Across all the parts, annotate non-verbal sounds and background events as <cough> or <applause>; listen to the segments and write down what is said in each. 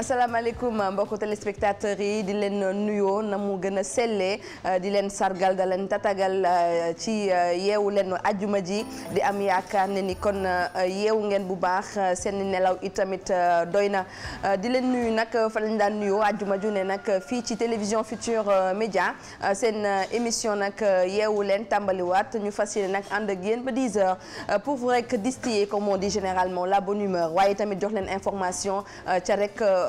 asalaamaaleykum mbokku téléspectateurs yi di leen nuyoo na mu gën a sellee di leen sargal da leen tatagal eh, ci eh, yeewu leen ajjuma ji di am yaakaar ne ni kon eh, yeewu ngeen bu baax seen nelaw itamit doy na di leen nuyu nag fa lañ daan nuyoo ajjuma ju ne nag fii ci télévision Futurs Médias seen émission nag yeewu leen tàmbaliwaat ñu fas yéene nag ànd ak yéen ba 10 heures pour vous rek distiller comme on dit généralement la bonne humeur waaye tamit jox leen information ca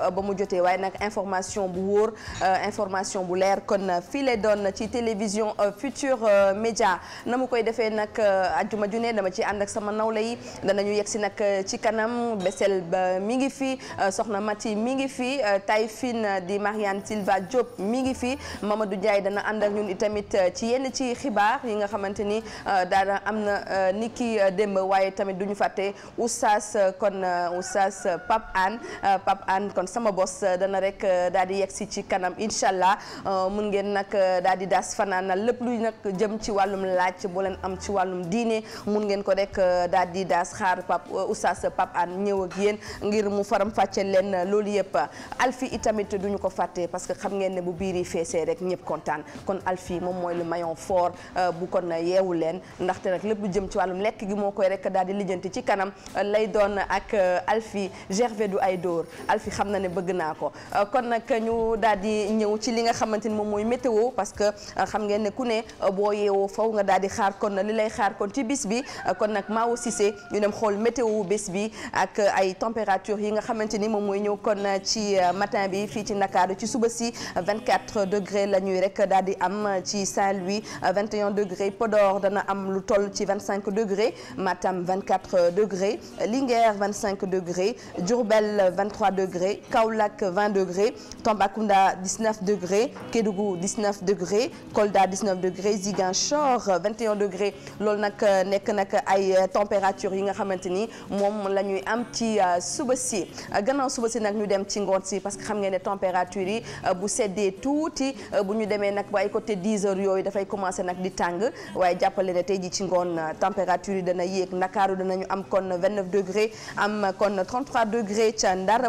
ba mu jotee waaye nag information bu wóor euh, information bu leer kon fii lay doon ci télévision euh, Futurs euh, Médias na mu koy defee nag ajjuma ju ne dama ci ànd ak sama nawle yi danañu yegg si nag ci kanam Bessel ba mi ngi fi soxna Mati mi ngi fi Tayfine di Marianne Silva Diop mi ngi fi Mamadou Ndiaye dana ànd ak ñun itamit ci yenn ci xibaar yi nga xamante ni daana am na ni ki démb waaye tamit duñu fàtte oustaz kon oustaz Pape Anne Pape Anne kon sama bos euh, dana rek euh, daal di yegsi ci kanam incha allah euh, mun ngeen nag daal di daas fanaana lépp luy nag jëm ci wàllum laaj boo leen am ci wàllum diine mun ngeen ko rek daal di daas xaar pap oustaz pap an ñëw ak yéen ngir mu faram fàcce leen loolu yëpp alfi itamit duñu ko fàtte parce que xam ngeen ne bu biir yi feesee rek ñëpp kontaan kon alfi moom mooy le maillon fort bu kon yeewu leen ndaxte nag lépp lu jëm ci wàllum lekk gi moo koy rek daal di lijjanti ci kanam lay ne bëgg naa ko euh, kon nag ñu daal di ñëw ci li nga xamante ni moom mooy météo parce que euh, xam ngeen ne ku ne euh, boo yeewoo faw nga daal di xaar kon li lay xaar kon ci bis bi kon nag Mawo Cissé ñu dem xool météo bés bi ak ay température yi nga xamante ni moom mooy ñëw kon ci matin bi fii ci Ndakaaru ci suba si 24 degré la ñuy rek daal di am ci Saint-Louis 21 degré Podor dana am lu toll ci 25 degré Matam 24 degré Linguère 25 degré Diourbel 23 degré Kaolack 20 degrés Tambacounda 19 degrés Kédougou 19 degrés Kolda 19 degrés Ziguinchor 21 degrés loolu nag euh, nekk nag ay euh, température yi nga xamante ni moom la ñuy am ci euh, suba si gannaaw suba si nag ñu dem ci ngoon si parce que xam ngeen ne température yi bu seddee tuuti bu ñu demee nag ba ay côté 10 heures yooyu dafay commencé nag di tàng waaye jàppale ne tey ji ci ngoon température yi dana yéeg Ndakaaru danañu am kon 29 am kon 33 degrés ca Ndar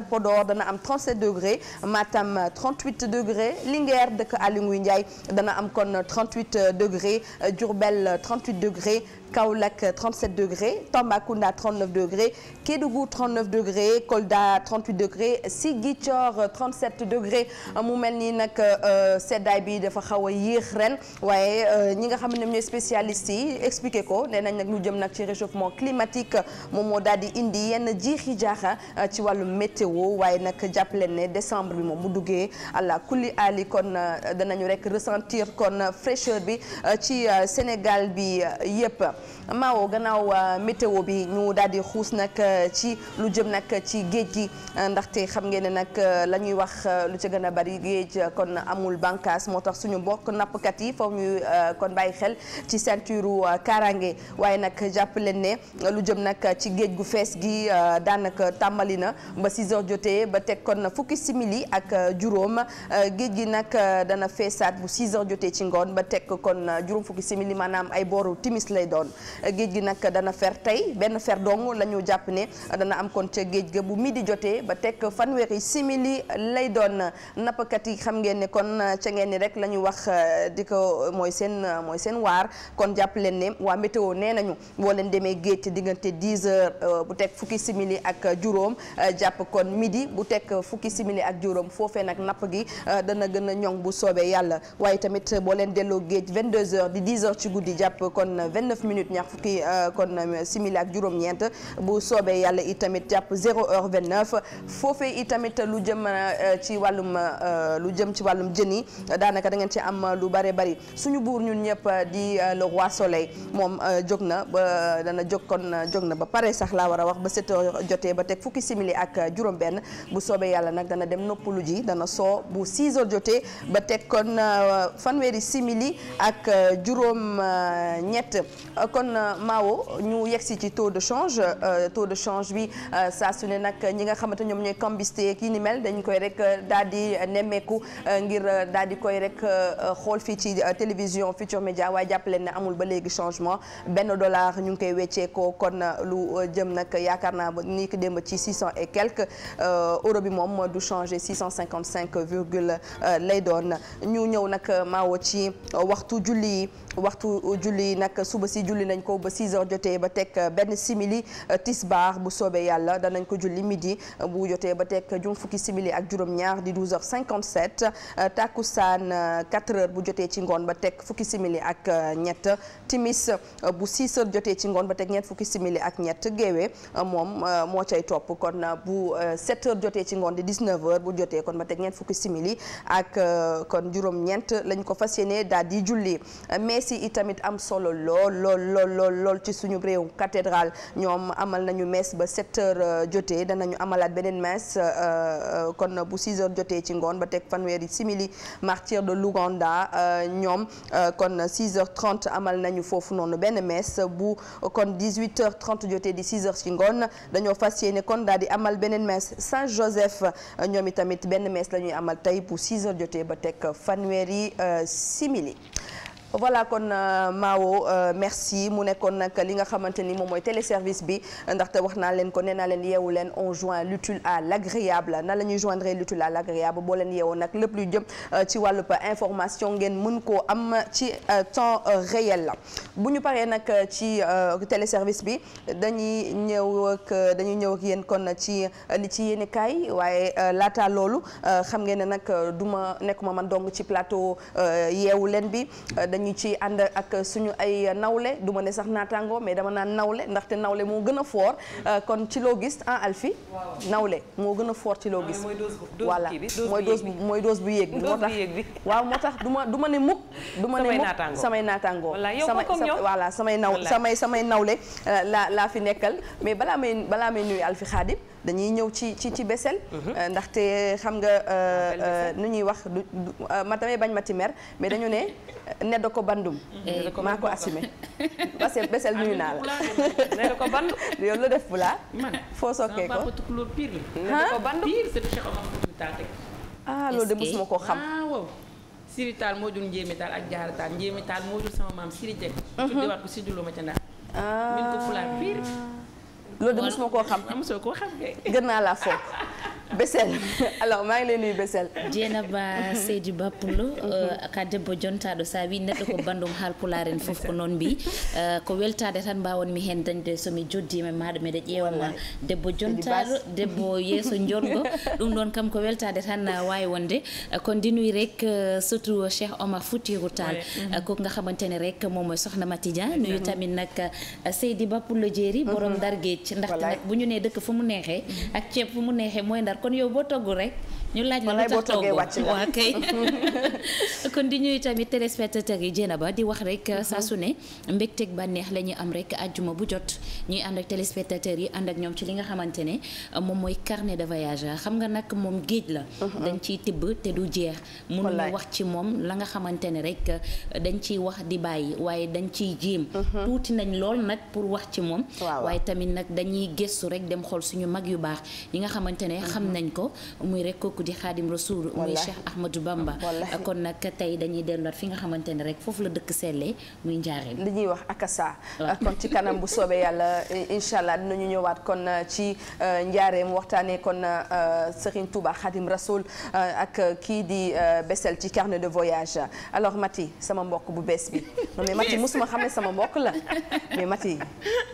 dana am degré Matam 38 degré Linguère dëkk Aly Ngouille Ndiaye dana am kon 38 degré Diourbel 38 degré Kaolack 37 euh, degrés Tambacounda 39 degrés Kédougou 39 degrés Kolda 38 degrés Ziguinchor 37 euh, degrés mu mel nii nag euh, seddaay bi dafa xaw a yéex ren waaye ñi nga xam ne ñooy spécialistes yi expliqué ko nee nañ nag lu jëm nag ci réchauffement climatique moom moo daal di indi yenn jiixi jaaxa ci wàllu météo waaye nag jàpp leen ne décembre bi moom mu duggee àla kulli ali kon danañu rek ressentir kon fraîcheur bi ci Sénégal bi yëpp Maodo gannaaw euh, météo bi ñu daal di xuus nag euh, ci lu jëm nag ci géej gi euh, ndaxte xam ngeen ne nag la ñuy wax lu ca gën a bari géej kon amul bànqaas moo tax suñu mbokk nappkat yi foofu ñuy kon bàyyi xel ci ceinture kaaraange waaye nag jàpp leen ne lu jëm nag ci géej gu fees gi daanaka tàmbali na ba 6 heures jotee ba teg kon fukki simili ak juróom géej gi nag dana feesaat bu 6 heures jotee ci ngoon ba teg kon juróom fukki simili maanaam ay booru timis lay doon. géej gi nag dana fer tey benn fer dong la ñu jàpp ne dana am kon ca géej ga bu midi jotee ba teg fanweeri simili lay doon nappkat yi xam ngeen ne kon ca ngeen ni rek la ñu wax eh, di ko mooy seen mooy seen waar kon jàpp leen ne waa météo nee nañu boo leen demee géej diggante 10 heures eh, bu teg fukki simili ak juróom eh, jàpp kon midi bu teg fukki simili ak juróom foofee nag napp gi dana gën a ñoŋ bu soobee yàlla waaye tamit boo leen delloo géej 22 heures di 10 minutes ñaar fukki euh, kon euh, simili ak juróom-ñeent bu soobee yàlla itamit jàpp 0 heure 29 foofee itamit lu jëm euh, ci wàllum lu jëm ci wàllum jën yi daanaka da ngeen ci am lu bare bari suñu buur ñun ñëpp di le roi soleil moom jóg na ba dana jóg kon jóg na ba pare sax laa war a wax ba set heures jotee ba teg fukki simili ak juróom-benn bu soobee yàlla nag dana dem noppalu ji dana soo bu 6 heures jotee ba teg kon fanweeri simili ak juróom-ñett. kon euh, Mawo ñu yegsi ci taux de change euh, taux de change bi euh, saa su ne nag ñi nga xamante ñoom ñooy cambiste kii ni mel dañ koy rek daal di nemmeeku ngir daal di koy rek xool fii ci télévision Futurs Médias waaye jàpp leen amul ba léegi changement benn dollar ñu ngi koy wecceekoo kon lu jëm nag yaakaar naa ni ki démb ci six cent et quelque euro bi moom du changé six cent cinquante cinq virgule lay doon ñu ñëw nag mao ci waxtu julli waxtu julli nag suba si julli julli nañ ko ba 6 heures jotee ba teg euh, benn simili euh, tisbaar bu soobee yàlla danañ ko julli midi euh, bu jotee ba teg juróom fukki simili ak juróom-ñaar di 12 heures 57 takkusaan 4 heures bu jotee ci ngoon ba teg fukki simili ak ñett timis bu 6 heures jotee ci ngoon ba teg ñett fukki simili ak ñett géewe moom moo cay topp kon bu 7 heures jotee ci ngoon di 19 heures bu jotee kon ba teg ñeent fukki simili ak kon juróom-ñeent lañ ko fas yéene daal di julli mais itamit am solo lool lool. lool lool lool ci suñu réew cathédrale ñoom amal nañu messe ba 7 heures euh, jotee danañu amalaat beneen messe euh, euh, kon bu 6 heures jotee ci ngoon ba teg fanweeri simili martyr de l'Ouganda ñoom kon 6 heures 30 amal nañu foofu noonu benn messe bu kon 18 heures 30 jotee di 6 heures ci ngoon dañoo fas yéene kon daal di amal beneen messe Saint Joseph ñoom itamit benn messe la ñuy amal tey bu 6 heures jotee ba teg fanweeri simili voilà kon euh, Mawo euh, merci mu nekkoon nag li nga xamante ni moom mooy téléservice bi ndaxte wax naa leen ko nee naa leen yeewu leen on joint l'utile à l'agréable na la ñuy joindre l'utile à l'agréable boo leen yeewoo nag lépp luy jëm euh, ci wàllub information ngeen mën koo am ci temps réel la bu ñu paree nag ci téléservice bi dañuy ñëw ak dañuy ñëw ak yéen kon ci li ci yéen kaay waaye laata loolu xam ngeen ne nag du ma nekkuma man dong ci plateau yeewu leen bi dañu ci ànd ak suñu ay nawle du ma ne sax naataango mais dama naan nawle ndaxte nawle moo gën a fort euh, kon ci loo gis ah Alfi nawle moo gën a fort ci loo ah, gis voilà mooy dose mooy dose bu yéeg bi waaw moo tax du ma du ma ne mukk du ma ne mukk samay naataango sama voilà samay naw samay samay nawle euh, la laa fi nekkal mais balaa may balaa may nuyu Alfi Xaadim dañuy ñëw ci ci ci besel mhm. euh, ndaxte xam nga euh, euh, nu ñuy wax du ma bañ mati mer mais dañu ne nedda ko bandum eh, maa ko assumé parce que besel nuyu naa la nedda ko bandu <laughs> yow lu def pulaa foo sokkee ko nedda ko bandu ah, loolu de mosuma koo xam ah, siri taal moo jur njéemi taal ak jaara moo jur sama mhm. ko si ma ca ndax ah. loolu de mosuma koo xam. mosoo koo xam kay. gën naa laa foog. <laughs> Bessel <laughs> alors maa ngi lay nuyu Bessel Dieynaba Seydi Bapulo euh, kade bo jontaɗo sa wi neɗɗo ko bandum haalpularen fof ko noon mbi euh, ko weltade tan mbawanmi hen dañde somi joddima e maɗa mbiɗa ƴeewama debbo jontaɗo debbo yeeso jongo <laughs> ɗum ɗon kam ko weltade tan rek euh, surtout cheikh omar foutiru tall mhm. ko nga ne rek moom mooy soxna matidia mhm. nuyu tamit nag Seydi Bapulo jeeri borom mhm. Ndar Géej ndaxte nag bu ñu ne dëkk fu mu neexee ak ceeb fu mu neexee mooy Ndar kon yow boo toggul rek ñu laaj la lu tax toggoo waa kay kon di ñuy tamit téléspectateurs yi jéena ba di wax rek mm-hmm. saa su ne mbégteeg bànneex la am rek àjjuma bu jot ñuy ànd ak téléspectateurs yi ànd ak ñoom ci li nga xamante ne uh, moom mooy carnet de voyage xam nga nag moom géej la mm-hmm. dañ ciy tibb te du jeex la wax ci moom la nga xamante ne rek uh, dañ ciy wax di bàyyi waaye dañ ciy jéem mm-hmm. tuuti nañ lool nag pour wax ci moom waaye tamit nag dañuy gëstu rek dem xool suñu mag yu baax yi nga xamante ne xam nañ ko kooku di xaadim rasul muy Cheikh Ahmadou Bamba kon nag tey dañuy delluwaat fi nga xamante ne rek foofu la dëkk sellee muy njaareem li ñuy wax akasa euh, kon ci kanam bu soobee yàlla incha allah dinañu ñëwaat kon euh, ci euh, njaareem waxtaanee kon Serigne Touba xaadim rasul ak kii di Bessel ci carnet de voyage alors Mati sama mbokk bu bees bi non mais Mati xam ne sama mbokk la mais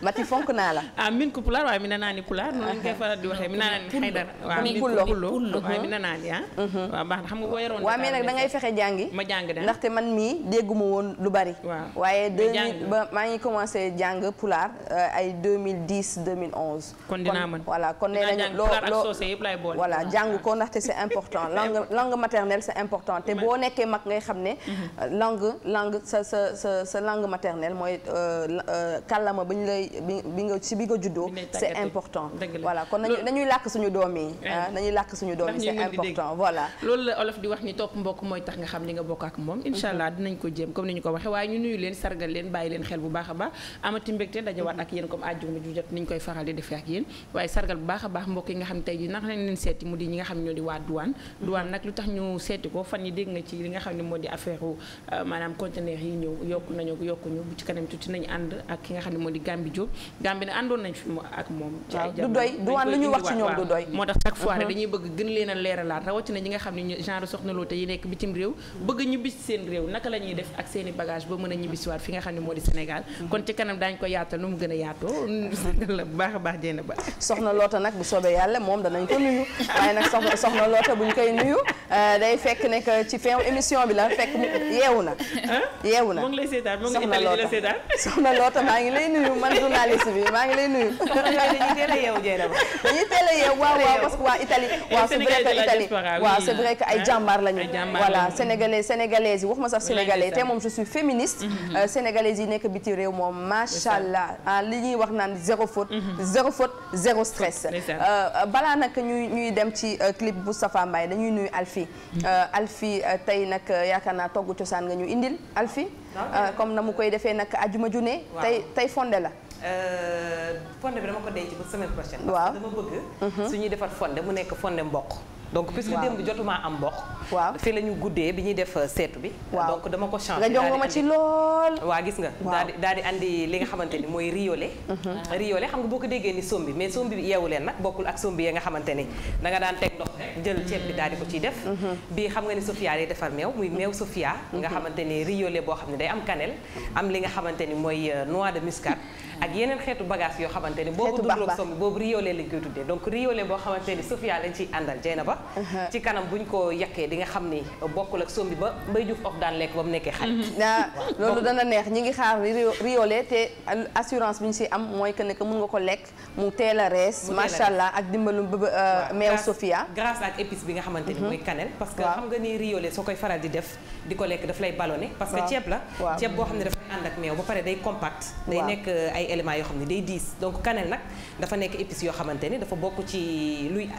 Mati fonk naa la ah min pulaar waaye mi naa ni pulaar noonu naa ni xaydara yore naa li ah. Mhm. waaw baax na xam nga boo nag da fexe jàngi. ma ndaxte man mii dégguma woon lu bari. waaw waaye deux mille ba maa ngi commencé jàng pulaar euh, ay 2010 2011. kon dinaa mën voilà kon nee nañu loo loo voilà jàng ko ndaxte c'est important <laughs> langue langue maternelle c'est important boo nekkee mag ngay xam ne. Mhm. Euh, langue langue sa sa sa sa langue maternelle mooy euh, kàllama bi ñu lay bi nga ci bi nga juddoo. c'est important voilà làkk suñu doom nañuy làkk suñu doom yi ah, important voilà. loolu la olof di wax ni topp mbokk mooy tax nga xam li nga bokk ak moom mm-hmm. incha allah dinañ ko jéem comme ni ñu ko waxee waaye ñu nuyu leen sargal leen bàyyi leen xel bu baax a baax amati mbégte dajawaat ak mm-hmm. yéen comme àjjuma ju a nga xam tey moo di affaire euh, maanaam conteneur yi ñëw yokku nañu yokkuñu bu ci kanam tuuti nañu ànd ak ki nga xam ne moo di Gambi Diop Gambi ne àndoon nañ fi ak moom du doy douane lu ñu wax ci ñoom du doy moo tax chaque mm-hmm. a leer leeralaat rawatina ñi nga xam ne genre soxna loote yi nekk bitim réew bëgg ñibbisi seen réew naka la def ak seen bagage ba mën a ñibbisiwaat fi nga xam ne moo di Sénégal kon ci kanam daañ ko yaatal nu mu gën a yaatoo la bu baax a baax jénn ba soxna loota nag bu soobee yàlla moom danañ ko nuyu waaye nag soxna soxna loota buñ koy nuyu euh, day fekk ne ci fin émission bi la fekk yeewu na yeewu na soxna loota soxna loota maa ngi lay nuyu man journaliste bi maa ngi lay nuyu <laughs> dañuy teel a yeew Italie waaw c'est vrai que ay jàmbaar lañu voilà sénégalais sénégalaises yi wax ma sax sénégalais te moom je suis féministe mhm, mhm. euh, sénégalaises yi nekk biti réew moom macha allah ah, li ñuy wax naan zéro faute mhm. zéro faute zéro stress euh, balaa nag ñuy ñuy dem ci euh, clip bu Moustapha dañuy nuyu Alfi Alfi tey nag yaakaar naa togg cosaan nga ñu indil Alfi comme na mu koy defee nag ajuma ju ne tey tey fonde la fonde bi dama ko denc ba semaine prochaine. waaw dama bëgg. su ñuy defar fonde mu nekk fonde mbokk donc puisque démb jotumaa am mboq. waaw fii la ñu guddee bi ñuy def euh, seetu bi. waaw donc dama ko changé. nga jongo ma ci lool. waa gis nga. daal di daal di andi li nga xamante ni mooy riolé. Mhm. riolé xam nga boo ko déggee ni sombi mais sombi bi yeewu leen nag bokkul ak sombi ya nga xamante ni da daan teg ndox jël ceeb bi daal di ko ciy def. Mhm. bii xam nga ni Sofia lay defar meew muy meew Sofia. nga mhm. xamante ni riolé boo xam ne day am cannelle am li nga xamante ni mooy euh, noix de muscade. ak yeneen xeetu bagage yoo xamante ni boobu dugloog som bi boobu riolé lañ koy tuddee donc riolé boo xamante ni Sofia lañ ciy àndal jay na ba ci kanam nga xam ni bokkul ak som bi ba Mbay Juuf of daan lekk ba mu nekkee xale <laughs> ah, te assurance bi ñu si am mooy que ne que mën nga ko lekk mu teel a rees macha allah ak dimbalum ba euh, meew Sofia grâce ak épice bi nga xamante ni uh-huh. mooy cannelle parce que xam nga ni riolé soo koy faral di def di ko lekk daf lay ballonné parce que ceeb la ceeb boo xam ne dafay ànd ak meew ba pare day compact day nekk euh, éléments yoo xam ne day diis donc cannelle nag dafa nekk épice yoo xamante ni dafa bokk ci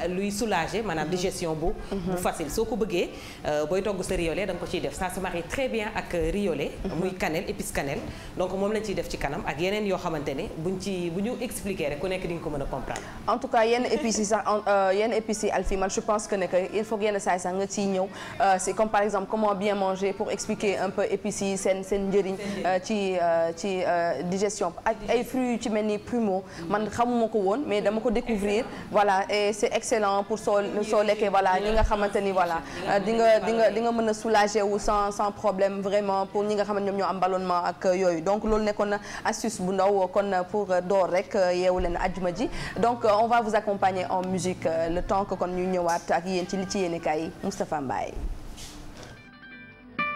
luy soulager maanaam mhm. digestion bu bu mhm. facile soo ko bëggee euh, booy togg sa riolet da ko ci def ça se marie très bien ak riolet mhm. muy cannelle épice cannelle donc moom lañ ciy def ci kanam ak yeneen yoo xamante ni buñ ci bu ñu expliquer rek ku nekk di nga ko mën a comprendre en tout cas yenn épices yi sax euh, yenn épices yi Alfi je pense que ne que il faut yenn saay sax nga ciy ñëw euh, par exemple comment bien manger pour yi seen seen njëriñ ci ci digestion ak ay fruits yu ci mel ni prumeau man xamuma ko woon mais dama ko découvrir voilà e c'est excellent pour soo soo lekkee voilà ñi nga xamante ni voilà euh, di nga di nga di mën a soulager wu sans sans problème vraiment pour ñi nga xam ne ñoom ñoo am ballonnement ak yooyu donc loolu nekkoon na astuce bu ndaw kon pour door rek yeewu leen ajuma ji donc on va vous accompagner en musique euh, le temps que kon ñu ñëwaat ak yéen ci li ci yéen kay Moustapha Mbaye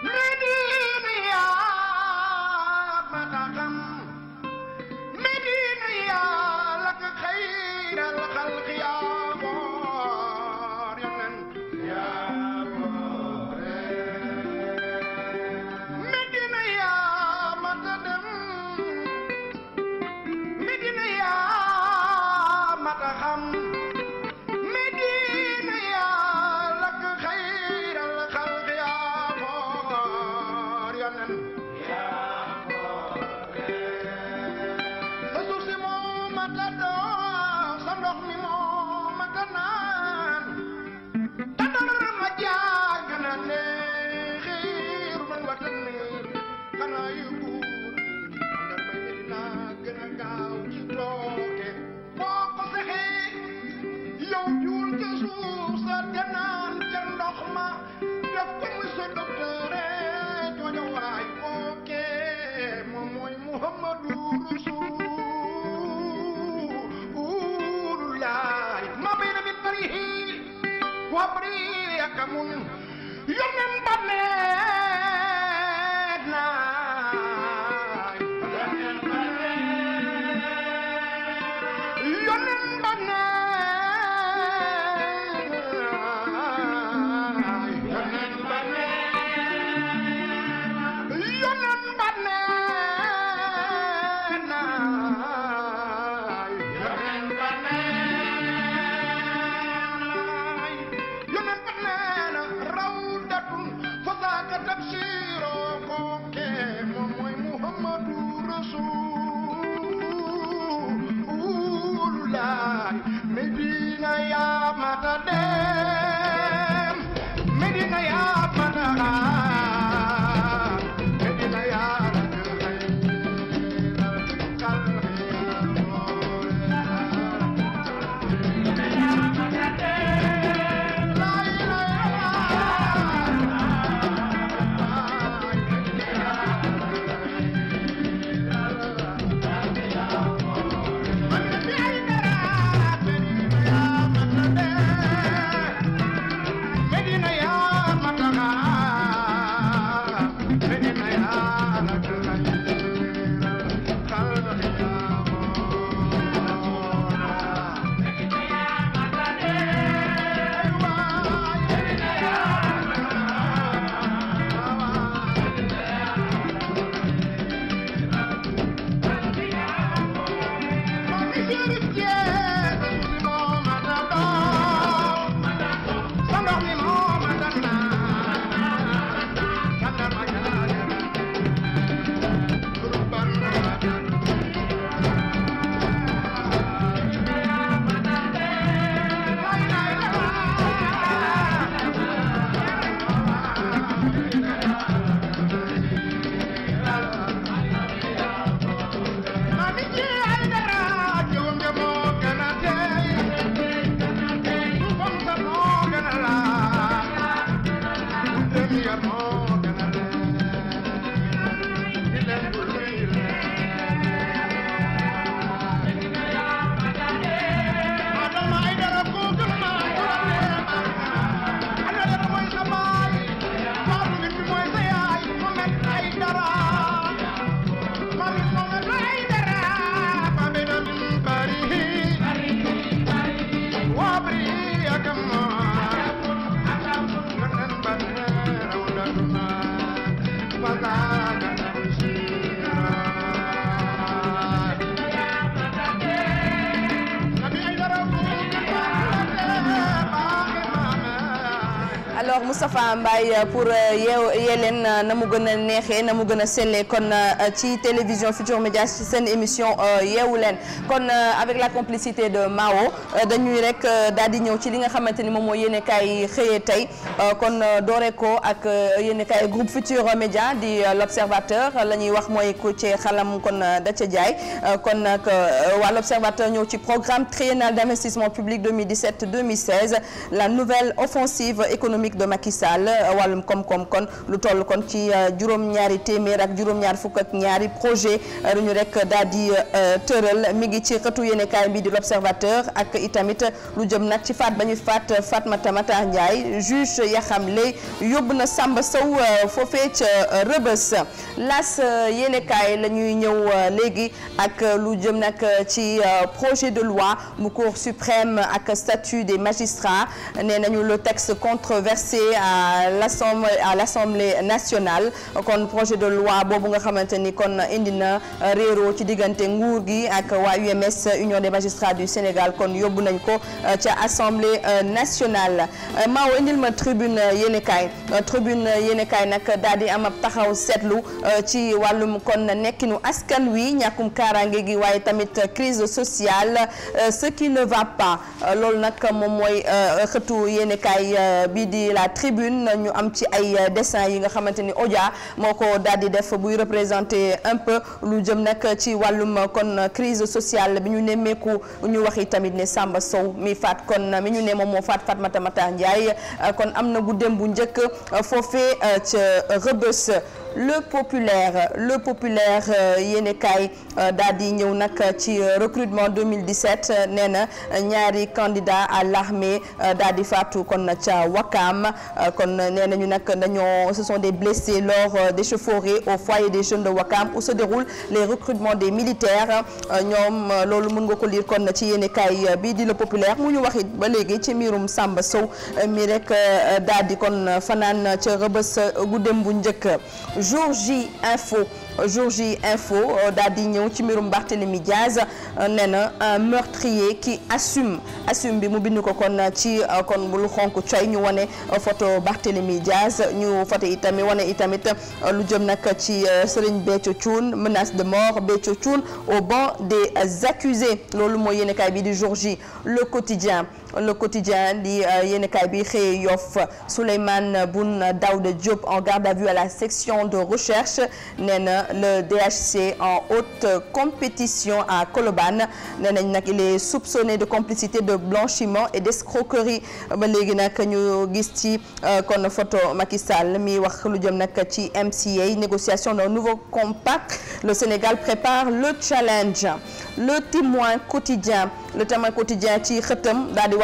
Madina خير الخلق يا غار يا woppri ya xamun yónneen ba nee na yaa mata dem Medina yaa mata Moustapha Mbaye euh, pour euh, yeew yee leen euh, na mu gën a neexee na mu gën a sellee kon ci télévision Futur Média ci seen émission yeewu leen kon avec la complicité de Mao dañuy rek daal di ñëw ci li nga xamante ni moom mooy yéene kaay xëyee tey Euh, kon euh, doore ko ak euh, yéen kay groupe Futur Média di l'observateur la ñuy wax mooy ku xalam kon da ca jaay kon nag waa l'observateur ñëw ci programme triennal d'investissement public 2017 2016 la nouvelle offensive économique de Macky Sall wàllum koom-koom kon lu toll kon ci juróom-ñaari téeméer ak juróom-ñaar fukk ak ñaari projet ñu rek daal di tëral mi ngi ci xëtu yéen kaay bi di l'observateur ak itamit lu jëm nag ci faat ba ñu faat Fatmata Matar Ndiaye juge Yaxam Lay yóbbu na Samba Sow euh, foofee ca euh, Rëbës las euh, yéenekaay la ñuy ñëw léegi ak lu jëm nag ci projet de loi mu cour suprême ak statut des magistrats nee nañu le texte controversé à l'assemblée à l'Assemblée nationale kon projet de loi boobu nga xamante ni kon indi na réeroo ci diggante nguur gi ak waa UMS Union de magistrats du Sénégal kon yóbbu nañ ko ca Assemblée nationale Mao indil ma tribune yéenekaay tribune yéenekaay nag daal di am ab taxaw seetlu euh, ci wàllum kon nekkinu askan wi ñàkkum karaange gi waaye tamit crise sociale euh, ce qui ne va pas euh, loolu nag moom mooy xëtu yéenekaay bi di la tribune ñu am ci ay dessin yi nga xamante ni Odia moo ko daal di def buy représenter un lu jëm nag ci wàllum kon crise sociale bi ñu nemmeeku ñu wax tamit ne Samba Sow mi faat kon mi ñu ne moom moo faat Fatmata Mata Ndiaye kon am na bu dem bu njëkk foofee ca Rebeuss le populaire le populaire euh, yéene kaay euh, daal di ñëw nag ci euh, recrutement 2017 nee na ñaari candidat à l'armée daal di faatu kon ca Wakam kon nee nañu nag dañoo ce sont des blessés lors des chauffourées au foyer des jeunes de Wakam où se déroulent les recrutements des militaires ñoom loolu mën nga ko lire kon ci yéene kaay bii di le populaire mu ñu wax it ba léegi ci mbirum Samba Sow mi rek daal di kon fanaan ca Rebeuss guddem bu njëkk jour J info jour info euh, daal di ñëw ci mbirum Barthélémy Diaz euh, nee na un euh, meurtrier qui assume assume bi mu bind ko kon ci kon lu xonk coy ñu wane photo Barthélémy Diaz ñu photo itamit wane itamit lu jëm nag ci Serigne Béthio Thioune menace de mort Béthio Thioune au banc des accusés loolu mooy yéenekaay bi di jour J le quotidien le quotidien di euh, yéenekaay bi xëy Yoff Souleymane Boun Daouda Diop en garde à vue à la section de recherche nee na le DHC en haute compétition à Colobane nee nañ nag il est soupçonné de complicité de blanchiment et d'escroquerie ba léegi nag ñu gis ci euh, kon photo Macky Sall mi wax lu jëm nag ci MCA négociation d'un nouveau compact le Sénégal prépare le challenge le témoin quotidien le témoin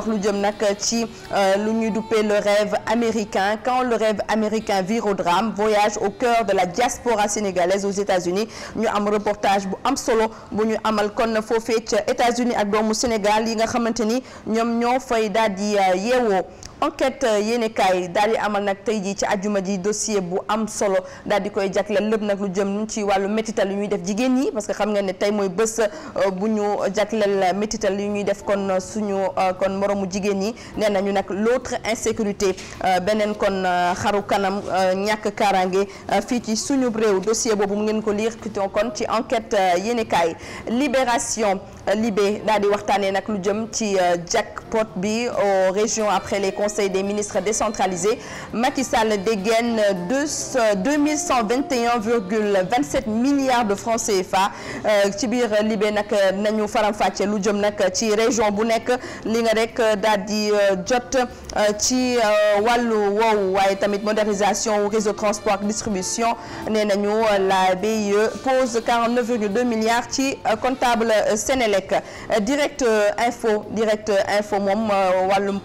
lu jëm nag ci euh, lu ñuy duppee le rêve américain quand le rêve américain vire au drame voyage au cœur de la diaspora sénégalaise aux États-Unis ñu am reportage bu am solo bu ñu amal kon foofee ca États-Unis ak doomu Sénégal yi nga xamante ni ñoom ñoo fay daal di euh, yeewoo enquête euh, yéenekaay daal di amal nag tey jii ci ajuma ji dossier bu am solo dal di koy jagleel lépp nag lu jëm ci wàllu métital yu ñuy def jigéen ñi parce que xam nga ne tey mooy bés euh, bu ñu jagleel métital yu ñuy def kon euh, suñu kon moroomu jigéen ñi nee nañu nag l'autre insécurité beneen kon xaru kanam ñàkk kaaraange fii ci suñu réew dossier boobu mu ngeen ko lire kon ci enquête yéenekaay libération libé daal di waxtaanee nag lu jëm ci pot bi aux région après les conseil des ministres décentralisé Macky Sall dégaine 2121,27 milliards de francs CFA euh, ci biir libé nag nañu faram-fàcce lu jëm nag ci région bu nekk li nga rek euh, daal di euh, jot ci wàllu woowu waaye tamit modernisation réseau transport distribution nee nañu la BIE pose 49,2 milliards ci comptable Sénélec direct info direct info moom wàllum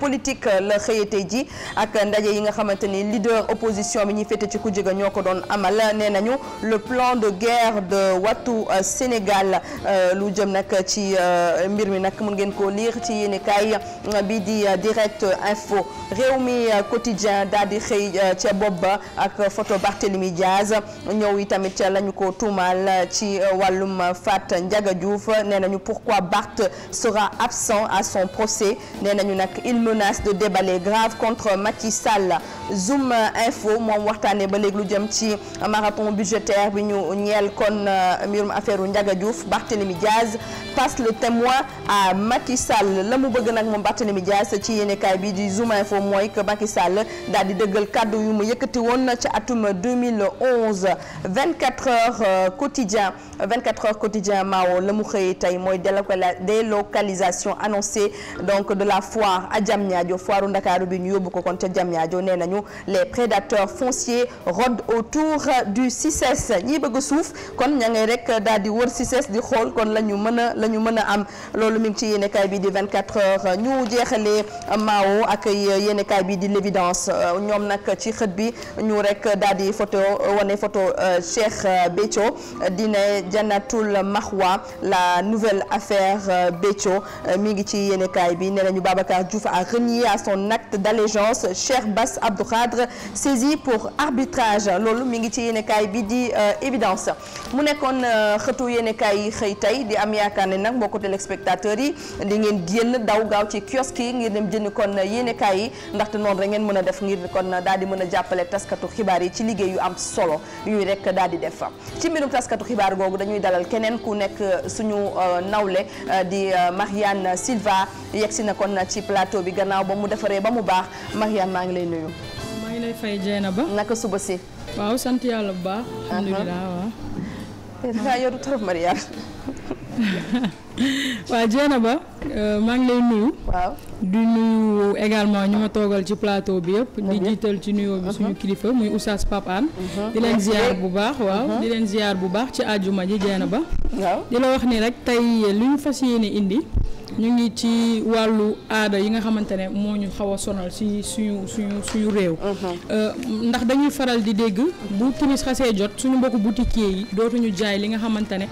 politique la xëyatee ji ak ndaje yi nga xamante ni leader opposition bi ñuy féete ci ku jega ñoo ko doon amal nee ñu le plan de guerre de Wattu euh, Sénégal euh, lu jëm nag ci euh, mbir mi nag mun ngeen ko lire ci yéenekaay bi di direct info réew mi quotidien dal di xëy ca bopp ba ak photo Barthélémy Diaz ñëw yi tamit lañu ko tuumaal ci wàllum Fat Ndiaga Diouf nee nañu pourquoi Barth sera absent à son procès nee nañu nag il menace de déballé grave contre Macky Sall Zoom info moom waxtaanee ba léegi lu jëm ci marathon budgétaire bi ñu ñeel kon euh, mbirum affaire u Ndiaga Diouf Barthélémy Diaz passe le témoin à Macky Sall la mu bëgg nag moom Barthélémy Diaz ci yéenekaay bi di Zoom info mooy que Macky Sall daal di dëggal kàddu yu mu yëkkati woon ci atum 2011 24 heures euh, quotidien 24 heures quotidien Mao la mu xëyee tey mooy délocalisation annoncée donc de la foire à Diamniadio foiru Ndakaaru bi ñu yóbbu ko kon ca Diamniadio nee nañu les prédateurs fonciers rôdent autour du CICES ñi bëgg suuf kon ña ngay rek daal di wër CICES di xool kon la ñu mën a la ñu mën am loolu mu ngi ci yéenekaay bi di 24 heures ñu jeexalee Mao ak yéenekaay bi di l'évidence ñoom nag ci xët bi ñu rek daal di photo wane photo euh, Cheikh euh, Béthio dina Janatul Mahwa la nouvelle affaire euh, Béthio mi ngi ci yéenekaay bi nee nañu Babacar Diouf a renié son acte d'allégeance Cheikh Bass Abdou Khadre saisi pour arbitrage loolu mi ngi ci yéenekaay bi di évidence euh, mu nekkoon euh, xëtu yéenekaay yi xëy tey di am yaakaar ne nag mbokku téléspectateurs yi di ngeen génn daw gaaw ci kiosque yi ngir dem jënd kon yéenekaay yi ndaxte noonu rek ngeen mën a def ngir kon daal di mën a jàppale taskatu xibaar yi ci liggéey yu am solo yuy rek daal di def ci mbirum taskatu xibaar googu dañuy dalal keneen ku nekk euh, suñu nawle di Marianne Silva yegsi na kon ci plateau mu defaree ba mu baax Mariam maa ngi lay nuyu. maa ngi lay fay Diena ba. naka suba si. waaw sant yàlla bu baax. Uh-huh. alhamdulilah waaw. te eh, dafaa yoru trop Mariam. <laughs> Euh, maa ngi lay nuyu. waaw di ñu ma toogal ci plateau bi uh-huh. ci nuyoo bi suñu uh-huh. muy Oustaz bu baax waaw. di bu baax ci àjjuma ji Diena ba. la wax ni rek tey li fas yéene indi. ñu ngi ci wàllu aada yi nga xamante ne moo ñu xaw a sonal si suñu suñu suñu réew. Uh-huh. Euh, ndax dañuy faral di dégg bu timis xasee jot suñu mbokku boutiquier yi dootuñu jaay li nga xamante ne.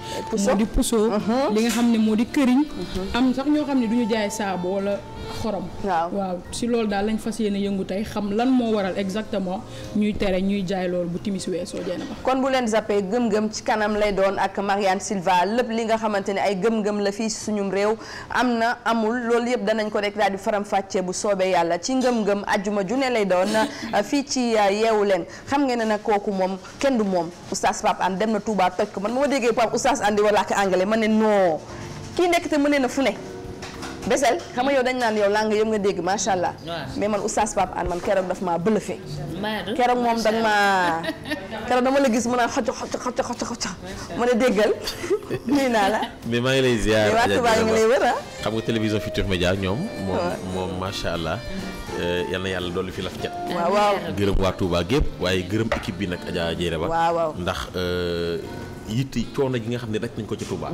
moo di puso uh-huh. li nga xam ne moo di këriñ. Uh-huh. am sax ñoo xam ne duñu jaay saabo wala. xorom. waaw si loolu daal lañ fas yéene yëngu tey xam lan moo waral exactement ñuy tere ñuy jaay loolu bu timis weesoo jeena ba kon bu leen zappee gëm-gëm ci kanam lay doon ak Marianne Silva lépp li nga xamante ne ay gëm-gëm la fii suñum réew am na amul loolu yëpp danañ ko rek daal di faram-fàccee bu soobee yàlla ci ngëm-ngëm ajjuma ju ne lay doon <laughs> fii ci uh, yeewu leen xam nga ne nag kooku moom kenn du moom oustaz Pape An dem na Touba toj ko man ma déggee Pape oustaz Andi wala ak anglais ma ne non kii nekk te mu ne na fu ne Bessél xam yow dañ naan yow langue yëpp nga dégg macha allah. mais man oustaz Pape Hann man keroog daf maa bëlëfe. keroog moom danga maa <laughs> keroog dama la gis mu naan xocc xocc ma <laughs> naa la. <laughs> mais maa ngi lay ziar. mais waa ngi lay wër ah. xam nga télévision Futurs Médias ñoom. moom moom macha allah. Eh, yal na yàlla dolli fi laf cat. waaw waaw gërëm waa Touba gépp waaye gërëm équipe bi nag Adja Diéré Ba. waaw waaw ndax. Euh, yitti coono gi nga xam ne daj nañ ko ci Touba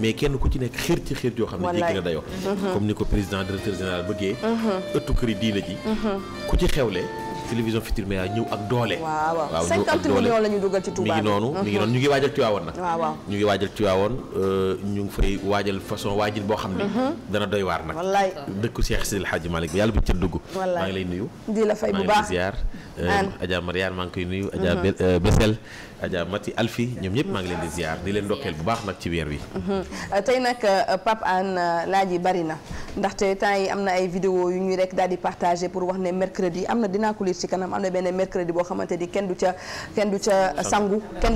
mais kenn ku ci nekk xër ci xër yoo xam ne jéggi na dayoo mm-hmm. comme ni ko président directeur général bëggee mm-hmm. ëttu këri diina ji mm-hmm. ku ci xewle télévision Futurs Médias ñëw ak doole. waaw waaw 50 millions la ñu dugal ci Touba mi ngi noonu mi ngi noonu ñu ngi waajal Tiwaawoon nag. waaw waaw ñu ngi waajal Tiwaawoon euh, ñu ngi fay waajal façon waajal boo xam ne. dana doy waar nag. wallaay dëkku Cheikh Sidi El Hadj Malick yàlla bu ca dugg. wallaay maa ngi lay nuyu. di la fay bu baax maa ngi lay euh, nuyu. Adja euh, Bessel. Adja Mati Alfi ñoom ñëpp maa ngi mm-hmm. euh, euh, yi bari na ndaxte temps yi am na ay vidéo yu ñuy rek daal di partagé pour wax ne mercredi am na dinaa ko lire ci kanam am na benn mercredi boo xamante ni kenn du ca kenn du ca sangu kenn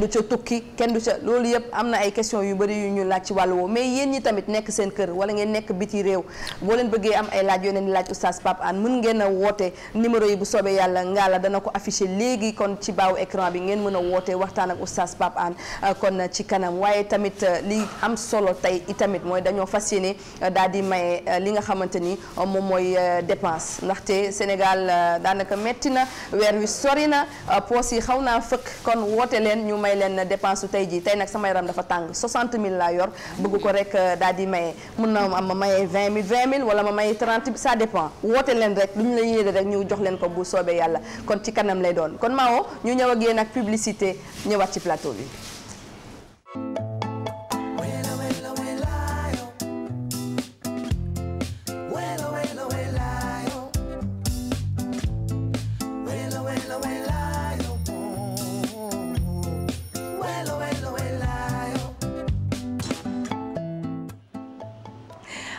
kenn du ca loolu yëpp am na ay question yu bari yu ñu laaj ci wàll woo mais yéen ñi tamit nekk seen kër wala ngeen nekk biti réew boo leen bëggee am ay laaj yoo laaj oustaz Pape An mën ngeen a woote numéro yi bu soobee yàlla ngaa la dana ko affiché léegi kon ci baaw écran bi ngeen mën a wootee wax waxtaan ak oustaz Pape Hann euh, kon ci kanam waaye tamit euh, li am solo tey itamit mooy dañoo fas yéene euh, daal di maye li nga xamante ni moom mooy dépense ndaxte Sénégal daanaka metti na weer wi sori na poos yi xaw naa fëkk kon woote leen ñu may leen dépense su tey jii tey nag sama yaram dafa tàng 60 000 la yor bëgg ko rek daal di maye mun na am ma maye 20 mille 20 mille wala ma maye 30 ça dépend woote leen rek lu ñu la yéene rek ñu jox leen ko bu soobee yàlla kon ci kanam lay doon ñëwaat ci plateau bi.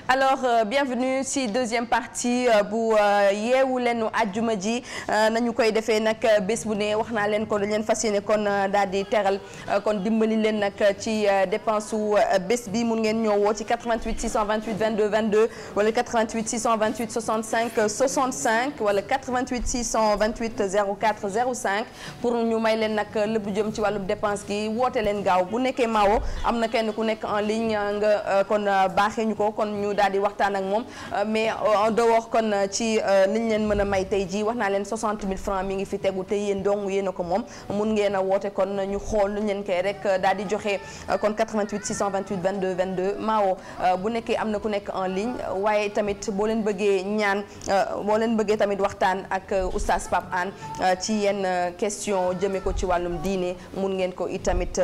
alors euh, bienvenue ci deuxième partie euh, bu euh, yeewu leenu àjjuma ji euh, nañu koy defee nag euh, bés bu ne wax naa leen ko dañ leen fas yéene kon daal di teral kon dimbali leen nag ci dépense su bés bi mun ngeen ñëwoo ci 88 628 22 22 wala 88 628 65 65 wala 88 628 04 05 pour ñu may leen nag lépp jëm ci wàllub dépense gi woote leen gaaw bu nekkee maawo am na kenn ku nekk en ligne nga kon baaxee ñu ko kon ñu. daal di waxtaan ak moom euh, mais euh, en dehors kon euh, ci liñ leen mën a may tey jii wax naa leen 60 000 francs mi ngi fi tegu te yéen dong yéen a ko moom mun ngeen a woote kon ñu xool luñ leen koy rek daal di joxe kon 88 628 22 22 Maodo bu nekkee am na ku nekk en ligne waaye tamit boo leen bëggee ñaan boo leen bëggee tamit waxtaan ak oustaz Pape Anne ci yenn question jëmee ko ci wàllum diine mun ngeen ko itamit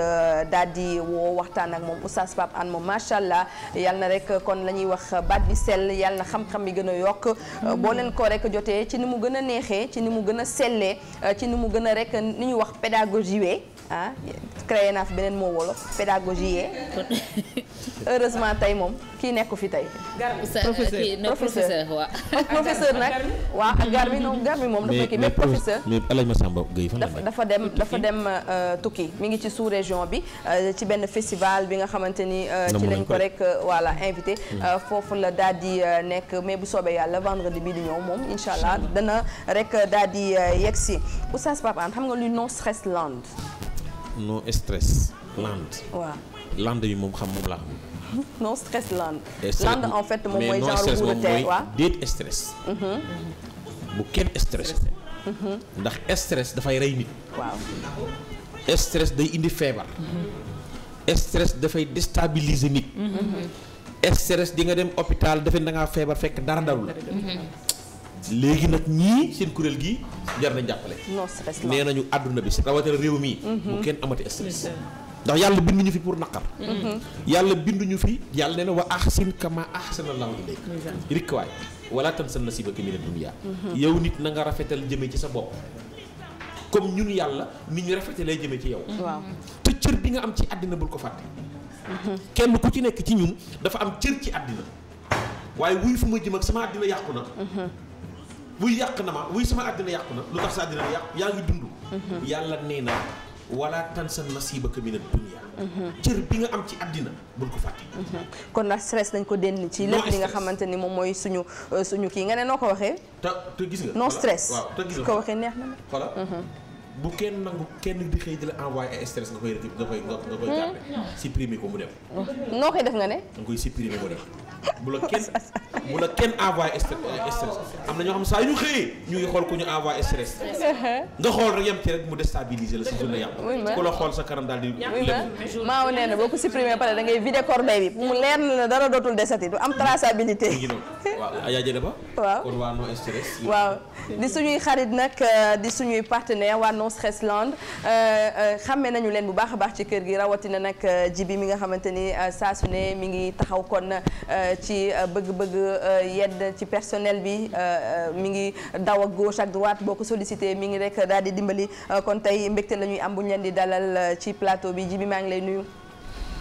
daal di woo waxtaan ak moom oustaz Pape Anne moom macha allah yal rek kon la wax baat bi sell yàlla xam-xam bi gën a yokk mm-hmm. boo leen ko rek jotee ci ni mu gën a neexee ci ni mu gën a sellee ci ni mu gën a rek ni ñu wax pédagogie wee ah créé naa fi beneen moo wolof pédagogie yee heureusement tey moom kii nekku fi tey. professeur professeur waaw. <laughs> professeur nag waaw ak garmi non garmi moom dafa kii mais professeur. dafa dem dafa dem euh, tukki mi ngi ci sous région bi euh, ci benn festival bi nga xamante ni. Euh, ci lañ ko rek voilà invité. Hmm. foofu la daal di nekk mais bu soobee yàlla vendredi bi moom incha allah dana rek daal di yegg si Oustaz Pape Hann xam nga luy non stress no stress land waaw land bi moom xam moom laa xam non stress land land en fait moom mooy genre wu tey waaw déet stress mhm. bu kenn stress mhm. ndax stress dafay rey nit waaw stress day indi feebar mhm. stress dafay déstabiliser nit stress di nga dem hôpital defe da ngaa feebar fekk dara darul léegi nag ñii seen kuréel gi jar nañ jàppale. non stress nee nañu àdduna bi rawatina réew mi. Mhm. bu kenn amati stress. ndax yàlla binduñu fi pour naqar. Mhm. yàlla binduñu fi yàlla nee na wa ahsin kama ahsana allahu ilayk. rikk waay wala tam sa nasibaka mina dunya mhm. yow nit na nga rafetal jëme ci sa bopp. comme ñun yàlla nit ñu rafetalee jëme ci yow. waaw te cër bi nga am ci àddina bul ko fàtte. kenn ku ci nekk ci ñun dafa am cër ci àddina waaye wuy fu ma jëm ak sama àddina yàqu wuy yàq na ma wuy sama àddina yàqu na lu tax sa àddina yàqu yaa ngi dund mhm. yàlla nee na wala tan sa nasiibaka mina dunya mhm. cër bi nga am ci àddina bul ko fàtte mhm. kon ndax stress nañ ko denn ci lépp li nga xamante ni moom mooy suñu euh, suñu kii nga ne noo ko waxee te te gis nga non stress waaw ko waxee neex na ma voilà bu kenn nangu kenn di xëy di la envoyé ay stress nga koy nga koy nga koy garder hmm? supprimer ko mu dem noo koy def nga ne nga koy supprimer mu dem bu la kenn bu euh, stress am na ñoo xam saa yu ñu xëyee ñu ngi xool ku ñu envoyé stress nga xool rek mu déstabiliser la sa journée yàpp ku la xool sa maaw nee na boo ko supprimer pare da ngay vider corbeille bi mu leer na la dara dootul desati du am traçabilité waaw di suñuy xarit nag euh, di suñuy partenaire waa non stress land euh, xàmmee nañu leen bu baax a baax ci kër gi rawatina nag jibi mi nga xamante ni saa su ne mi ngi taxaw kon ci euh, bëgg-bëgg euh, yedd ci personnel bi euh, mu ngi daw ak gauche ak droite boo ko sollicité mi ngi rek daal di dimbali kon tey mbégte la am bu ñu leen di dalal ci plateau bi ji bi maa ngi lay nuyu.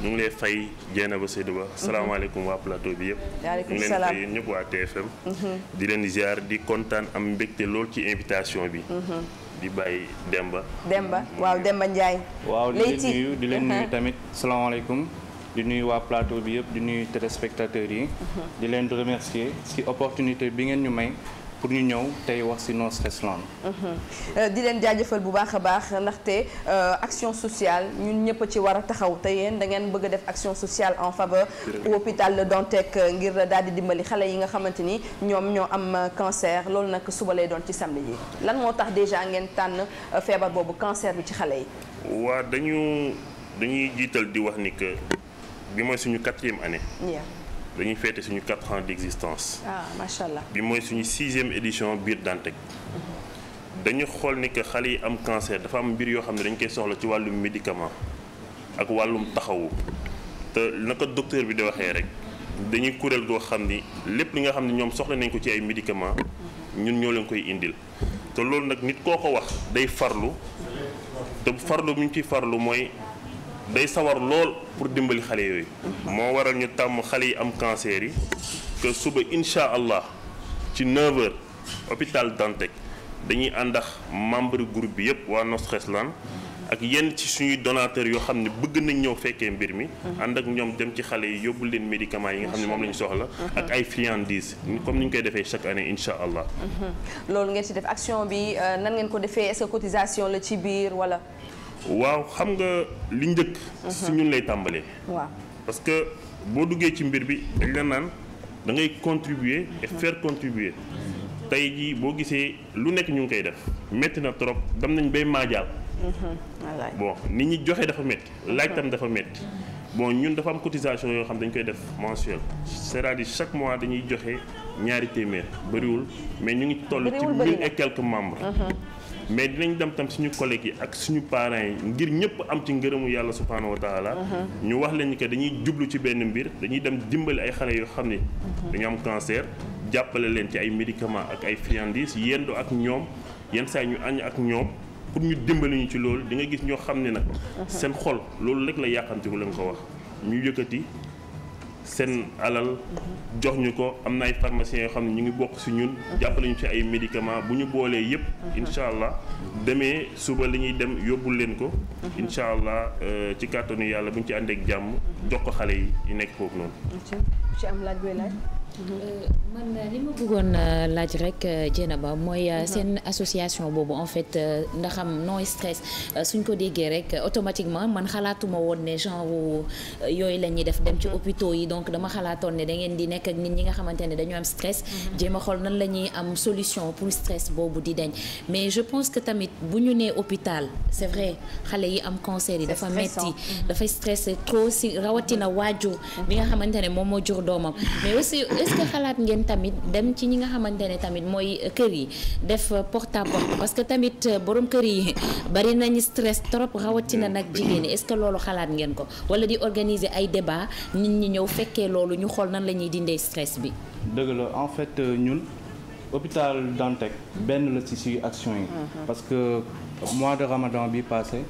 ñu ngi lay fay Dieynaba Seydou Ba. Mhm. salaamaaleykum waa plateau bi yëpp. waaleykum salaam ñu di fay ñëpp waa TFM. Mhm. di leen ziar di lool ci invitation bi. Mhm. di bàyyi Demba. Demba mm-hmm. waaw Demba Ndiaye. waaw di leen nuyu di leen nuyu di nuyu waa plateau bi yëpp di nuyu téléspectateurs yi. Mhm. di leen remercier ci opportunité bi ngeen ñu may. pour ñu ñëw tey wax ci No Stress Land mhm. euh, di leen jaajëfal bu baax a baax ndaxte euh, action sociale ñun ñëpp ci war a taxaw tey yéen da ngeen bëgg a def action sociale en faveur hôpital Le Dantec euh, ngir daal di dimbali xale yi nga xamante ni ñoom ñoo am cancer loolu nag suba lay doon ci samedi yi lan moo tax déjà ngeen tànn feebar boobu cancer bi ci xale yi. waa dañu dañuy jiital di wax ni bi mooy suñu quatrième année. dañuy féete suñu quatre ans d' existence. Ah, macha allah bi mooy suñu sixième édition biir Dantec. Mm-hmm. dañu xool ni que xale yi am cancer dafa am mbir yoo xam ne dañ koy soxla ci wàllum médicament ak wàllum taxawu te naka docteur bi di waxee rek dañuy kuréel goo xam ni lépp li nga xam ne ñoom soxla nañ ko ci ay médicament mm-hmm. ñun ñoo leen koy indil te loolu nag nit koo ko wax day farlu te farlu bi ñu ciy farlu mooy. day sawar lool pour dimbali xale yooyu. moo waral ñu tàmm xale yi am cancer yi que suba incha allah ci 9h hôpital Dantec dañuy ànd ak membre groupe bi yëpp waa No Stress Land ak yenn ci suñuy donateur yoo xam ne bëgg nañ ñëw fekkee mbir mi. ànd ak ñoom dem ci xale yi yóbbu leen médicament yi nga xam ne moom la ñu soxla. ak ay friandises comme ni ñu koy defee chaque année incha allah. Mhm. loolu ngeen ci def action bi euh, nan ko defee est-ce waaw xam nga li njëkk. Mhm. si ñun lay tàmbalee. waaw parce que boo duggee ci mbir bi dañ la naan da ngay contribuer et mhm. contribuer tey jii boo gisee lu nekk ñu ngi koy def métti na trop dem nañ bay maajaal. Mhm. bon nit ñi joxe dafa métti laaj tam dafa métti. bon ñun dafa am cotisation yoo xam dañ koy def mensuel cest à chaque mois dañuy joxe ñaari téeméer bariwul mais ñu ngi toll ci mille et quelques membres. mais dinañ dem tam suñu collègues yi ak suñu parents yi ngir ñëpp am ci ngërëmu yàlla subhaanahu wa taala mhm. ñu wax leen ni dañuy jublu ci benn mbir dañuy dem dimbali ay xale yoo xam ne mhm. dañu am cancer jàppale leen ci ay médicaments ak ay friandises yendoo ak ñoom yenn saa ñu añ ak ñoom pour ñu dimbali ñu ci loolu di nga gis ñoo xam ne nag mhm. seen xol loolu lekk la yàqante bu leen ko wax ñu yëkkati seen alal jox ñu ko am na ay pharmaciens yoo xam ne ñu ngi bokk si ñun jàppale ñu ci ay médicament bu ñu boolee yëpp incha allah demee suba li ñuy dem yóbbu leen ko incha allah euh, ci kàttanu yàlla bu ñu ci àndeek jàmm jox ko xale yi yi nekk foofu noonu ci Euh, man euh, li ma bëggoon euh, laaj rek Dieynaba mooy mhm. seen association boobu en fait ndaxam non stress suñ ko déggee rek automatiquement man xalaatuma woon ne genre yooyu la ñuy def dem ci mhm. hôpitaux yi donc dama xalaatoon ne da ngeen di nekk ak nit ñi nga xamante ne dañu am stress mhm. jéem a xool nan la ñuy am solution pour stress boobu di dañ mais je pense que tamit bu ñu nee hôpital c'est vrai xale yi am cancer yi dafa metti dafay stressé trop si rawatina waajur bi nga xamante ne moom moo jur doomam est-ce xalaat ngeen tamit dem ci ñi nga xamante ne tamit mooy kër yi def porte à parce que tamit borom kër yi bari nañu stress trop rawatina nag jigéen ñi est-ce que loolu xalaat ngeen ko wala di organiser ay débat nit ñi ñëw fekkee loolu ñu xool nan la ñuy dindee stress bi. dëgg la en fait euh, ñun hôpital Dantec benn la ci si action yi. Mhm. parce que mois de Ramadan bi passé.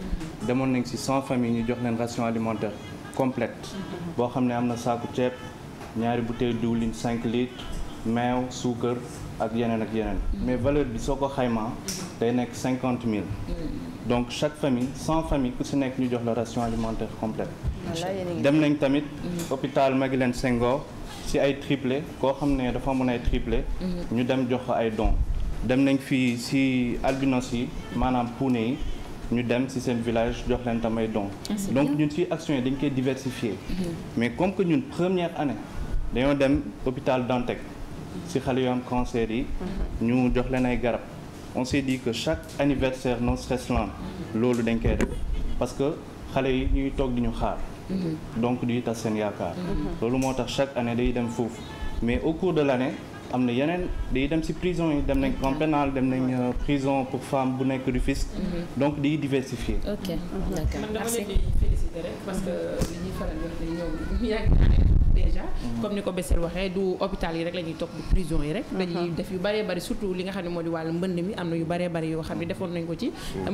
demoon nañ ci 100 familles ñu jox leen ration alimentaire complète. Mhm. boo xam ne am na saaku ñaari bouteille diwlin cinq litres meew suukar ak yeneen ak yeneen. mais valeur bi soo ko xaymaa day nekk cinquante mille. donc chaque famille cent famille ku si nekk ñu jox la ration alimentaire complète dem nañ tamit. Mhm. hôpital leen Senghor si ay triplé koo xam ne dafa mun ay triplé. Mhm. ñu dem jox ay dons. dem nañ fii si albinos yi maanaam puune yi. ñu dem ci seen village jox leen tam ay dons ah, donc ñun fii action yi dañ koy diversifier mhm. mais comme que ñun première dañoo dem hôpital Dantec si xale yu am cancer yi mm-hmm. ñu jox leen ay garab on s'est dit que chaque anniversaire non stressant mm-hmm. loolu dañ koy def parce que xale yi ñuy toog di ñu xaar mm-hmm. donc duñu tas seen yaakaar loolu moo tax chaque année day dem foofu mais au cours de l'année am na yeneen day dem ci prison yi dem nañ camp pénal dem nañ euh, prison pour femme bu nekk Rufisque donc day diversifier ah, di féliciter <laughs> déjà comme ni ko Bessel waxee du hôpital yi rek la topp du prison yi rek uh-huh. dañuy def yu bëree bëri surtout li nga xam ne moo di wàllu mbënd mi am na yu bëree bëri yoo xam ne defoon nañ ko ci euh,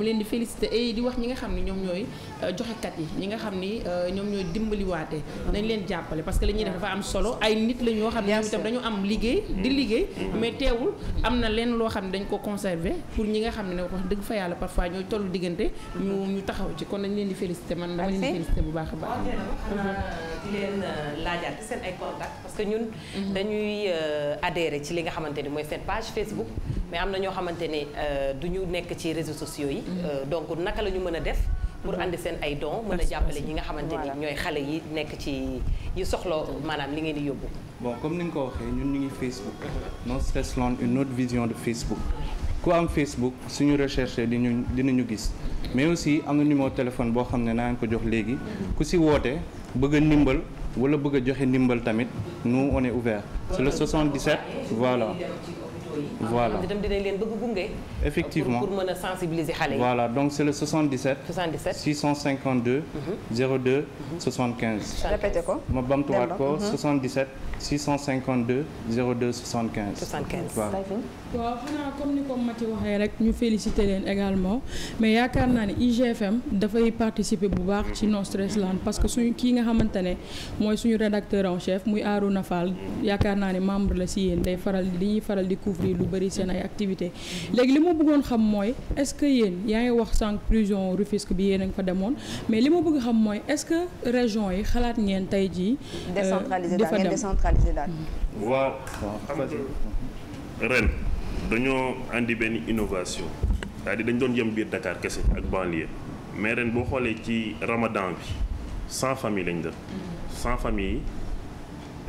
nga xam ni euh, ñoom ñooy dimbaliwaate uh-huh. nañ leen jàppale parce que li ñuy def dafa am solo nit la ñoo xam ne ñoom itam dañu liggéey di mm-hmm. liggéey mm-hmm. mais teewul am na leen loo xam ne dañ ko conserver pour ñi nga xam ne wax dëgg fa yàlla parfois ñooy tollu diggante mm-hmm. ñu taxaw ci kon dañ leen di félicité man dama leen di félicité bu baax a baax di leen euh, laajaat seen ay contact parce que ñun dañuy euh, adhéré ci li nga xamante ni mooy seen page Facebook mais am na ñoo xamante ne euh, du ñu nekk ci réseaux sociaux yi mm-hmm. euh, donc naka la ñu mën a def pour mm-hmm. andi seen ay dons mën a jàppale ñi nga xamante ni ñooy xale yi nekk ci yi soxla maanaam li ngeen di yóbbu bon comme ni nga ko waxee ñun ñu ngi Facebook Nos Stress Land une autre vision de Facebook ku am Facebook suñu recherche dinañu dinañu gis mais aussi am na numéro téléphone boo xam ne naa ko jox léegi wala bëgg a joxe ndimbal tamit nous on est ouvert c'est le 77 voilà voilà itam dinañ leen bëgg gunge. effectivement pour mën a sensibiliser xale yi. voilà donc c'est le 77. 77 652. 02 75. répété ko ma bamtuwaat ko 77 652 02 75. 75 waaw. waaw xanaa comme ni ko Mati waxee rek ñu féliciter leen également mais yaakaar naa ne IGFM dafay participer bu baax ci non Stress parce que suñu kii nga xamante ne mooy suñu rédacteur en chef muy Arouna Fall yaakaar naa ne membre la si yéen day faral di ñuy faral di couvrir lu bëri seen ay activités. léegi li ma bëggoon xam mooy est-ce que yéen yaa ngi wax sànq prison Rufisque bi yéen a ngi fa demoon mais li ma bëgg xam mooy est que région yi xalaat ngeen tey jii. Euh, décentraliser daal ngeen décentraliser daal. waaw ren. dañoo indi benn innovation cest di dañ doon jëm biir Dakar kese ak banlieue mais ren boo xoolee ci ramadan bi cent famille lañ def cent famille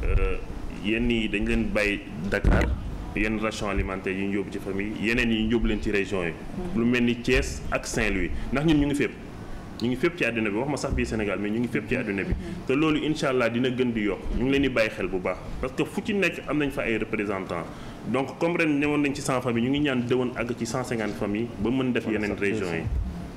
yi euh, yenn yi dañ leen bàyyi Dakar yenn ration alimentaire yi ñu yóbbu ci famille yeneen yi ñu yóbbu leen ci région yi lu mel ni Thiès ak Saint-Louis ndax ñun ñu ngi fépp ñu ngi fépp ci àdduna bi wax ma sax bii Sénégal mais ñu ngi fépp ci àdduna bi mm-hmm. te loolu incha allah dina gën di yokk ñu ngi leen di bàyyi xel bu baax parce que fu ci nekk am nañ fa ay représentants donc comme ren ñëwoon nañ ci 100 familles ñu ngi ñaan dëwoon àgg ci 150 familles ba mën def yeneen régions yi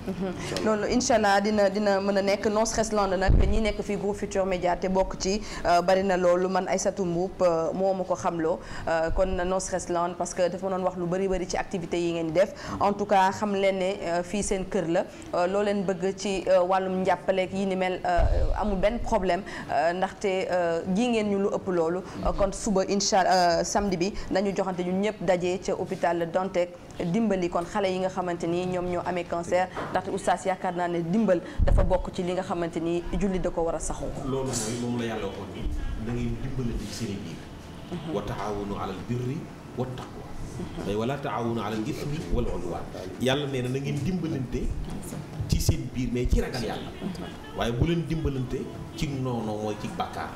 Mhm. loolu incha allah dina dina mën a nekk non stress land nag ñi nekk fii groupe Futur Média te bokk ci euh, barina na loolu man Aïssatou Mboup euh, moo ma ko loo euh, kon non stress land parce que dafa ma doon wax lu bari bari ci activité yi ngeen def en tout cas xam leen ne fii seen kër la loo leen bëgg ci wàllum njàppaleek yi ni mel amul benn problème ndaxte ji ngeen ñu lu ëpp loolu mhm. kon suba incha samedi bi dañu joxante ñun ñëpp daje ca hôpital Dantec dimbali kon xale yi nga xamante ni ñoom ñoo amee cancer ndaxte oustaz yaakaar naa ne dimbal dafa bokk ci li nga xamante ni julli da ko war a saxoo. loolu mooy moom la yàlla waxoon ni da ngay dimbalante ci seen i biir. Mhm. wa taawunu alal birri wa taqwa. Mhm. wala taawunu alal ismi wal udwan yàlla nee na ngeen dimbalante. ci seen biir mais ci ragal yàlla mm-hmm. waaye bu leen dimbalante ci noonoo mooy ci bàkkaar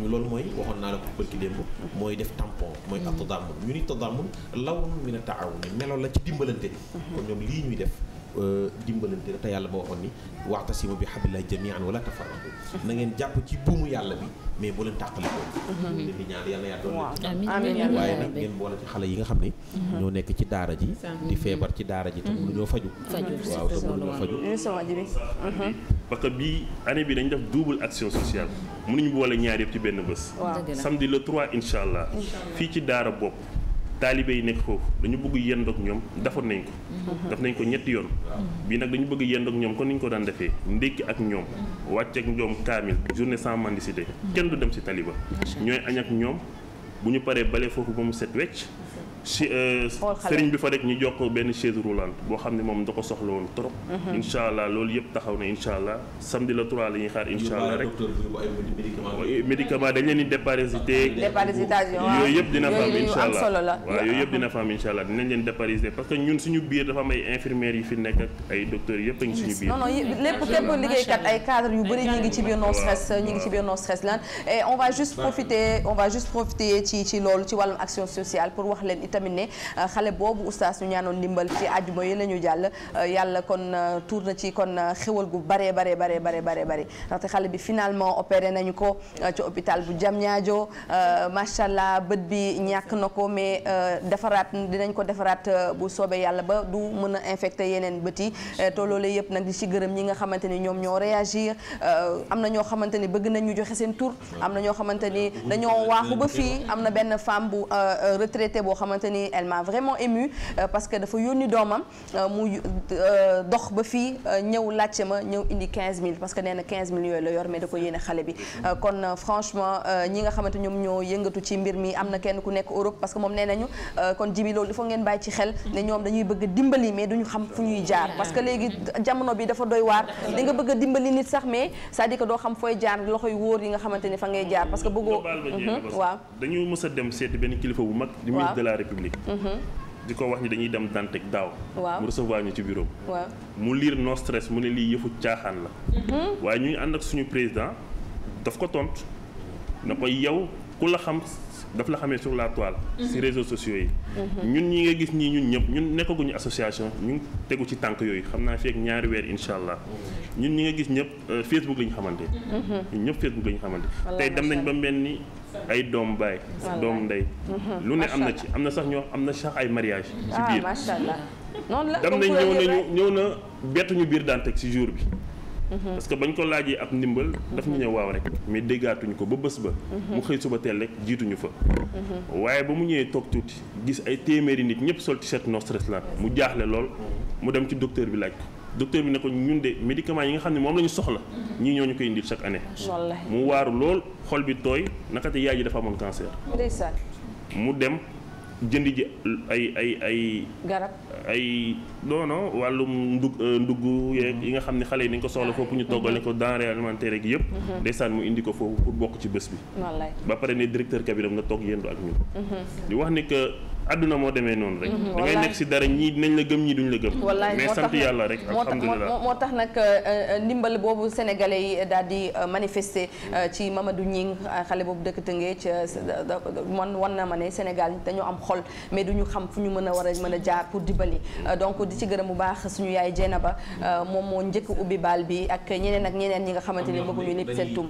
ñu loolu mooy waxoon naa la ko bërki démb mm-hmm. mooy def tampon mooy mm-hmm. atadamul ñu ni tadamul lawn min a taawun melo la ci dimbalante kon ñoom lii ñuy def euh, dimbalante la te yàlla ba waxoon ni waxtasimu bi hablillahi jamian wala tafarraqu na ngeen jàpp ci buumu yàlla bi mais boo leen tàqalikoo mhm. leen di yàlla yaa doon xale yi nga xam ne mhm. ñoo nekk ci daara ji di feebar ci daara ji te mhm. mënuñoo faju waaw te mënuñoo faju parce que bii année bi dañ def double action sociale mënuñu boole ñaar yëpp ci benn bés samedi le trois incha allah fii ci daara bopp taalibe yi nekk foofu dañu bëgg yendoog ñoom defoon nañ ko mhm. def nañ ko ñetti yoon bii nag dañu bëgg yendoog ñoom kon niñ ko daan defee ndékki ak ñoom wàcc ak ñoom kaamil journée sans mendicité mhm. kenn du dem si taliba ñooy añ ak ñoom bu ñu paree bale foofu ba mu set wecc si euh, sëriñ bi fa rek ñu jox ko benn chaise roulante boo xam ne moom da ko soxla woon trop. Mhm. incha allah loolu yëpp taxaw na incha allah samedi le 3 la xaar incha allah ah, yooyu yëpp dina fa am allah waaw leen déparasité parce que ñun suñu biir dafa am ay yi fi nekk ak ay docteurs yëpp a ngi suñu biir. non non lépp képp liggéeykat ay cadres yu bëri ñu ngi ci biir non stress ñu ngi ci biir non stress lan on va juste profiter on va juste profiter tamit ne euh, xale boobu oustaz ñu ñaanoon ndimbal ci àjjuma yi la ñu jàll euh, yàlla kon euh, tuur na ci kon xéwal gu baree baree baree baree baree baree ndaxte xale bi finalement opéré nañu ko ci hôpital bu Diamniadio macha allah bët bi ñàkk na ko mais defaraat dinañ ko defaraat bu soobee yàlla ba du mën a infecté yeneen bët yi te loolu yëpp nag di ci gërëm ñi nga xamante ni ñoom ñoo réagir am na ñoo xamante ni bëgg nañu joxe seen tur am na ñoo xamante ni dañoo waaxu ba fii am na benn femme bu retraité boo xamante xamante ni elle m'a vraiment ému euh, parce que dafa yónni doomam euh, mu euh, dox ba fii ñëw laajte ma ñëw indi 15000 parce que nee na 15000 yooyu la yor mais da ko yéene xale bi mm-hmm. kon franchement ñi nga xamante ñoom ñoo yëngatu ci mbir mi am na kenn ku nekk Europe parce que moom nee nañu kon jibi loolu il faut ngeen bàyyi ci xel mm-hmm. ne ñoom dañuy bëgg dimbali mais duñu xam fu ñuy jaar parce que léegi jamono bi dafa doy waar di nga bëgg a dimbali nit sax mais sa à dire que doo xam fooy jaar loxoy wóor yi nga xamante fa ngay mm-hmm, a dem seeti benn kilifa bu république. Mhm. di ko wax ni dañuy dem Dantec daaw. waaw mu recevoir ñu ci bureau mu liir no stress mu ne lii yëfu caaxaan la. Mhm. waaye ñuy ànd ak suñu président daf ko tontu na ko yow ku la xam daf la xamee sur la toile. Mhm. si réseau sociaux yi. ñun ñi nga gis ñii ñun ñëpp ñun nekkaguñu association ñu ngi tegu ci tànk yooyu xam naa fi ak ñaari weer incha allah. ñun ñi nga gis ñëpp euh, Facebook la xamante. ñun ñëpp Facebook la xamante. tey dem nañ ba mel ay doom baay doom ndey mhm. lu ne am na ci am na sax ñoo am na sax ay mariage ci ah, biir macha dem nañ ñëw nañu ñëw na bettuñu biir daan teg ci jour bi mhm. parce que bañ ko laaj laajee ab ndimbal daf ñu ne mhm. waaw rek mais déggaatuñu ko ba bës ba mu xëy suba teel rek jiituñu fa waaye ba mu ñëwee toog tuuti gis ay téeméeri nit ñëpp sol t-shirt no mu jaaxle lool mu dem ci docteur bi laaj docteur bi ne ko ñun de médicament yi nga xam ne moom la ñu soxla ñii ñoo ñu koy indil chaque année. mu waaru lool xol bi tooy naka te yaay ji dafa amoon cancer. ndeysaan. mu dem jënd ji ay ay ay. garab ay non wàllum ndug euh, ndugg yeeg yi nga xam ne xale yi dañ ko soxla foofu ñu toggale ko denrée alimentaire rek yëpp. Mhm. ndeysaan mu indi ko foofu pour bokk ci bés bi. ba pare ne directeur cabinet nga toog yendu ak ñun. Mhm. di wax ne àdduna moo demee noonu rek. Mhm, da ngay nekk si dara ñii dinañ la la gëm. wallaay mais sant yàlla rek. alhamdulilah moo tax nag euh, euh, ndimbal boobu sénégalais yi daal di euh, manifester ci Mamadou Ñing xale boobu dëkk Tëngéej man wan na ma ne Sénégal dañoo am xol mais du ñu xam fu ñu mën a war a mën a jaar pour dimbali donc di ci gërëm bu baax suñu yaay Jeynaba moom moo njëkk ubbi baal bi ak ñeneen ak ñeneen ñi nga xamante ni bëgguñu nit seen tum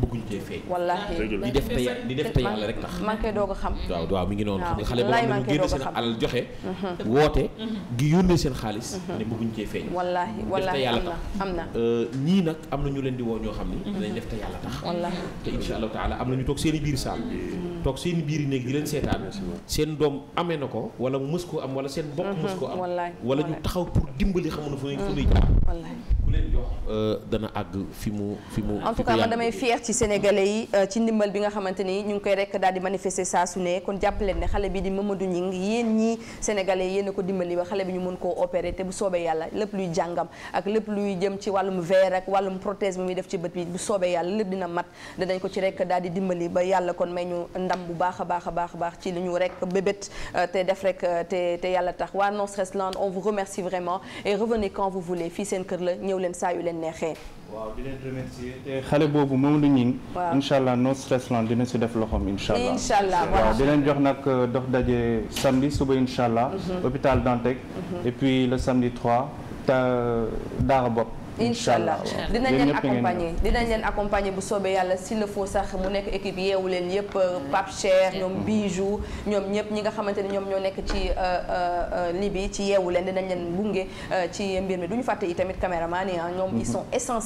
bëgguñu cee feeñ. wallaahi di def te di def te yàlla rek tax. maa ngi koy a xam. waaw waaw mi ngi noonu. xam nga xale boo xam ne ñu génne seen alal joxe. Mhm. woote. Mhm. gi yónnee seen xaalis. Mhm. ne bëgguñu cee feeñ. na am na euh, ñii nag am di woo ñoo xam ni. dinañ def te yàlla tax. wallaahi te incha allahu taala am na ñu toog seen i biir saal. seen biir néeg di na ko wala mës koo am wala seen bokk mës koo am wala ñu taxaw pour dimbali xamuñu fu ñuy fu ñuy jaar ku leen jox euh, dana àgg fi mu fi mu en tout cas damay fi fier ci sénégalais yi euh, ci ndimbal bi nga xamante ni ñu ngi koy rek daal di manifester saa su ne kon jàpp leen ne xale bi di Mamadou Gning yéen ñi sénégalais yéen a ko dimbali ba xale bi ñu mën koo opérer te bu soobee yàlla lépp luy jàngam ak lépp luy jëm ci wàllum verre rek wàllum prothèse bi muy def ci bët bi bu soobee yàlla lépp dina mat danañ ko ci rek daal di dimbali ba yàlla kon may ñu ndam bu baax a baax a baax a baax ci li ñu rek bébét euh, te def rek euh, te te yàlla tax waa Non Stress Land on vous vraiment et revenez quand vous fii seen kër la ñëw leen saa yu leen neexee waaw di xale boobu moom lu ñing incha allah non stress lan dina si def loxoom incha allah incha allah waaw di leen jox nag euh, dox daje samedi suba incha allah mhm. hôpital Dantec mhm. et puis le samedi 3 euh, daara bopp incha allah dinañ leen accompagner dinañ leen accompagner bu soobee yàlla s'il le faut sax mu nekk équipe yeewu leen yëpp euh, mm. Pape Cheikh ñoom mm. Bijou ñoom ñëpp ñi nga xamante ne ñoom ñoo nekk ci euh, euh, libi ci yeewu leen dinañ leen bunge ci mbir mi du ñu fàtte yi tamit caméraman yi ñoom ils mm-hmm. sont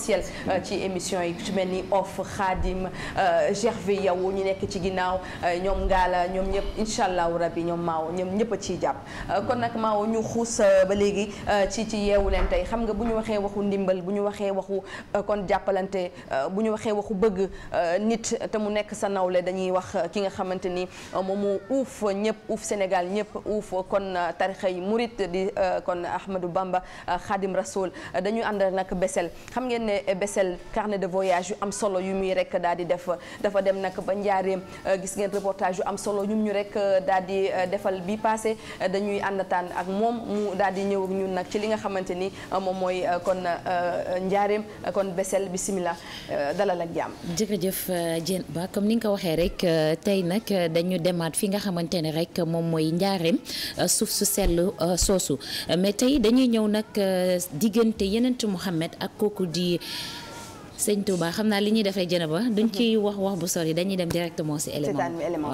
ci émission yi ci mel ni off Khadim Gervais yow ñu nekk ci ginnaaw ñoom ngaala ñoom ñëpp incha allahu rabbi ñoom maawo ñoom ñëpp a ciy jàpp kon nag maawo ñu xuus ba léegi ci ci yeewu xam nga bu ñu waxee bu ñu waxee waxu euh, kon jàppalante euh, bu ñu waxee waxu bëgg euh, nit te mu nekk sa nawle dañuy wax ki nga xamante ni moom mu ñëpp uuf Sénégal ñëpp uuf kon tarixa yi murit di kon Ahmadou Bamba Khadim Rasoul dañu ànd nag Bessel xam ngeen ne Bessel carnet de voyage yu am solo yu muy rek daal di def dafa dem nag ba njaareem gis ngeen reportage yu am solo ñum ñu rek daal di defal bi passé dañuy àndataan ak moom daal di ñëw ñun nag ci li nga xamante ni moom mooy kon Euh, njaareem kon Bessél bisimilah euh, dalal ak jàmm. jërëjëf euh, Diène Ba comme ni nga ko waxee rek tey nag dañu demaat fi nga xamante ne rek moom mooy njaareem suuf su sell soosu mais tey dañuy ñëw nag diggante yenent Mouhamed ak kooku di. sëñ Touba xam naa li ñuy defee jëna ba duñ mhm. ci wax wax bu sori dañuy dem directement ci élément. élément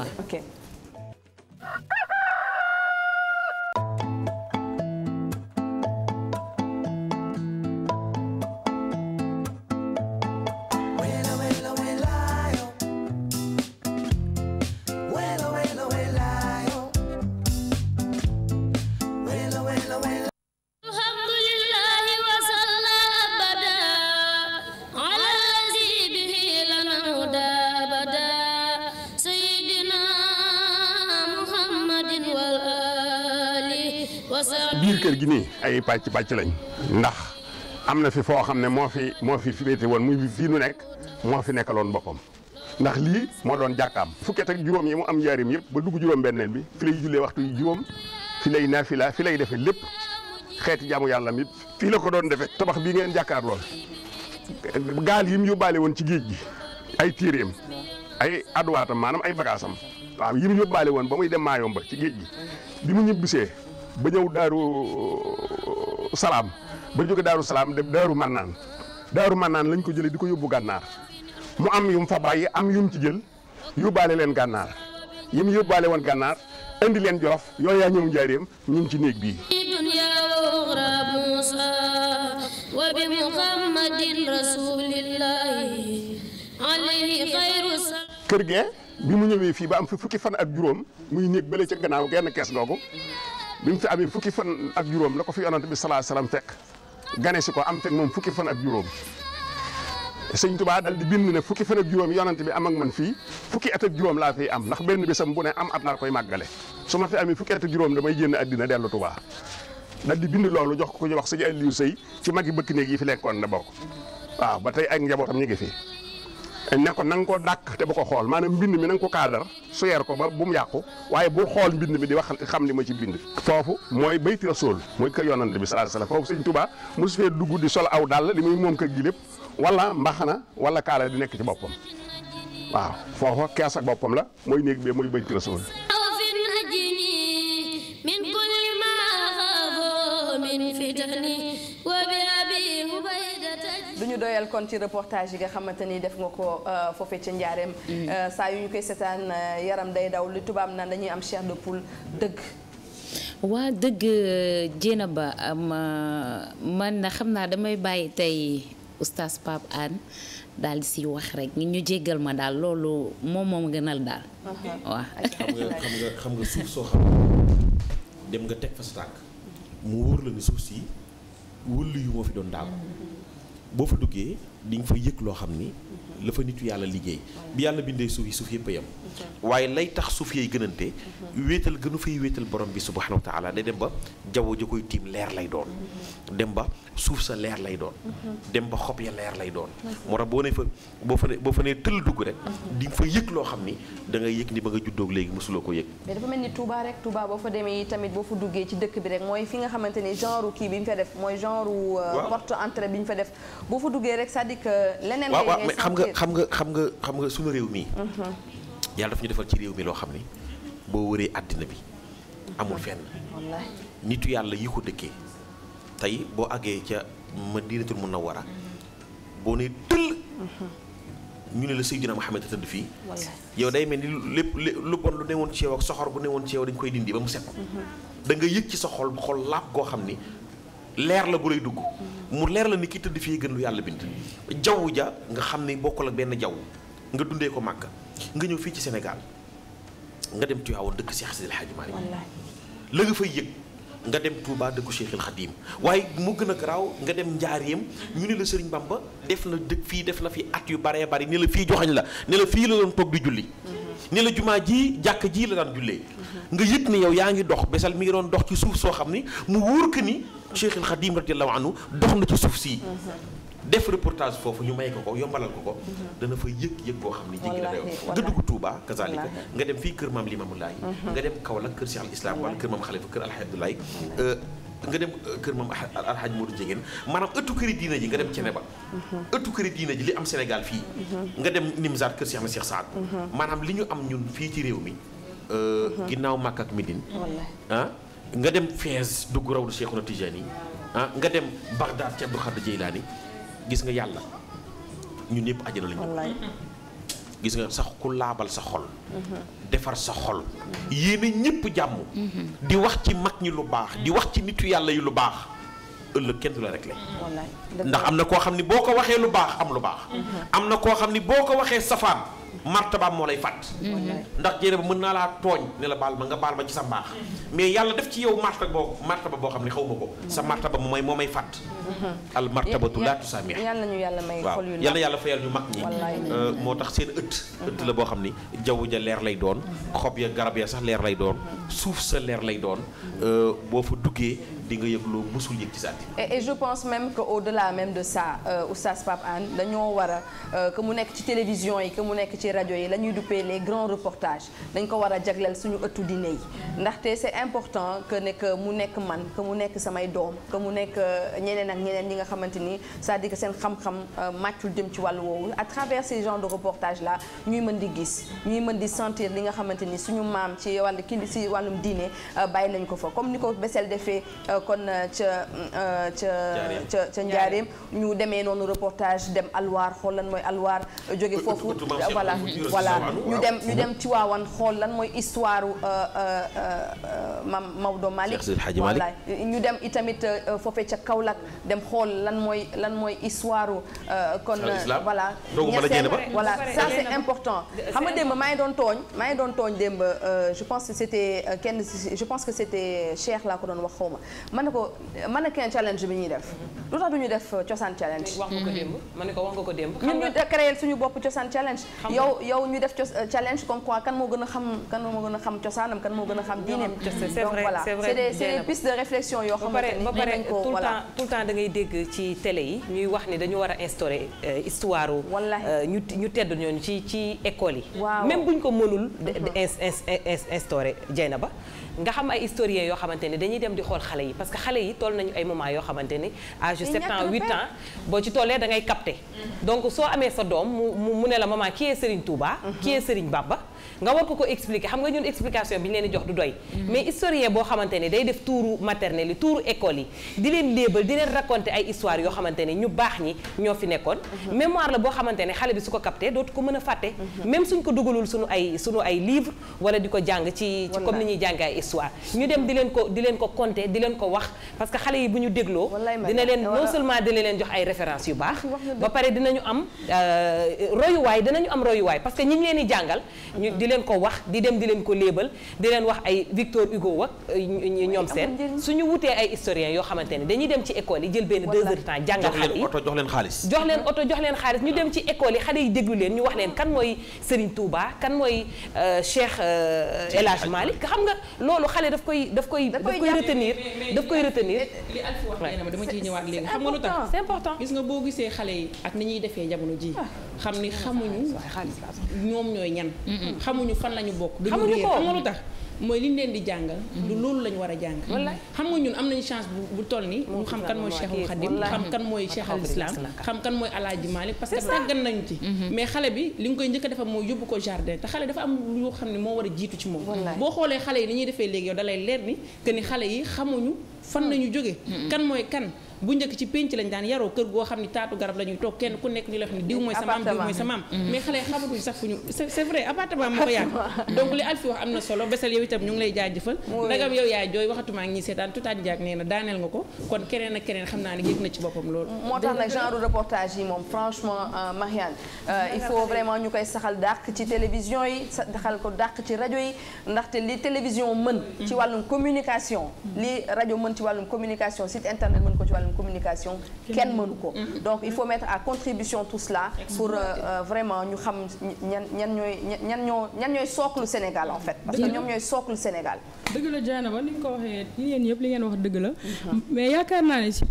ay pàcc pàcc lañ ndax am na fi foo xam ne moo fi moo fi féete woon muy fii nu nekk moo fi nekkaloon boppam ndax lii moo doon jàkkaam fukki at ak juróom yi mu am njaarim yëpp ba dugg juróom benneel bi fi lay jullee waxtu yu juróom fi lay naafila fi fi lay defe lépp xeet jaamu yàlla mi fii la ko doon defe tabax bii ngeen jàkkaar lool gaal yi mu yóbbaale woon ci géej gi ay téeréem ay adduwaatam maanaam ay bagaasam waaw yi yóbbaale woon ba muy dem maayom ba ci géej gi bi ba ñëw daaru salaam ba jóge daaru salaam dem daaru mannaan daaru mannaan lañ ko jëlee di ko yóbbu gànnaar mu am yum fa bàyyi am yum ci jël yóbbaale leen gànnaar yim yóbbaale woon gànnaar indi leen jolof yooyu yaa ñëw njaareem ñu ngi ci néeg bii kër gee bi mu ñëwee fii ba am fi fukki fan ak juróom muy néeg bële ca gannaaw genn kees googu bi mu fi amee fukki fan ak juróom la ko fi yonante bi salaa salaam fekk gane si ko am fekk moom fukki fan ak juróom sëñ Tuubaa dal di bind ne fukki fan ak juróom yonante bi am ak man fii fukki at ak juróom laa fiy am ndax benn bésam bu ne am at laa koy màggale su ma fi amee fukki at ak juróom damay génn àddina dellu Tuubaa dal di bind loolu jox ko ku ñuy wax sëñ Aliou Sëy ci magi bëkk néeg yi fi lekkoon na bokk waaw ba tey ak njabootam ñu ngi fi. ne ko na nga ko dàkk te bu ko xool maanaam mbind mi na nga ko kaadar suyeer ko ba bu mu yàqu waaye bu xool mbind mi di wax xam li ma ci bind foofu mooy bayti rasul mooy kër yonante bi sallallahu alayhi wasallam foofu sëñ Tuubaa mosu fee dugg di sol aw dàll li muy moom kër gi lépp wala mbaxana wala kaala di nekk ci boppam waaw foofa kees ak boppam la mooy néeg bee mooy bayti rasul min kulli ma min fitani wa bi abi du ñu doyal kon ci reportage yi nga xamante ni def nga ko euh, foofee ca njaareem mm-hmm. euh, saa yu ñu koy seetaan euh, yaram day daw li tubaab naan dañuy am chair de poule dëgg waa dëgg jéena ba man na xam naa damay bàyyi tey oustaz Pape Anne daal di siy wax rek ñu jéggal ma daal loolu moom moom gënal daal waaw <laughs> xam nga xam nga suuf soo xam dem nga teg fa sa mu wóor la ni suuf si wëllu yu moo fi doon daal mm-hmm. boo fa duggee di nga fa yëg loo xam ni la fa nitu yàlla liggéey bi yàlla bindee suuf yi suuf yëpp a yem waaye lay tax suuf yay gënante mhm. wéetal gënu fay wéetal borom bi subhaanahu wa taala dem ba jaww ji koy tiim leer lay doon mhm. dem ba suuf sa leer lay doon mhm. dem ba xob ya leer lay doon moo tax boo ne fa boo fa ne boo fa ne tël dugg rek di nga fa yëg loo xam ni da yëg ni ba nga juddoog léegi mosuloo ko yëg mais dafa mel ni Touba rek Touba boo fa demee tamit boo fa duggee ci dëkk bi rek mooy fi nga xamante ni genre kii bi ñu fa def mooy genre euh, porte entrée bi ñu fa def boo fa duggee rek c'est-à-dire xam nga xam nga xam nga xam nga suñu réew mii yàlla dafa ñu defal ci réew mi loo xam ni boo wëree àddina bi amul fenn nitu yàlla yi ko dëkkee tey boo àggee ca Madinatul Munawwara boo ne tëll ñu ne la Seydina Muhammad a tëdd fii yow day mel ni lépp lu bon lu newoon woon yow ak soxor bu newoon ci yow dañ koy dindi ba mu set mhm. da nga yëg ci sa xol xol laab koo xam ni leer la bu lay dugg mu leer la ni ki tëdd fii gën lu yàlla bind jaww ja nga xam ni bokkul ak benn jaww nga dundee ko màkk nga ñëw fii ci Sénégal nga dem Tivaouane dëkk Cheikh Sidil fay yëg nga dem Touba dëkku Cheikhul Khadim waaye mu gën a garaaw nga dem Njaareem ñu ne la sëriñ Serigne ba def na dëkk fii def na fi at yu baree bari ne la fii joxañ la ne la fii la doon toog di julli mhm. ne la jumaa ji jàkk ji la daan jullee mhm. nga yëg ni yow yaa ngi dox besal mi ngi doon dox ci suuf soo xam ni mu wóor que ni Cheikhul Khadim radiyallahu anhu dox na ci suuf sii mhm. def reportage foofu ñu may ko ko yombalal ko ko mhm. dana fa yëg-yëg boo xam ne jéggi na dayoo nga dugg Touba kazalika nga dem fii kër maam Limamoulaye mhm. nga dem Kaolack kër Cheikh al Islam wala kër maam Khalifa kër Alhaji Abdoulaye euh, nga dem euh, kër moom alxaaj Modou Jegéen maanaam ëttu këri diina ji nga dem cene ba mhm. ëttu këri diina ji li am Sénégal fii nga dem Nimzaat kër Cheikh ma seex Saad maanaam li ñu am ñun fii ci réew mi euh, ginnaaw Makka ak Médine ah nga dem Fès dugg rawdu Cheikhouna Tidiane yi ah nga dem Bagdad ci Abdou Khadre Jeylaani gis nga yàlla ñun ñëpp àjjana lañu gis nga sax ku laabal sa xol mm-hmm. defar sa xol mm-hmm. yéene ñépp jàmm mm-hmm. di wax ci mag ñi lu baax di wax ci nitu yàlla yi lu baax ëllëg kenn du la réglé ndax am na koo xam ni boo ko waxee lu baax am lu baax am na koo xam ni boo ko waxee safaan martabaam moo lay fàtt ndax jéere ba mën naa laa tooñ ne la baal ma nga baal ma ci sa mbaax mais yàlla def ci yow martaba boo martaba boo xam ni xaw ma ko sa martaba moo may moo may fàtt mm-hmm. al martabatu laa tusaamih yàlla ñu yàlla may xol yu yàlla yàlla fayal ñu mag euh, moo tax seen ëtt ëtt la boo xam ni jaww ja leer lay doon xob ya garab ya sax leer lay doon mm-hmm. suuf sa leer lay doon euh, boo fa duggee di yëg loo mësul yëg ci sa àddina et je pense même que au delà même de ça euh, oustaz Pape Anne dañoo war a euh, que mu nekk ci télévision yi que mu nekk ci rajo yi lañuy ñuy duppee les grands reportages dañ ko war a jagleel suñu ëttu diine yi ndaxte c'est important que ne mu nekk man mu nekk samay doom que mu nekk euh, ñeneen ak ñeneen ñi nga xamante ni cest à que seen xam-xam màccul jëm ci wàllu woowu à travers ces de reportages la ñuy mën di gis ñuy mën di sentir li nga xamante ni suñu maam ci wàllu kii ci wàllum diine bàyyi nañ ko fa comme ni defee kon euh, euh, ca ca ca ca njaareem ñu demee noonu reportage dem alwaar xool lan mooy alwaar euh, jóge foofu voilà voilà ñu dem ñu dem ci waawan xool lan mooy histoire mam Maodo Malick voilà ñu dem itamit foofee ca Kaolack dem xool lan mooy lan mooy histoire kon voilà ñeseen voilà ça c'est important xam nga démb maa ngi doon tooñ maa ngi doon tooñ démb je pense que c'était kenn je pense que c'était Cheikh laa ko doon wax xawma man na ko mannequin challenge bi ñuy def lu tax du ñu def euh, cosaan challenge wax nga ko démb mm-hmm. ma ne ko wax nga ko démb ñun ñu créer suñu bopp cosaan challenge yow yow ñu def euh, challenge comme quoi kan gën a xam kan moo a xam cosaanam kan moo gën a xam diineem donc voilà c'est des c'est des pistes de réflexion ngay dégg ci télé yi ñuy wax ni dañu war a instaurer euh, histoire ñu ñu tedd ñooñu ci ci école yi même buñ ko mënul instaurer ba nga xam ay historiens yoo xamante ni dañuy dem di xool xale yi parce que xale yi toll nañu ay moment yoo xamante ne âge 7 ans 8 ans boo ci tollee da ngay capter mm-hmm. donc soo amee sa doom mu mu ne la maman qui est Serigne Touba mm-hmm. qui est Baba nga war ko ko expliquer xam nga ñun explication bi ñu leen di jox du doy mhm. mais historien boo xamante ne day def tuuru maternelle yi tuuru école yi di leen léebal di leen raconter ay histoire yoo xamante ne ñu baax ñi ñoo fi nekkoon mhm. mémoire la boo xamante ne xale bi su ko capté dootu ko mën a fàtte mhm. même ko dugalul suñu ay suñu ay livre wala di ko jàng ci ci comme ni ñuy jàng ay histoire ñu dem di leen ko di leen ko compter di leen ko wax parce que xale yi bu ñu dégloo dina leen non seulement dina leen jox ay références yu baax ba pare dinañu am euh, royuwaay dinañu am royuwaay parce que ñi ñu leen di jàngal leen ko wax di dem di leen ko léebal di leen wax ay Victor Hugo ak ñoom seen suñu wutee ay historiens yoo xamante ne dañuy dem ci école yi jël benn deux heures temps jàngal xale yi jox leen xaalis jox leen oto jox leen xaalis ñu dem ci école yi xale yi déglu leen ñu wax leen kan mooy Serigne Touba kan mooy euh, euh, Cheikh El Hadj xam nga loolu xale daf koy daf koy daf koy retenir daf koy retenir li Alfi wax nee na léegi xam nga lu tax important gis nga boo gisee xale yi ak ni ñuy defee jamono ji ah. xam ni ah. xamuñu ah, ñoom ñooy ñan xamuñu fan la bokk. dañu réer xamuñu lu tax. mooy li di jàngal. Mm-hmm. loolu la war a jàng. xam ñun am nañu chance bu toll nii. ñu xam kan mooy Cheikhul Khadim xam kan mooy Cheikh al Islam xam kan nañu ci. Mm-hmm. mais xale bi li nga koy njëkk defar mooy yóbbu ko jardin te xale dafa am lu xam ne moo war a jiitu ci moom. boo xoolee xale yi ni ñuy defee léegi yow dalay leer ni que ni xale yi xamuñu fan nañu hmm. jóge hmm. kan mooy kan bu njëkk ci pénc lañ daan yaroo kër goo xam ni taatu garab la ñuy toog kenn ku nekk ñu la xam ni diw mooy sa maam mais xale xamatuñ sax fu ñu c'est vrai appartement ma ko donc li Alfi wax am na solo besal yow itam ñu ngi lay jaajëfal ndagam yow yaay jooy waxatuma ak ñi seetaan tutaat njaag nee daaneel nga ko kon keneen ak keneen xam naa ne yëg na ci boppam loolu moo tax nag genre reportage yi moom franchement euh, Marianne euh, il faut vraiment ñu koy saxal dàq ci télévision yi saxal ko dàq ci rajo yi ndaxte li télévision mën ci mm. wàllum communication li rajo mën ci wàllum communication site internet mën ko ci wàllum problème communication kenn mënu ko donc il faut mettre à contribution tout cela pour euh, euh, vraiment ñu xam ñan ñan ñooy ñan ñoo ñan ñooy sooklu Sénégal en fait parce que ñoom ñooy sooklu Sénégal dëgg la Diana ba ni nga ko waxee yéen yëpp li ngeen wax dëgg la mais yaakaar naa ne ci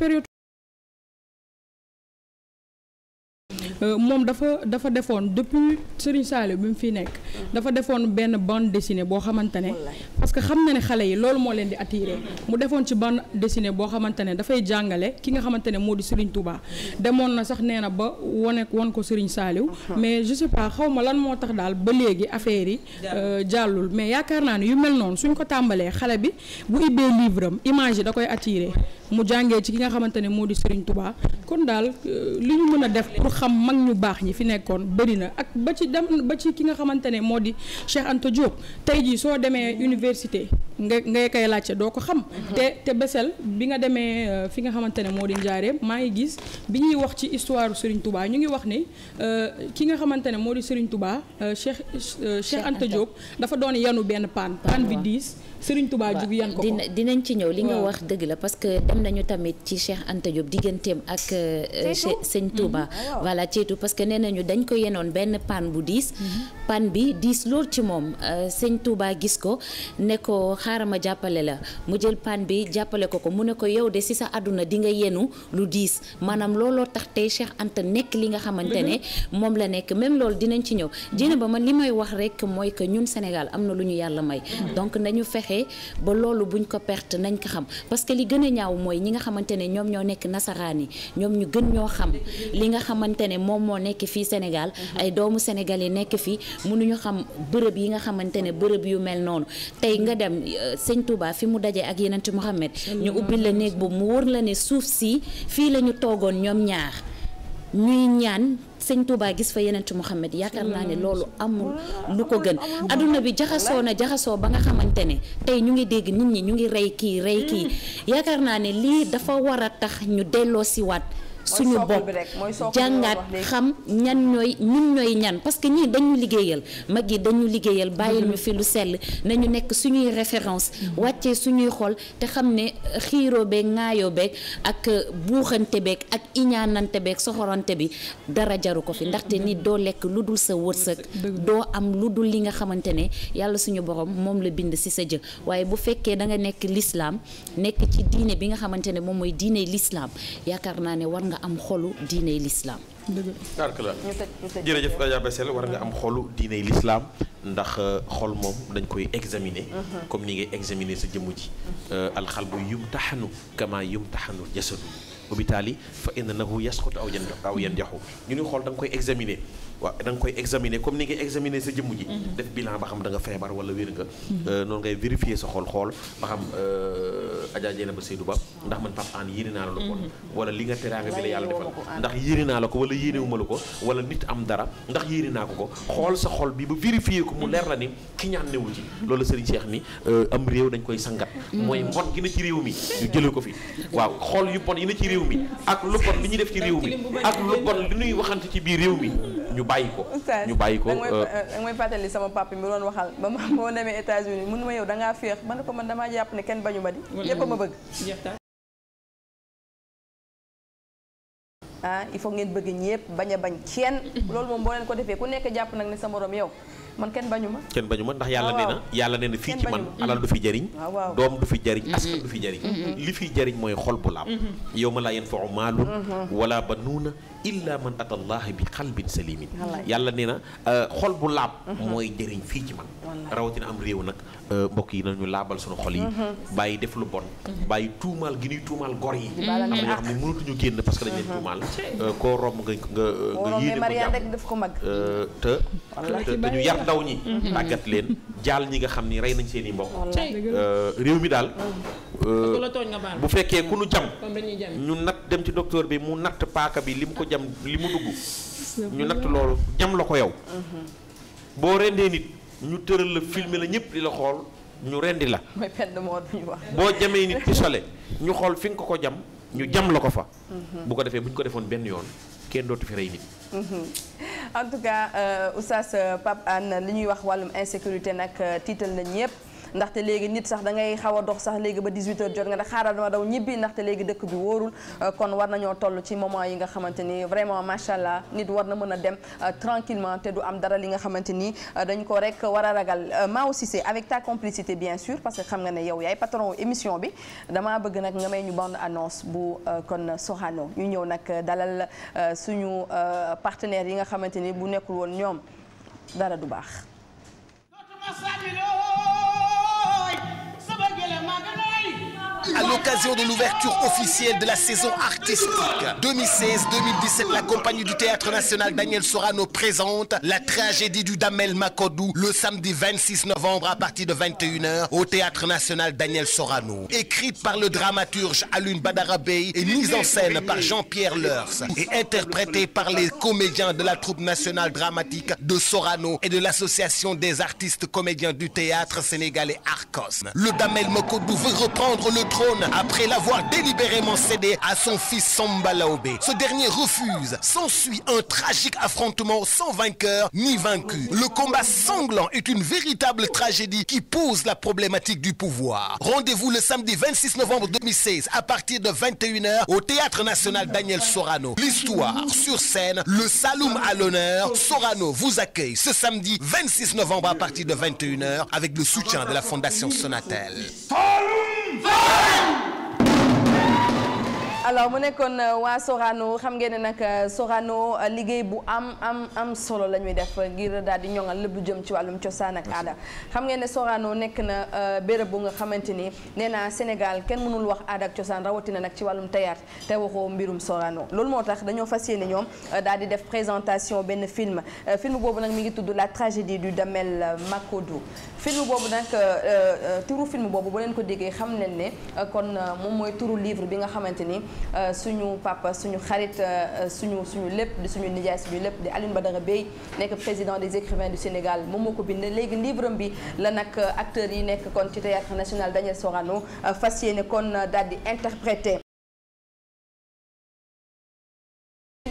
Euh, moom dafa dafa defoon depuis Serigne Saliou bi mu fi nekk. dafa defoon benn bande dessinée boo xamante ne. parce que xam na ni xale yi loolu moo leen di attiré. mu defoon ci bande dessinée boo xamante ne dafay jàngale ki nga xamante ne moo di Serigne Touba. demoon na sax nee na ba wane won ko Serigne saaliw uh-huh. mais je sais pas xaw ma lan moo tax daal ba léegi affaire yi. Euh, jàllul mais yaakaar naa ne yu mel noonu suñ ko tàmbalee xale bi bu ibbee livre image yi da koy attiré mu jàngee ci ki nga xamante ne moo di Serigne euh, mën a def xam mag ñu baax ñi fi nekkoon bëri na ak ba ci dem ba ci ki nga xamante ne moo di Cheikh Anta Diop tey jii soo demee université nga ngay koy laajte doo ko xam. te te bi nga demee euh, fi nga xamante ne moo di Njaareem maa ngi gis bi ñuy wax ci histoire Serigne Touba ñu ngi wax ne euh, ki nga xamante ne moo di Serigne Touba euh, Cheikh Cheikh Anta dafa doon yanu benn paan paan bi diis. Sëriñ Touba jug yan ko dina dinañ ci ñëw li nga wax dëgg la parce que dem nañu tamit ci Cheikh Anta Diop digganteem ak. sëñ Touba mm-hmm. ah, voilà ceetu parce que nee nañu dañ ko yenoon benn pan bu diis. Mm-hmm. pan bi diis lool ci moom sëñ Touba gis ko ne ko xaaral ma jàppale la mu jël paan bi jàppale ko ko mu ne ko yow de si sa àdduna di nga yenu lu diis maanaam looloo tax tey Cheikh Anta nekk li nga xamante ne moom la nekk même loolu dinañ ci ñëw jéne ba man li may wax rek mooy que ñun Sénégal am na lu ñu yàlla may donc nañu fexe ba loolu buñ ko nañ ko xam parce que li gën a ñaaw mooy ñi nga xamante ne ñoom ñoo nekk nasaraan yi ñoom ñu gën ñoo xam li nga xamante ne moom moo nekk fii Sénégal ay nekk fii mënuñu xam bërëb yi nga xamante ne bërëb yu mel noonu tey nga dem sëñ Touba fi mu daje ak yeneen ci Mouhamed ñu ubbi la néeg bu mu wóor la ne suuf si fii la ñu toogoon ñoom ñaar ñuy ñaan sëñ Touba gis fa yeneen ci Mouhamed yaakaar naa ne loolu amul lu ko gën adduna bi jaxasoo na jaxasoo ba nga xamante ne tey ñu ngi dégg nit ñi ñu ngi rey kii rey kii mm. yaakaar naa ne lii dafa war a tax ñu delloo siwaat suñu bopp jàngaat xam ñan ñooy ñun ñooy ñan parce que ñii dañu liggéeyal mag yi dañu liggéeyal bàyyil ñu fi lu sell nañu nekk suñuy référence wàccee suñuy xol te xam ne xiiro beeg ŋaayoo beeg ak buuxante beeg ak iñaanante beeg soxorante bi dara jaru ko fi ndaxte nit doo lekk lu dul sa wërsëg doo am lu dul li nga xamante ne yàlla suñu borom moom la bind si sa jë waaye bu fekkee da nga nekk lislaam nekk ci diine bi nga xamante ne moom mooy diine lislaam yaakaar naa nga am xolu diiney lislaam jërëjëf Adja Bessel war nga am xolu diiney lislaam ndax euh, xol moom dañ koy examiner mhm. comme ni ngay examiner sa jëmm ji euh, alxalbu yum taxanu kama yum taxanu jasadu obitaali fa innahu yasqutu aw yan aw yan jaxu ñu ni xool da koy examiner waaw da nga koy examiner comme ni ngay examiner sa jëmm ji. Mhm. def bilan ba xam da nga feebar wala wér nga. Mhm. Euh, noonu ngay vérifier sa xol xool ba xam euh, Adja Dieng ba Seydou Ba ndax man Pape Hann yéene naa la lu bon. Mhm. li nga teraanga bi la yàlla defal ah. ndax yéene naa la ko wala yéenewuma la ko wala nit am dara ndax yéene naa ko ko xool sa xol bi ba vérifier ko mu leer la ni ki ñaan newu ci. loolu Serigne Cheikh ni euh, am réew dañ koy sangat. mooy mbon gi na ci réew mi ñu jëlee ko fi. waaw xool yu bon yi na ci réew mi ak lu bon li ñuy def ci réew mi ak lu bon li bàyyi ko. ñu bàyyi ko da mooy euh, fàttali sama papa mi doon waxal ba ma demee États-Unis ma yow da ngaa féex man ko man damaa jàpp ne kenn bañu ma di. ñëpp ma bëgg. ah il faut ngeen bëgg ñëpp bañ a bañ kenn. <laughs> loolu moom boo leen ko defee ku nekk jàpp nag ne sa morom yow. man kenn bañu ma kenn bañu ma ndax yàlla ah, nee yàlla nee fii ci man alal du fi jariñ ah, doom du fi jariñ askan mm-hmm. du fi jariñ mm-hmm. li fi jariñ mooy xol bu laab mm-hmm. yow ma laa yanfa'u maalun wala banuuna illa man ata allah bi xalbin salimin yàlla nee na euh, xol bu laab mhm. mooy jëriñ fii ci man rawatina am réew nag euh, mbokk yi nañu laabal suñu xol yi mhm. bàyyi def lu bon mhm. bàyyi tuumaal gi ñuy tuumaal gor yi am na ñoo génn parce que dañ leen tuumaal euh, koo romb nga nga nga ko jàmm te dañu yar ndaw ñi tàggat leen jaal ñi nga xam ni rey nañ seen i mbokk réew mi daal oh. Euh, bu fekkee ku nu jam ñu natt dem ci docteur bi mu natt paaka bi li mu ko jam li mu dugg ñu natt loolu jam la ko yow uh-huh. boo rendee nit ñu tëral la filmer la ñëpp di la xool ñu rendi la boo jamee nit ci sole ñu xool fi nga ko ko jam ñu jam la ko fa uh-huh. bu ko defee bu ñu ko defoon benn yoon kenn dootu fi rey nit uh-huh. en tout cas euh, oustaz euh, Pape Hann li ñuy wax wàllum insécurité nag tiital nañ ñëpp ndaxte léegi nit sax dangay ngay xaw a dox sax léegi ba 18 heures jot nga ne xaaral ma daw ñibbi ndaxte léegi dëkk bi wóorul euh, kon war nañoo toll ci moment yi nga xamante ni vraiment macha allah nit war na mën a dem euh, tranquillement te du am dara li nga xamante ni euh, dañ ko rek war a ragal Mao Cissé avec ta complicité bien sûr parce que xam nga ne yow yaay patron émission bi damaa bëgg nag nga may ñu bande annonce bu kon Soxano ñu ñëw nag dalal suñu partenaire yi nga xamante ni bu nekkul woon ñoom dara du baax à l'occasion de l'ouverture officielle de la saison artistique 2016-2017 la compagnie du théâtre national Daniel Sorano présente la tragédie du Damel Makodou de 21h au national Daniel Sorano par le dramaturge Alioune Badara Bey par Jean-Pierre Leurs et interprétée par les comédiens de la troupe nationale dramatique de Sorano des artistes comédiens du théâtre sénégalais Arcos le trône après l'avoir délibérément cédé à son ni vaincu. Le combat sanglant est une véritable tragédie qui pose la problématique du pouvoir. Rendez-vous le samedi 26 novembre 2016 à partir de 21h au Théâtre National Daniel Sorano. L'histoire sur scène, le Saloum à l'honneur. Sorano vous accueille ce samedi 26 novembre à partir de 21h avec le soutien la Fondation Sonatel. Saloum Amen. alors mu nekkoon euh, waa Sorano xam ngeen ne nag euh, Sorano euh, liggéey bu am am am solo la ñuy def ngir daal di ñoŋal lépp lu jëm ci wàllum cosaan ak aada xam ngeen ne Sorano nekk na béréb bu nga xamante ni nee naa Sénégal kenn mënul wax aada ak cosaan rawatina nag ci wàllum tayaat te waxoo mbirum Sorano loolu moo tax dañoo fas yéene ñoom daal di def présentation benn film film boobu nag mi ngi tudd la tragédie du demel Makodou film boobu nag turu film boobu bu leen ko déggee xam nañ ne kon moom mooy turu livre bi nga xamante ni Euh, suñu papa suñu xarit euh, euh, suñu suñu lépp di suñu nijaay suñu lépp di Alioune Badara Bèye nekk président des écrivains du Sénégal moom moo ko bind léegi livre bi la nag acteurs yi nekk kon ci théâtre national Daniel Sorano fas yéene kon daal di interprété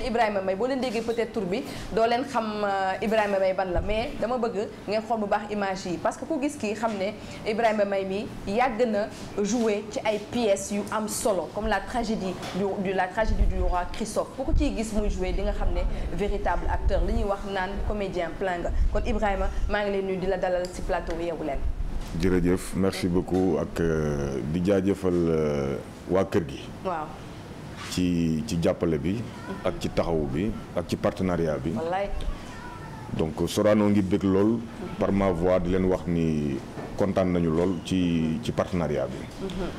Ibrahima Mbaye boo leen déggee peut-être tur bi doo leen xam euh, Ibrahima Mbaye ban la mais dama bëgg ngeen xool bu baax image yi parce que ku gis kii xam ne Ibrahima Mbaye mi yàgg na jouer ci ay pièces yu am solo comme la tragédie du la tragédie du roi Christophe ku ko ciy gis muy jouer dinga xam ne véritable acteur li ñuy wax naan comédien plein nga kon Ibrahima maa ngi leen nuyu di la dalal ci plateau Yeewu Leen jërëjëf merci beaucoup ak euh, di jaajëfal euh, waa kër gi waaw ci ci jàppale bi. ak ci taxawu bi ak ci partenariat bi. donc Sorano ngi bég lool. par ma voix di leen wax ni kontaan nañu lool ci ci partenariat bi. Mm-hmm.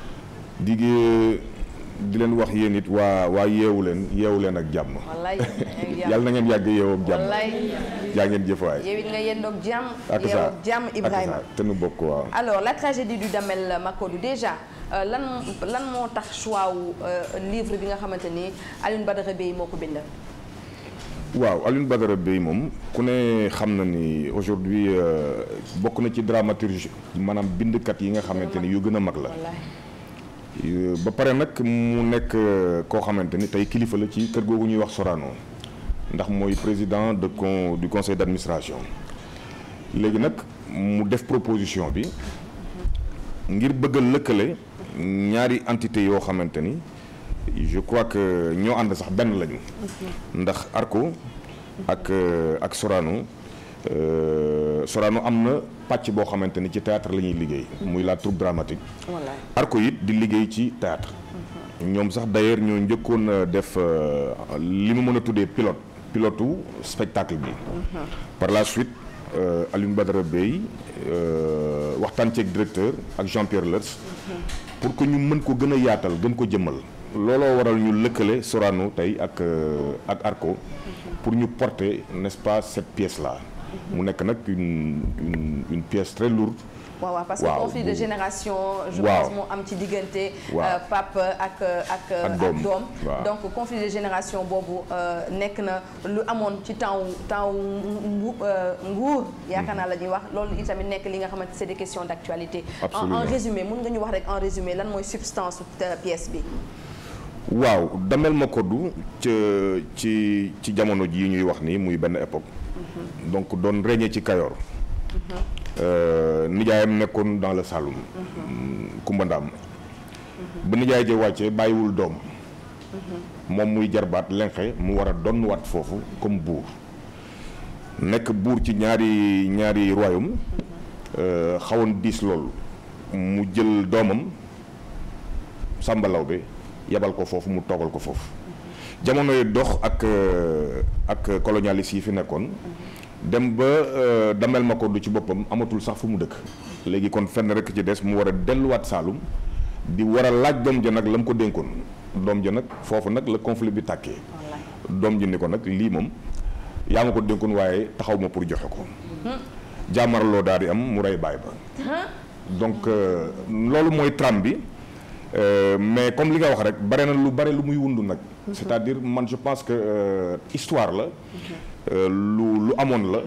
di di leen wax yéen it waa waa yeewu leen yeewu leen ak jàmm. wallaay yàlla yàgg yeewoo ak jàmm. <laughs> yaa ngeen jëf waay. yow it nga yendoo ak jàmm. ak saa yeewoo ak jàmm Ibrahima te nu bokk waaw. alors la tragédie du euh, lan lan tax choix wu euh, livre bi nga xamante ni Alioune Badara Bèye moo ko moom ku ne xam na ni aujourd'hui euh, bokk na ci dramaturge maanaam bindkat yi nga xamante ni yu gën a mag la. Euh, ba pare nag mu nekk euh, koo xamante ni tey kilifa la ci kër googu ñuy wax Sorano ndax mooy président de con du conseil d'administration léegi nag mu def proposition bi ngir bëgg lëkkale ñaari entité yoo xamante ni je crois que ñoo ànd sax benn lañu. ndax Arco ak euh, ak Sorano. Euh, Sorano am na pàcc boo xamante ni ci théâtre la ñuy liggéey muy la troupe dramatique arco it di liggéey ci théâtre mhm. ñoom sax d'ailleurs ñoo njëkkoon euh, def euh, li mu mën a tuddee pilote pilotu spectacle bi mhm. par la suite Alioune Badara Bey waxtaan ceeg directeur ak Jean-Pierre Lers mhm. pour que ñu mën ko gën a yaatal gën ko jëmmal looloo waral ñu lëkkale Sorano tey ak ak Arco pour ñu porter n'est-ce pas cette pièce là mu nekk nag une une une pièce très lourde. waaw waaw parce que conflit de génération. je pense am ci diggante. Euh, pape ak ak ak doom. donc conflit de génération boobu euh, nekk na lu amoon ci temps temps euh, nguur. yaakaar hmm. naa la ñuy wax loolu itamit nekk li nga xamante c'est des questions d'actualité. en en résumé mën nga ñu wax rek en résumé lan mooy substance pièce bi. waaw Damel Makodou ca ci ci jamono jii ñuy wax nii muy benn époque. donc doon régné ci Kayoor. Euh, nijaayam nekkoon dans le Saloum. Kumba Ndaam ba nijaay ja wàccee bàyyiwul doom. moom muy jarbaat lenxe mu war a donn waat foofu comme buur nekk buur ci ñaari ñaari royaume euh, xawoon diis loolu mu jël doomam Sàmba Lawbe yebal ko foofu mu toogal ko foofu jamonoy dox ak euh, ak colonialiste yi fi nekkoon dem ba euh, damel ma ko du ci boppam amatul sax fu mu dëkk léegi kon fenn rek ci des mu war a delluwaat Saalum di war laaj doom ja nag la mu ko dénkoon doom ja nag foofu nag la conflit bi tàkkee doom ji ni ko nag lii moom yaa ma ko dénkoon waaye taxaw ma pour joxe ko hmm. jaamarloo daal di am mu rey baay ba donc euh, loolu mooy trame bi euh, mais comme li nga wax rek bare na lu bare lu muy wundu nag hmm. c'est-à-dire man je pense que histoire la Euh, lu lu amoon la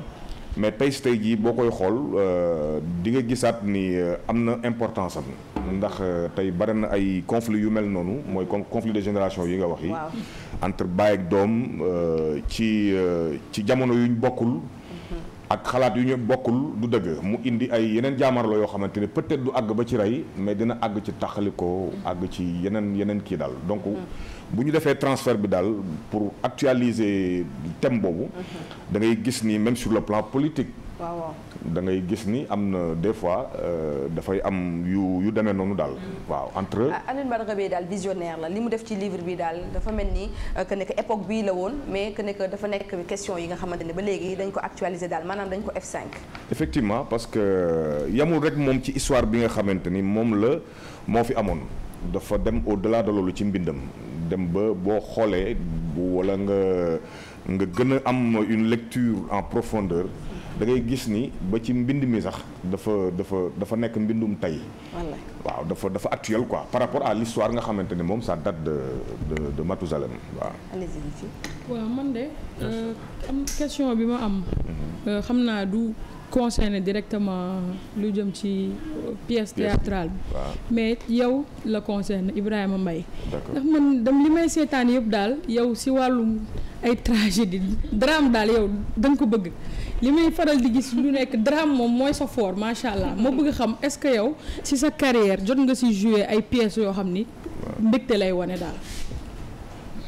mais PACE tey jii boo koy xool euh, di nga gisaat ni euh, am na importance am ndax tey bare na ay conflits yu mel noonu mooy comme conflit de génération yi nga wax yi entre baay ak doom ci ci jamono yu ñu bokkul ak xalaat yu ñu bokkul du dëgg mu indi ay yeneen la yoo xamante ne peut-être du àgg ba ci rey mais dina àgg ci taxalikoo àgg ci yeneen yeneen kii daal donc mm. bu ñu defee transfert bi daal pour actualiser thème boobu mhm. da ngay gis ni même sur le plan politique waaw da ngay gis ni am na des fois euh, dafay am yu yu demee noonu daal. Mhm. waaw entre. Ah, Alioune Badara Beye daal visionnaire la li mu def ci livre bi daal dafa mel ni euh, que ne bii la woon mais que ne dafa nekk question yi nga xamante ne ba léegi dañ ko actualiser daal maanaam dañ ko f cinq effectivement parce que yamul rek moom ci histoire bi nga xamante ni moom la moo fi amoon dafa dem au delà de loolu ci mbindam dem ba boo xoolee wala nga nga gën a am une lecture en profondeur da ngay gis ni ba ci mbind mi sax dafa dafa dafa nekk mbindum tey waaw dafa dafa actuel quoi par rapport à l'histoire nga xamante ni moom ça date de de de Mathusalem man de euh, question bi ma am mhm. euh, xam naa du concerné directement lu jëm ci pièce théâtrale bi mais yow la concerne Ibrahima Mbaye ndax man dam li may seetaan yëpp daal yow si wàllum ay tragédie drame daal yow da ko bëgg li may faral di gis lu nekk drame moom mooy sa fort macha allah ma bëgg xam est-ce que yow si sa carrière jot nga si jouer ay pièces yoo xam ni mbégte lay wane daal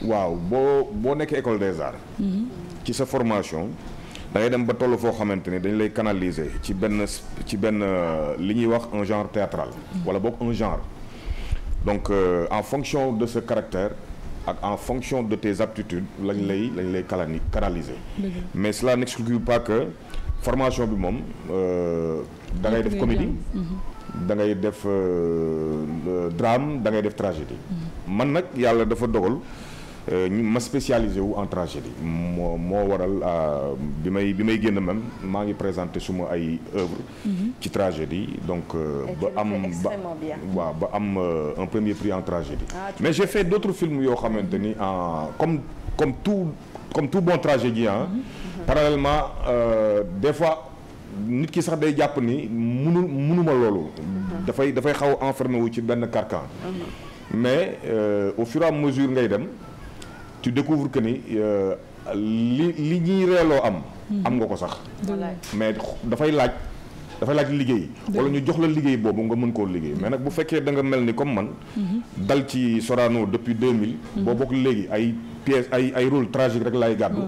waaw boo boo nekk école des arts mhm. ci sa formation da dem ba toll foo xamante ni dañu lay canaliser ci benn ci benn euh, li ñuy wax un genre théâtral mm-hmm. wala book un genre donc euh, en fonction de ce caractère ak en fonction de tes aptitudes lañ lay lañ lay calani canaliser mais cela n'exclut pas que formation bi moom euh, da ngay def comédie mm-hmm. da ngay def drame da ngay def tragédie mm-hmm. man nag yàlla dafa dogal ñu ma spécialisé wu en tragédie moo moo waral euh, bi may bi may génn même maa ngi présenté suma ay œuvre mhm. ci tragédie donc euh, ba am ba waaw ba am euh, un premier prix en tragédie ah, mais j'ai fait d'autres films yoo xamante ni en comme comme tout comme tout bon tragédien mhm. Mhm. parallèlement des fois nit ki sax day jàpp ni munu munuma loolu dafay dafay xaw enfermé wu ci benn carcan mais au fur à mesure ngay dem tu découvres que ni euh, li li ñuy reeloo am. Hmm. am nga ko sax. mais dafay laaj dafay laaj liggéey. wala ñu jox la liggéey boobu nga mën koo liggéey mais nag bu fekkee da nga mel ni comme man. Hmm. dal ci Sorano depuis mille hmm. boo bokk léegi ay pièces ay ay rôle tragique rek laay gàddu.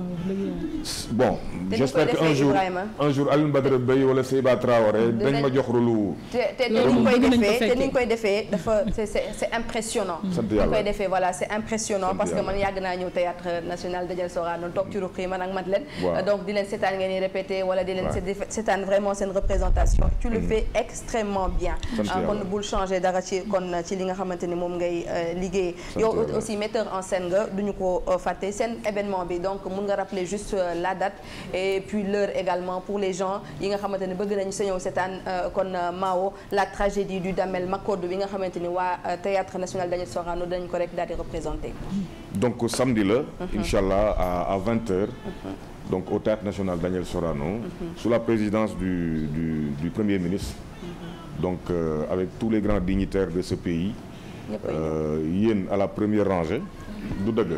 bon j'espère que un jour un jour Alioune Badara Bèye wala Seyba Traoré dañ ma jox rôle te te ni ñu koy defee te ni ñu koy defee dafa c'est c'est impressionnant mm. ni ñu koy defee voilà c'est impressionnant parce que man yàgg naa ñëw théâtre national Daniel Sorano toog ci ruq yi man ak Madeleine donc di leen seetaan ngeen di répété wala di leen seetaan vraiment seen représentation tu le mm. fais extrêmement bien ah, kon bul changer dara ci kon ci li nga xamante ni moom ngay euh, liggéey yow aussi metteur en scène nga duñu ko euh, fàtte seen événement bi donc mun nga rappeler juste euh, la date et puis l'heure également pour les gens yi nga xamante ne bëgg nañu sañow seetaan euh, kon euh, Mao la tragédie du Damel Makodou bi nga xamante ni waa euh, théâtre national Daniel Sorano dañ ko rek daal di représenté donc samedi la mhm. incha allah à mhm. donc au national Daniel Sorano mhm. sous la présidence du du du premier ministre donc avec tous les grands dignitaires de ce pays yéen à la première rangée du dëgg.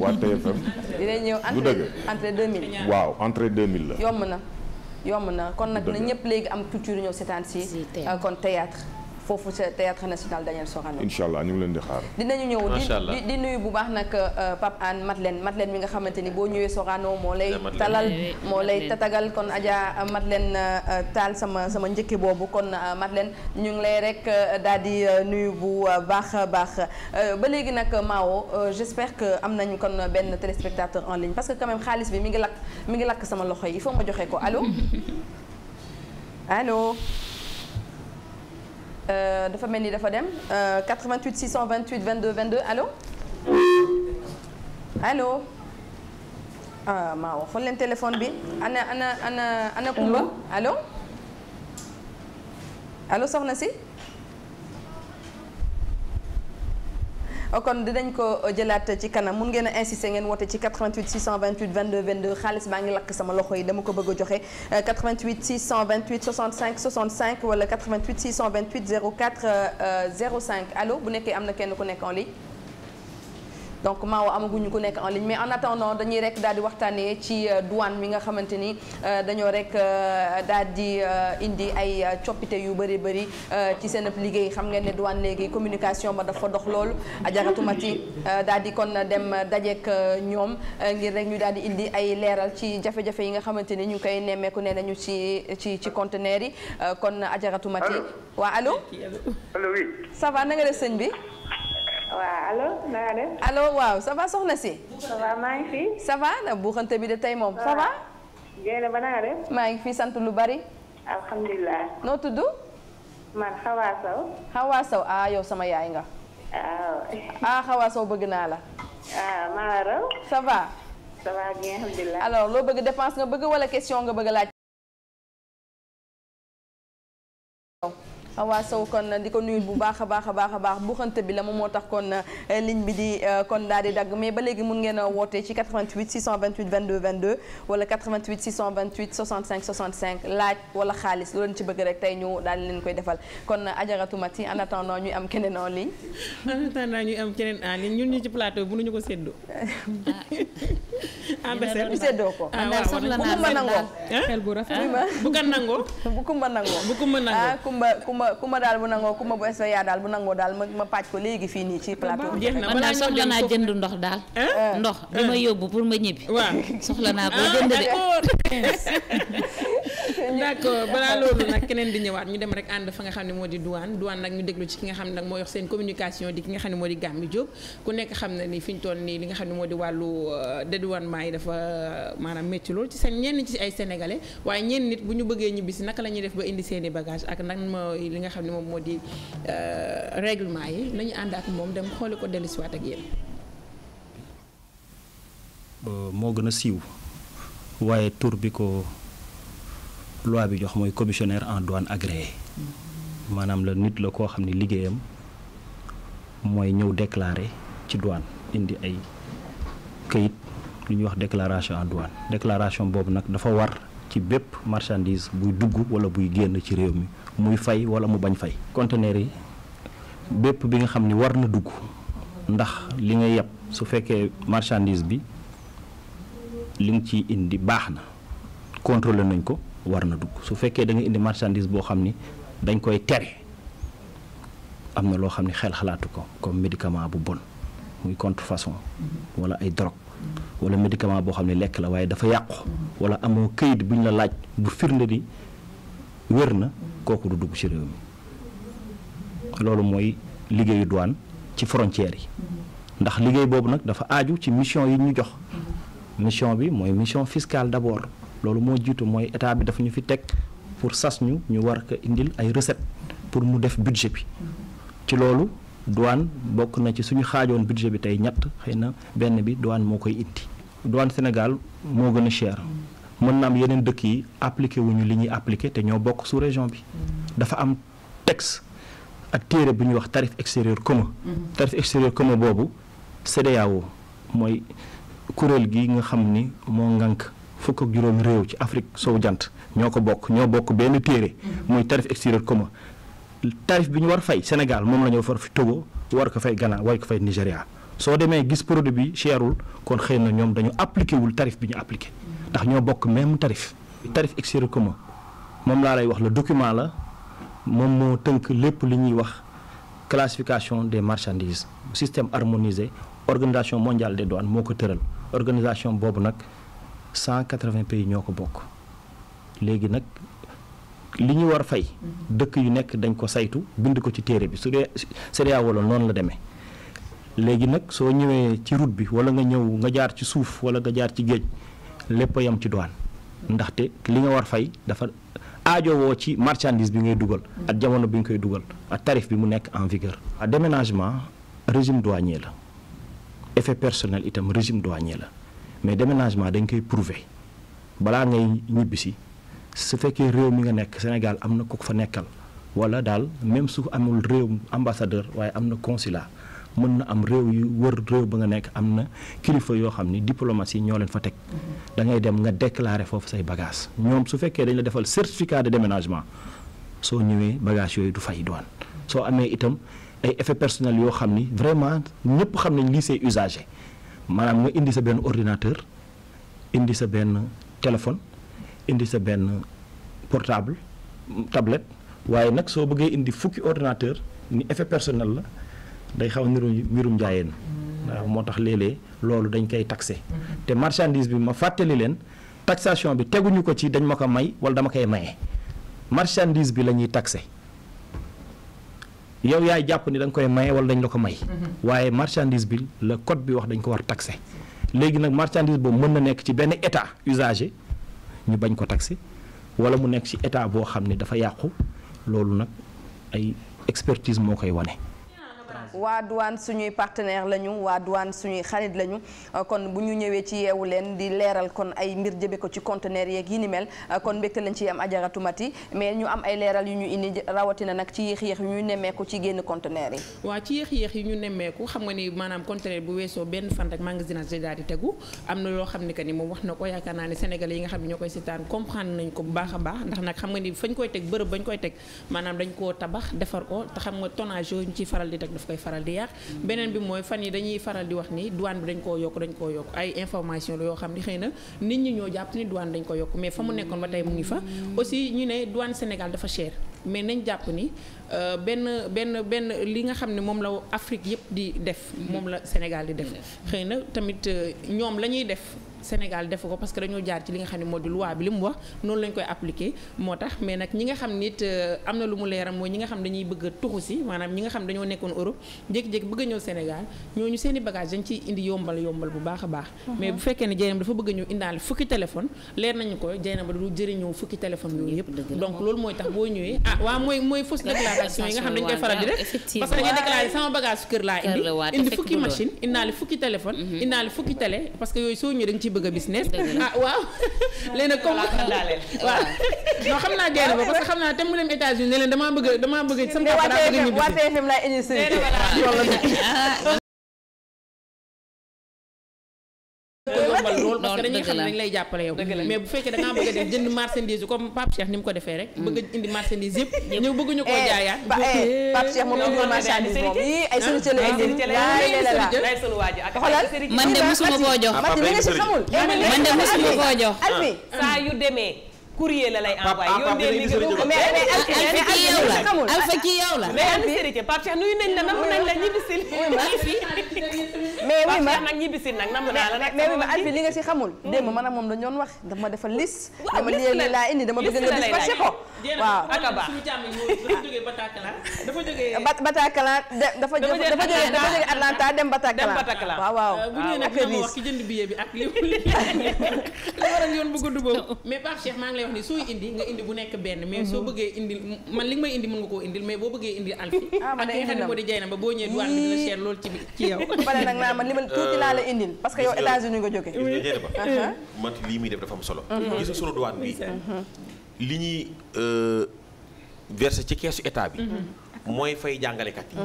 waa TFM. dinañ ñëw entrée du dëgg. entrée 2000. waaw entrée 2000 la. yomb na yomb na kon nag na ñëpp léegi am culture ñëw seetaan si. Euh, kon théâtre foofu ca théâtre national Daniel Sorano. incha allah ñu ngi leen di xaar. dinañu ñëw di di nuyu bu baax nag euh, Pape Anne Madeleine Madeleine mi nga xamante ni boo ñëwee Sorano moo lay. talal moo lay tatagal kon Adja euh, Madeleine euh, taal sama sama njëkki boobu kon leen ñu ngi lay rek daal di nuyu bu baax a baax ba léegi nag Mao j'espère que am nañu kon benn téléspectateur en ligne parce que quand xaalis bi mi ngi lakk mi ngi lakk sama loxo yi il faut ma joxe ko allo <laughs> Euh, dafa mel ni dafa dem 88 628 22 22 allo allo ah maa waxoon leen téléphone bi ana ana ana ana Kumba allo allo soxna si. kon dinañ ko jëlaat ci kanam mun ngeen a insister ngeen woote ci 88 628 22 22 xaalis baa ngi lakk sama loxo yi dama ko bëgg a joxe 88 628 65 65 wala 88 628 04 05 allo bu nekkee am na kenn ku nekk en donc maa amaguñu ku nekk en ligne mais en attendant dañuy rek daal di waxtaanee ci euh, douane mi nga xamante ni euh, dañoo rek euh, daal di indi ay coppite yu bëri bëri ci seen liggéey xam ngeen ne douane léegi communication ba dafa dox loolu ajaratu mati daal di kon dem dajeek ñoom ngir rek ñu daal di indi ay leeral ci jafe-jafe yi nga xamante ni ñu ngi koy nemmeeku ne nañu ci ci ci conteneur yi kon ajaratumati mati waa allo allo oui ça va na nga bi waaw alo naa def. allo waaw ça soxna si. ça maa ngi fi. ça na buuxante bi de tey moom ça va. ba naa def. maa ngi fi sant lu bari. alhamdulilah. noo tudd. man Xawa Sow. Xawa Sow ah yow sama yaay nga. waaw. ah Xawa ah, bëgg naa la. ah maa raw. ça va. ça alhamdulilah. alors loo bëgg dépense nga bëgg wala question nga bëgg laaj Ah, Awa Sow kon di ko nuyu bu baax a baax a baax a baax buxante bi la moom moo tax kon eh, ligne bi di eh, kon daal di dagg mais ba léegi mun ngeen a woote ci 88 628 22 22 wala 88 628 65 65 laaj wala xaalis lu leen ci bëgg rek tey ñu daal leen koy defal kon ajaratu Mati ñuy am keneen en ligne. <laughs> en ñu ci plateau bu ñu ko séddoo. <laughs> ah bu séddoo ko. ah, ah waaw soxla naa ah, <laughs> bu kumba nangoo. xel ma ku ma daal bu nangoo ku ma bu yaa daal bu nangoo daal ma ma pàcc ko léegi fii nii ci plateau bi. man daal soxla naa jënd ndox daal. ndox bi ma yóbbu pour ma ñibbi. waaw soxla naa ko ah, jënd de. <laughs> d'accord balaa loolu nag keneen di ñëwaat ñu dem rek ànd fa nga xam ne moo di douane douane nag ñu déglu ci ki nga xam ne nag moo yox seen communication di ki nga moo di Gàmbi Jóob ku nekk xam ni fi ñu toll nii li nga xam ne moo di wàllu euh, dédouanement yi dafa euh, maanaam métti lool ci seen ñenn ci ay sénégalais waaye ñenn nit bu ñu bëggee ñibbisi naka la ñuy def ba indi seen i bagage ak nag mooy li nga xam ne moom moo di euh, réglement yi nañu ànd ak moom dem xooli ko dellusiwaat ak yéen. Euh, moo gën a siiw waaye tour bi ko loi bi jox mooy commissionnaire en douane agréé maanaam la nit la koo xam ne liggéeyam mooy ñëw déclarer ci douane indi ay kayit lu ñuy wax déclaration en douane déclaration boobu nag dafa war ci bépp marchandise buy dugg walla buy génn ci réew mi muy fay wala mu bañ fay conteneur yi bépp bi nga xam ni war na dugg ndax li nga yeb su fekkee marchandise bi li nga ciy indi baax na contrôlé nañ ko war na dugg su fekkee da indi marchandise boo xam ni dañ koy tere am na loo xam ne xel xalaatu ko comme médicament bu bon muy contrefaçon wala ay drogue wala médicament boo xam ne lekk la waaye dafa yàqu wala amoo kayit bu ñu la laaj bu firnde di wér na kooku du dugg ci réew mi loolu mooy liggéeyu douane ci frontière yi ndax liggéey boobu nag dafa aaju ci mission yi ñu jox mission bi mooy mission fiscale d'abord loolu moo jiitu mooy état bi dafa ñu fi teg pour sas ñu ñu war ko indil ay recettes pour mu def budget bi ci loolu douane bokk na ci suñu xaajoon budget bi tey ñett xëy na benn bi douane moo koy itti douane Sénégal moo gën a cher mën na am yeneen dëkk yi appliqué wuñu li ñuy appliqué te ñoo bokk su région bi. dafa am texte ak téere bu ñuy wax tarif extérieur commun. Mhm. tarif extérieur commun boobu CEDEAO mooy kuréel gi nga xam ni moo ngànk fukk ak juróom réew ci Afrique soo jant ñoo ko bokk ñoo bokk benn téere. Mhm. muy tarif extérieur comme tarif bi ñu war fay Sénégal moom la ñu war fi Togo war ko fay Ghana war ko fay Nigéria soo demee gis produit bi cherul kon xëy na ñoom dañu appliqué wul tarif bi ñu appliqué. ndax ñoo bokk même tarif tarif extérieur commun moom laa lay wax la document la moom moo tënk lépp li ñuy wax classification des marchandises système harmonisé organisation mondiale des douanes moo ko tëral organisation boobu nag 180 pays ñoo ko bokk léegi nag li ñu war a fay dëkk yu nekk dañ ko saytu bind ko ci téere bi su dee CEDEAO wala noonu la demee léegi nag soo ñëwee ci route bi wala nga ñëw nga jaar ci suuf wala nga jaar ci géej lépp a yem ci douane ndaxte li nga war fay dafa aajowoo ci marchandise bi ngay dugal ak jamono bi nga koy dugal ak tarif bi mu nekk en vigueur a déménagement régime douanier la effet personnel itam régime douanier la mais déménagement dañ koy prouver balaa ngay ñibbisi su fekkee réew mi nga nekk Sénégal am na ko ko fa nekkal wala daal même suuf amul réew ambassadeur waaye am na consulat mën na am réew yu wër réew ba nga nekk am na kilifa yoo xam ni diplomatie ñoo leen fa teg dangay dem nga déclarer foofu say bagage ñoom su fekkee dañ la defal certificat de déménagement soo ñëwee bagage yooyu du fay douane soo amee itam ay effet personnel yoo xam ni vraiment ñëpp xam nañ lii c'est usagé maanaam nga indi sa benn ordinateur indi sa benn téléphone indi sa benn portable tablet waaye nag soo bëggee indi fukki ordinateur ni effet personnel la day xaw niru mbirum njaayeen waaw moo tax léeg-léeg loolu dañ koy taxé te marchandise bi ma fàttali leen taxation bi teguñu ko ci dañ ma ko may wala dama koy maye marchandise bi la ñuy taxé yow yaay jàpp ni da koy maye wala dañ la ko may mm-hmm. waaye marchandise bi la code bi wax dañ ko war taxé léegi nag marchandise boobu mën na nekk ci benn état usager ñu bañ ko taxé wala mu nekk ci état boo xam ne dafa yàqu loolu nag ay expertise moo koy wane waa duwaan suñuy partenaire lañu waa duwaan suñuy xarit lañu euh, kon bu ñu ñëwee ci yeewu leen di leeral kon ay mbir jëme ko ci conteneur yeeg yi ni mel euh, kon mbégte lañ ci am ajaratu mati mais ñu am ay leeral yu ñu indi rawatina nag ci yéex-yéex yu ñu nemmeeku ci génn conteneur yi waaw ci yéex-yéex yi ñu nemmeeku xam nga ni maanaam conteneur bu weesoo benn fan rek magasinage daal di tegu am na loo xam ne que ni moom wax na ko yaakaar naa ne sénégalais yi nga xam ne ñoo koy seetaan comprendre nañ ko bu baax a baax ndax nag xam nga ni fañ koy teg bërëb bañ koy teg maanaam dañ koo tabax defar ko xam nga tonnage yooyu ci faral di teg daf koy faral di yàq mm-hmm. beneen bi mooy fan yi dañuy faral di wax ni duwaan bi dañ koo yokk dañ koo yokk ay information la yoo xam ni xëy na nit ñi ñoo jàpp ni douane dañ ko yokk mais fa mu nekkoon ba tey mu ngi fa mm-hmm. aussi ñu ne duwaan Sénégal dafa cher mais nañ jàpp ni euh, benn benn benn li nga xam ne moom la Afrique yëpp di def mm-hmm. moom la Sénégal di def xëy na tamit euh, ñoom la ñuy def Sénégal defu ko parce que dañoo jaar ci li nga xam ne moo di bi li mu wax noonu lañ koy appliquer moo tax mais nag ñi nga xam nit euh, am na lu mu leeram mooy ñi nga xam dañuy bëgg i bagage a baax mhm. mais bu fekkee ne Dieynaba dafa fukki téléphone leer nañu ko Dieynaba du jëriñoo fukki téléphone yooyu yëpp donc loolu mooy tax boo ñëwee ah waaw mooy mooy fausse <laughs> déclaration yi nga xam dañ koy faral di def parce que dañuy déclaré sama bagage kër laa indi indi fukki machine indaale fukki téléphone mhm. indaale fukki télé ci bëgg a business. ah waaw. <laughs> léegi nag comme <laughs> waaw non xam naa gaynde ba parce que xam naa te mu dem États-Unis ne leen damaa bëgg damaa bëgg. sama papa daa bëgg a ñibbi si waa <laughs> yombal loolu parce que dañuy xam ne dañ lay jàppale yow mais bu fekkee da bëgg def jënd marchandise comme Pape ni mu ko defee rek mm. bëgg indi marchandise yëpp ñëw bëgg koo eh, jaayaat man de musuma koo jox man de musuma koo jox ah. saa yu demee courrier la lay envoyé. yónnee liggéey bu ko mais mais Alfi yow la Alfi kii yow la. mais Alfi Serigne Pape Cheikh nuyu nañ la namm nañ la ñibbisil. mais oui ma nag ñibbisil nag namm naa la nag. mais oui ma Alfi li nga ci xamul. démb hmm. man ak moom dañu doon wax dama defa lis. dama lii laa indi dama bëgg nga dispatché ko. waaw akaba Bataclan dafa jógee dafa jógee Atlanta dem Bataclan waaw waaw ak euh, bu ñu nee nag wax ki jënd billet bi ak li <laughs> war a yoon bu gudd boobu mais Pape Cheikh maa ngi lay def ni sooy indi nga indi bu nekk benn mais soo bëggee indi man li nga may indi mën nga koo indil mais boo bëggee indi alfi ah, ak ki nga xam ne moo di jay na ba boo ñëwee douane bi dina <laughs> man li ma euh, tuuti laa la indil parce que yow États-Unis nga jóge jay na lii muy def dafa am solo uh-huh. uh-huh. li ñuy euh, versé ci keesu état bi uh-huh. mooy fay jàngalekat yi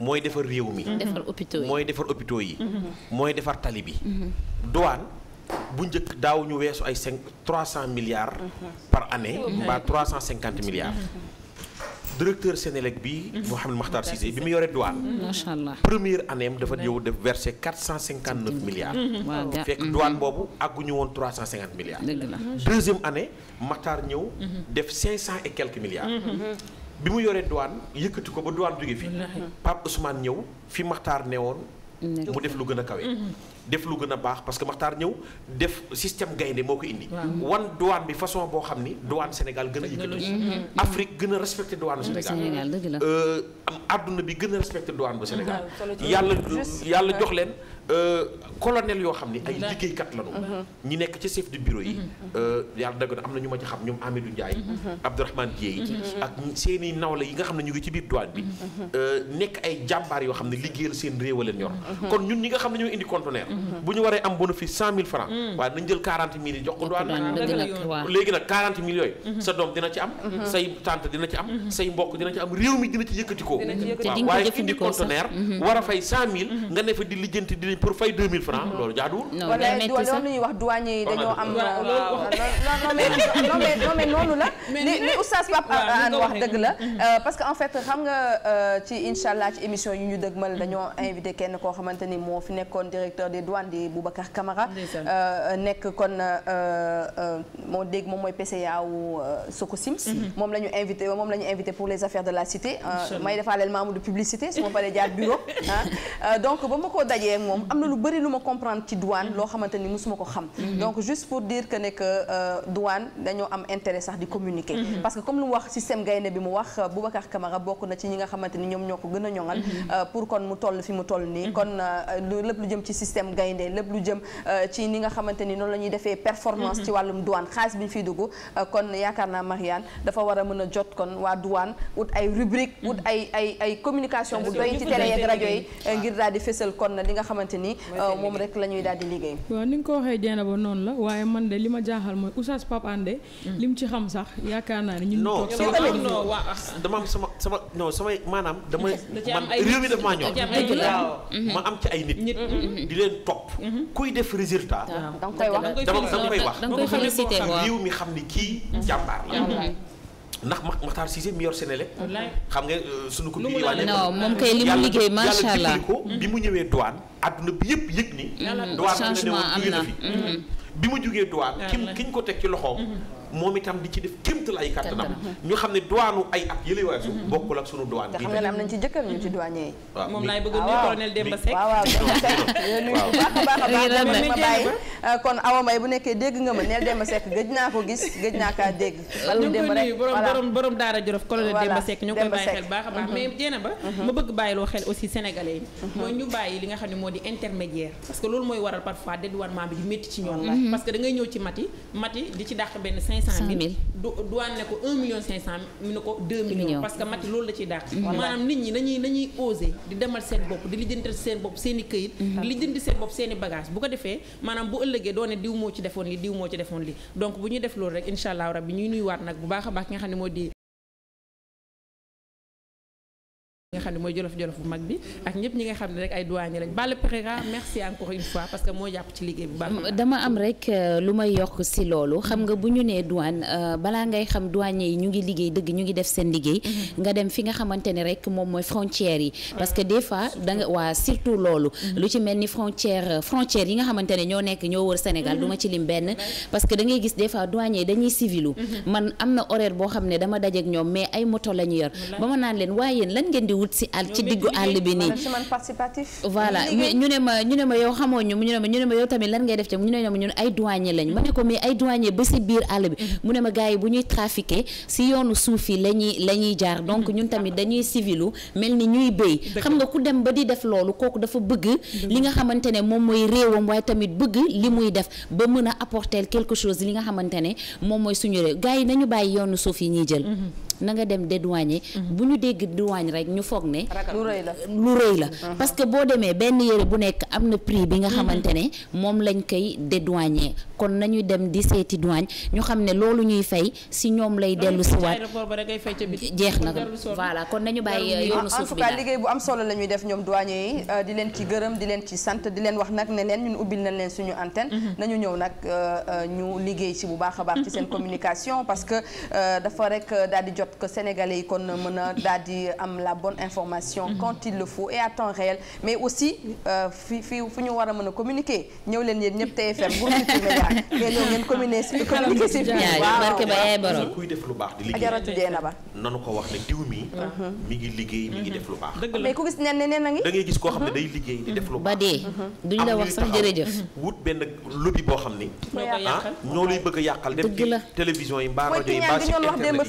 mooy defar réew mi mooy defar hôpitaux yi mooy defar tali bi douane bu njëkk daaw ñu weesu ay cinq trois cent milliards par année mbaa mm-hmm. trois cent cinquante milliards mm-hmm. directeur Sénélec bi mm-hmm. Mouhamed Makhtar Cissé bi mu yore douane macha allah première année am dafa ñëw def versé quatre cent cinquante neuf milliards fekk douane boobu àgguñu woon trois cent cinquante milliards deuxième année Makhtar ñëw def cinq cent et quelques milliards bi mu yoree douane yëkkati ko ba douane jóge fi Pape Ousmane ñëw fi Makhtar ne mu def lu gën a kawe def lu gën a baax parce que Maxtaar ñëw def système gaynde moo ko indi. Mm-hmm. wan douane bi façon boo xam ni douane Sénégal gën a yëkkati. Mm-hmm. gën a respecté douane Sénégal. dëgg la euh, am adduna bi gën a respecté douane bu Sénégal. yàlla yàlla jox leen. Euh, colonel yoo xam ni ay liggéeykat lañu. Mm-hmm. ñi nekk ci chef de bureau yi. Euh, yàlla dëgg na am na ñu ma ci xam ñoom Amidou Ndiaye. Abdourahmane Dieye. ak seen i nawle yi nga xam ne ñu ngi ci biir douane bi. nekk ay jàmbaar yoo xam ne liggéeyal seen réew a leen ñor. kon ñun ñi nga xam ne ñoo indi conteneur Mm-hmm. bu ñu waree am bénéfice cent mille francs mm. waaye nañ jël quarante mille yi jox ko mm-hmm. doom dina ci am mm-hmm. say tante dina ci am say mbokk dina ci am réew mi dina ci yëkkatikoo waaye indi conteneur war a fay cent nga ne fa di lijjanti di pour fay mille francs loolu jaaduwul wala loolu ñuy wax douane dañoo am non mais non noonu la <laughs> li li oustaz Pape Hann wax dëgg la euh, parce que en fait xam nga euh, ci incha ci émission yu ñu dëgmal dañoo invité kenn les douanes di Boubacar Camara euh, nekk kon euh, euh, moo dégg moom mooy PCA wu Soko Sims mhm. moom la ñu invité moom la ñu invité pour les affaires de la cité may defaaleel maamu de publicité su ma paree jaar bureau <laughs> ah. donc ba ma ko dajee moom am na lu bëri lu ma comprendre ci douane mhm. loo xamante ni musuma ko xam mhm. donc juste pour dire que ne que douane dañoo am intérêt sax di communiqué parce que comme lu wax système gaynde bi mu wax Boubacar Camara bokk na ci ñi nga xamante ni ñoom ñoo ko gën a ñoŋal jëm gaynde lépp lu jëm euh, ci ni nga xamante noonu la ñuy defee performance mhm. ci wàllum douane xaalis bi ñu fiy dugg euh, kon yaakaar naa Marianne dafa war a mën a jot kon waa douane wut ay rubrique wut mhm. ay ay ay communication bu doy ci télé yeeg rajo yi euh, ngir daal di fësal kon li nga xamante ni moom rek la ñuy daal di liggéey waaw ni nga ko waxee jeena ba noonu la waaye man de li ma jaaxal mooy Oustaz Pape Andé mm. li mu ci xam sax yaakaar naa ne ñun non dama am sama sama non samay maanaam dama man réew mi daf maa di leen topp. Mhm. kuy def résultat. da nga koy wax da nga koy wax da nga koy félicité réew mi xam ni kii mhm. jàmbaar la. ndax Makhtar Cissé mi yor Senelec xam nga euh, sunu ko bii wàññi non moom kay li mu liggéey macha allah ko mhm. bi mu ñëwee douane àdduna bi yëpp yëg ni douane changement am na fi bi mu jugee douane ki ki ñu ko teg ci loxoom moom itam di ci def kémt lay ay at yële a nuyu ah, colonel Demba Seck waaw waaw <laughs> <laughs> nuyu bu baax ma bàyyi ah, kon naa ko gis gëj naa kaa dégg ñu bàyyi a baax mhm. mais jéena ba mhm. ma bëgg bàyyiloo xel mhm. li nga xam ne moo di intermédiaire parce que loolu mooy waral parfois dédouanement bi di métti ci ñoom la parce ñëw ci mati mati di ci dàq benn cinq cent mille douane ne ko un million cinq cent mu ne ko deux millions parce que Macky loolu la ciy dàq mm-hmm. maanaam nit ñi dañuy dañuy osé di demal seen bopp di lijjanti seen bopp seen i këyit mm-hmm. di lijjanti seen bopp seen i bu ko defee maanaam bu ëllëgee doone diw moo ci defoon li diw moo ci defoon li donc bu ñuy def loolu rek incha allah rabbi ñuy nuyuwaat nag bu baax a baax ki nga moo di nga xam ne mooy jolof jolof bu mag bi ak ñëpp ñi nga xam ne rek ay douanier lañ Balla euh, yokk si loolu xam nga bu ñu nee douane euh, balaa ngay xam douanier yi ñu ngi liggéey dëgg ñu ngi def seen liggéey. Mhm. nga dem fi nga xamante ne rek moom mooy frontière yi. Ah. parce que des fois da nga waa surtout loolu. Mhm. lu ci mel ni frontière euh, frontière yi nga xamante ne ñoo nekk ñoo wër Sénégal mhm. du ma ci lim benn. parce que da ngay gis des fois douanier dañuy civilu. man am na horaire boo xam ne dama dajeeg ñoom mais ay moto la ñu yor. naan leen waaye yéen ngeen di wut si àll ci diggu àll bi nii voilà ñu ne ma ñu ne ma yow xamoo ñu ñu ne ma ñu ne ma yow tamit lan ngay def ci ñu ne ma ñun ay douanier lañ ma ne ko mais ay douanier ba si biir àll bi mm-hmm. mu ne ma gars yi bu ñuy trafiqué si yoonu suuf yi la ñuy la ñuy jaar donc mm-hmm. ñun tamit dañuy civilu mel ni ñuy béy xam nga ku dem ba di def loolu kooku dafa bëgg li nga xamante ne moom mooy réewam waaye tamit bëgg li muy def ba mën a apporter quelque chose li nga xamante ne moom mooy suñu réew gars yi nañu bàyyi yoonu suuf yi ñuy jël mm-hmm. na nga dem dédouaner mhm. bu ñu dégg douane rek ñu foog ne lu rëy la lu rëy la mhm. parce que boo demee benn yére bu nekk am na prix bi nga mhm. xamante ne moom lañ koy dédouaner kon nañu dem di seeti douane ñu xam ne loolu ñuy fay si ñoom lay dellu si waat jeex na voilà kon nañu bàyyi yoonu suuf bi en am solo la ñuy def ñoom douane yi euh, di leen ci gërëm di leen ci sant di leen wax nag ne leen ñun ubbil nañ leen suñu antenne nañu ñëw nag euh, euh, ñu liggéey ci bu baax a baax ci seen communication parce que dafa rek daal di jot jot que sénégalais yi kon mën a daal di am la bonne information. Mhm. quand il mais aussi euh, fi fu ñu war a mën a leen yéen ñëpp TFM groupe Futurs Médias <laughs> ngeen ñëw ngeen <laughs> communiquer si communiquer ba lu baax di liggéey ajaratu dee na nanu ko wax ne diw mi. Mhm. mi ngi liggéey mi ngi mhm. def lu baax. mais ku gis nee na nee na ngi. da gis koo xam ne day liggéey di def lu baax. ba dee duñ la wax sax jërëjëf. wut benn lobby boo xam ni. Ah ñoo lay bëgg a yàqal dem télévision yi mbaa rajo yi mbaa si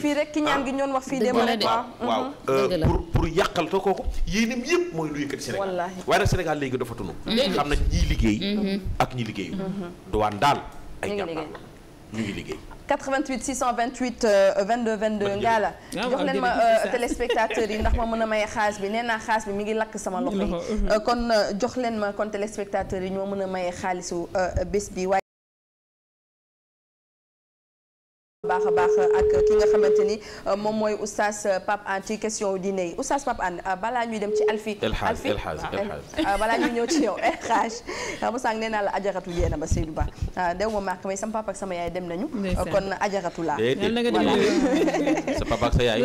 internet yi gi ñoon wax fii démb rek waaw mhm. euh, pour pour yàqal te kooku yéenam yëpp mooy lu yëkkati Sénégal waaye nag Sénégal léegi dafa tunu xam na ñiy liggéey mhm. ak ñi liggéeyu mhm. duwaan daal ay jàmbaar la euh, la ah, jox ma euh, téléspectateurs yi ndax ma mën a maye xaas bi nee naa xaas bi mi ngi lakk sama loxo yi <laughs> kon jox leen ma kon téléspectateurs yi ñoo mën a maye xaalisu bés bi baax a baax ak ki nga xamante ni euh, moom mooy oustaz euh, Pape Hann ci question diine yi oustaz Pape Hann euh, balaa ñuy dem ci alfi alfi ah, ah, balaa ñuy ñëw ci yow elhaj xam ah, sànq nee naa la ajaratu yéena ba Seydou Ba dew ma màkk may sama papa ak sama yaay dem nañu kon ajaratu laa <laughs> sa papa ak sa yaay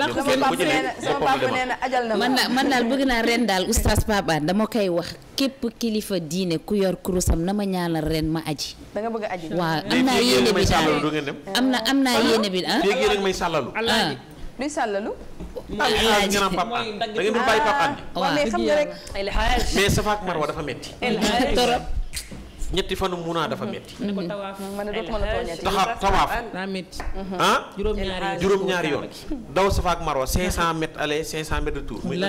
sama papa nee na ajal na man daal bëgg naa ren daal oustaz Pape dama koy wax képp kilifa diine ku yor kurusam na ma ñaanal ren ma aji. da bëgg a aji waaw am naa yéene bi daal ah. am na am naa yéene bi daal. léegi a may sàllalu. Ah. luy sàllalu. Ah, alaaji da ngeen dul bàyyi Pape Anne. waaw mais xam nga Marwa dafa metti <laughs> torop ñetti fanu munaa dafa mm-hmm. metti taxaw mm-hmm. tawaaf mm-hmm. juróom-ñaari yoon <laughs> daw Safa ak Marwa 500 mètres aller 500 mètres de tour muy 1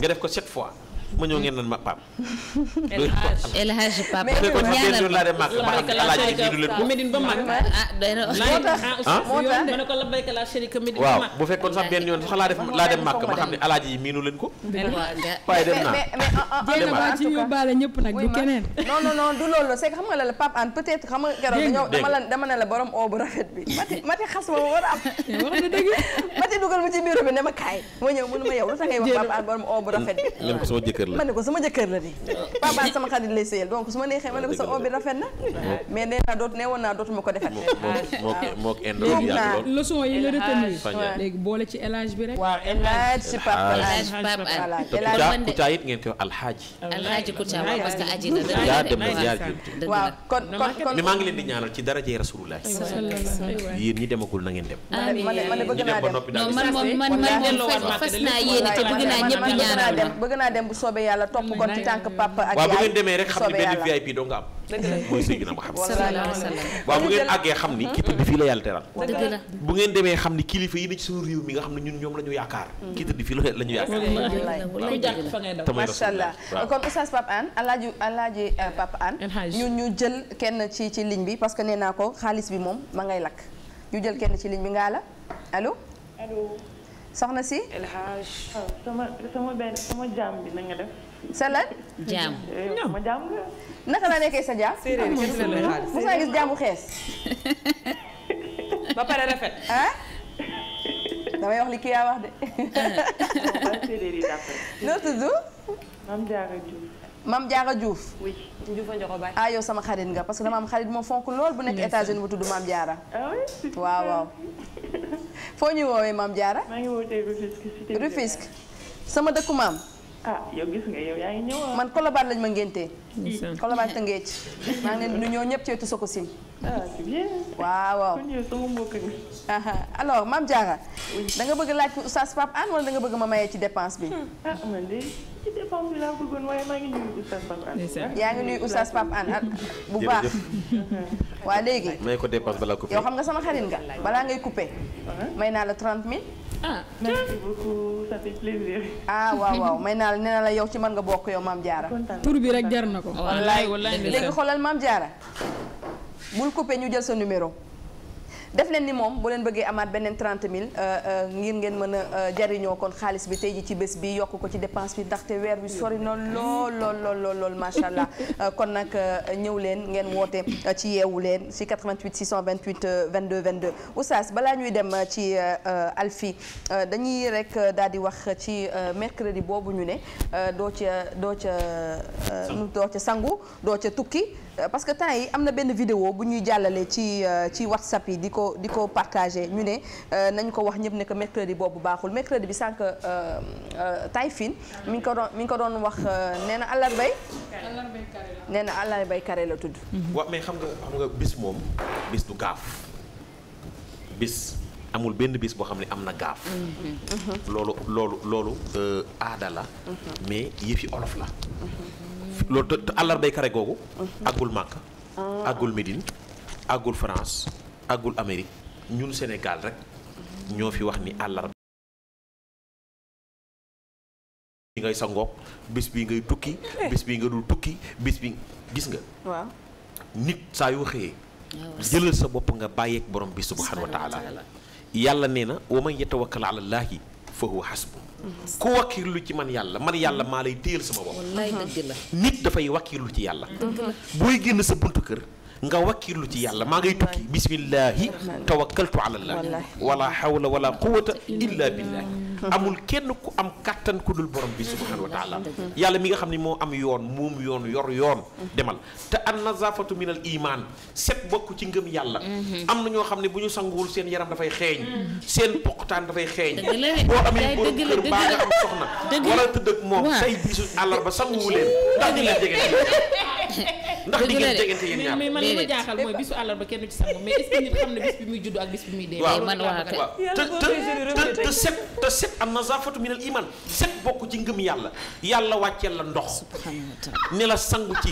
nga def ko 7 fois ma ñëw ngeen nan ma paam. <laughs> El Hadj Pape ñaanal ah, ah, ah, ma laa ma la bayka la chérika bu fekkoon sax benn yoon sax laa def laa dem màkk ma xam ne alaaji yi miinu leen ko waaye dem naa jéem a ci ñu baale ñëpp nag du keneen non non non du loolu c'est que xam nga la la Pape An peut-être xam nga keroog dama la dama ne la borom oo rafet bi <laughs> mati mati xas ma war a am wax na dugal ma ci bureau bi ne ma kaay ma ñëw mënu ma yow lu tax ngay wax Pape An borom oo rafet bi jëkkër la ma ne ko sama jëkkër la di papa sama xarit lay sëyal donc su ma neexee ma ne ko sa obi rafet na mais nee naa woon naa bi rek waaw élage papa élage Kouthia it ngeen koy alxaaji alxaaji Kouthia waaw parce que aji na yaa dem na yaa waaw kon kon kon mais maa ma ne ma ne bëgg naa dem man moom man man fas naa yéene te bëgg naa ñëpp ñaanal bëgg naa dem bu soobee soobee yàlla topp ko ci tànk papa ak yaay. waaw bu ngeen demee rek xam ni benn VIP doo nga am. dëgg bu ngeen àggee xam ni ki tëdd fii la yàlla teral. dëgg bu ngeen demee xam ni kilifa yi ne ci suñu réew mi nga xam ne ñun ñoom la ñu yaakaar. Mm. ki tëdd fii la ñu yaakaar. waaw macha allah kon Oustaz Pape Hann alaaji alaaji eh, Pape Hann ñun ñu jël kenn ci ci ligne bi parce que nee naa ko xaalis bi moom ma ngay lakk ñu jël kenn ci ligne bi ngaa la allo soxna si. El Hadj. Oh, sama sama benn sama jaam bi na nga def. sa lan. jaam eh, ma jaam nga. naka la nekkee sa jaam. séeréer kenn du la xaalis mos ba pare rafet. ah. damay wax li kii yaa wax de. <laughs> noo tudd. Mame Diarra Diouf. oui Ndioufa Ndiokhobaye. ah sama xarit nga parce que dama am xarit moo fonk lool bu nekk États-Unis bu tudd Mame Diarra. ah oui waaw waaw. foo ñu woowee Mame Diarra. maa ngi wootee sama dëkku maam. ah yow yow yaa ngi ñëw man Colobane lañ ma ngéntee. Colobane Tëngéej maa ngi leen di nuyu ñëpp ci wetu Sococim. ah c'est bien. waaw waaw kon yow sama mbokk mi. alors Mame Diarra. da nga bëgg laaj Oustaz Pape Anne wala da nga bëgg ma mayee ci dépense bi. Hmm. ah man de yaa ngi nuyu Oustaz Pape Anne bu baax. waa léegi. may ko dépense balaa coupé. yow xam nga sama xarit nga balaa ngay coupé. Ah. may naa la 30 000. ah merci beaucoup ah, waaw waaw <laughs> may naa la naa la yow ci mën nga bokk yow maam Diarra. tur bi rek jar na ko. wallaay wallaay léegi xoolal maam Diarra. bul coupé ñu jël sa numéro. def leen ni moom bu leen bëggee amaat beneen 30 000 euh, euh, ngir ngeen mën a euh, jariñoo kon xaalis bi tey ji ci bés bi yokk ko ci dépense bi ndaxte weer wi sori na lool lool lool lool allah <laughs> kon nag ñëw leen ngeen woote ci yeewu leen si 88 628 22 22 Oustaz balaa ñuy dem ci Alfi dañuy rek daal di wax ci mercredi boobu ñu ne doo ca doo ca doo ca sangu doo ca tukki Euh, parce que temps yi am na benn vidéo bu ñuy jàllalee ci euh, ci whatsapp yi di ko di ko partagé ñu ne euh, nañ ko wax ñëpp ne que mercredi boobu baaxul mercredi bi sànq Taïfin mi ngi ko doon mi ngi ko doon wax nee na àllarbay nee na àllarbay carré la tudd mm-hmm. waaw mais xam nga xam nga bis moom bis du gaaf bis amul benn bis boo xam ne am na gaaf mm-hmm. Mm-hmm. loolu loolu loolu aada la mais olof la loolu te àllarba kare googu. Mhm. àggul Màkka. Ah. àggul Médine àggul France àggul Amérique ñun Sénégal rek ñoo fi wax ni àllarba. bis bi ngay sangook bis bi ngay tukki eh. bis bi nga dul tukki bis bi gis nga. waaw nit saa yoo waxee ah, jëlal sa bopp nga bàyyeek borom bi subhanahu wa taala yàlla nee na wa man yatawakkal ala llaahi fa huwa hasbu ku wakkirlu ci man yàlla man yàlla maa lay téyel sama bopp nit dafay wakkirlu ci yàlla booy génn sa buntu kër nga wakkirlu ci yàlla maa ngay tukki bismillahi tawakkaltu ala allah wala hawla wala quwata illa billah amul kenn ku am kàttan ku dul borom bi subhanahu wa yàlla mi nga xam ne moo am yoon moom yoon yor yoon demal te an nazafatu min al iman set bokk ci ngëm yàlla mhm. am na ñoo xam ne bu ñu sanguwul seen yaram dafay xeeñ mhm. seen poqtaan dafay xeeñ boo amee borom kër baa nga am soxna wala tëdd moom say bisu àllarba sanguwu leen <laughs> ndax ñu leen <laughs> ndax di ngeen tegante yéen mais man li ma jaaxal mooy bisu àllarba kenn ci sangu mais est-ce que nit xam ne bis bi muy judd ak bis bi muy dee. man waa kay te te te set te set am na yàlla yàlla wàcceel la ndox ne la sangu ci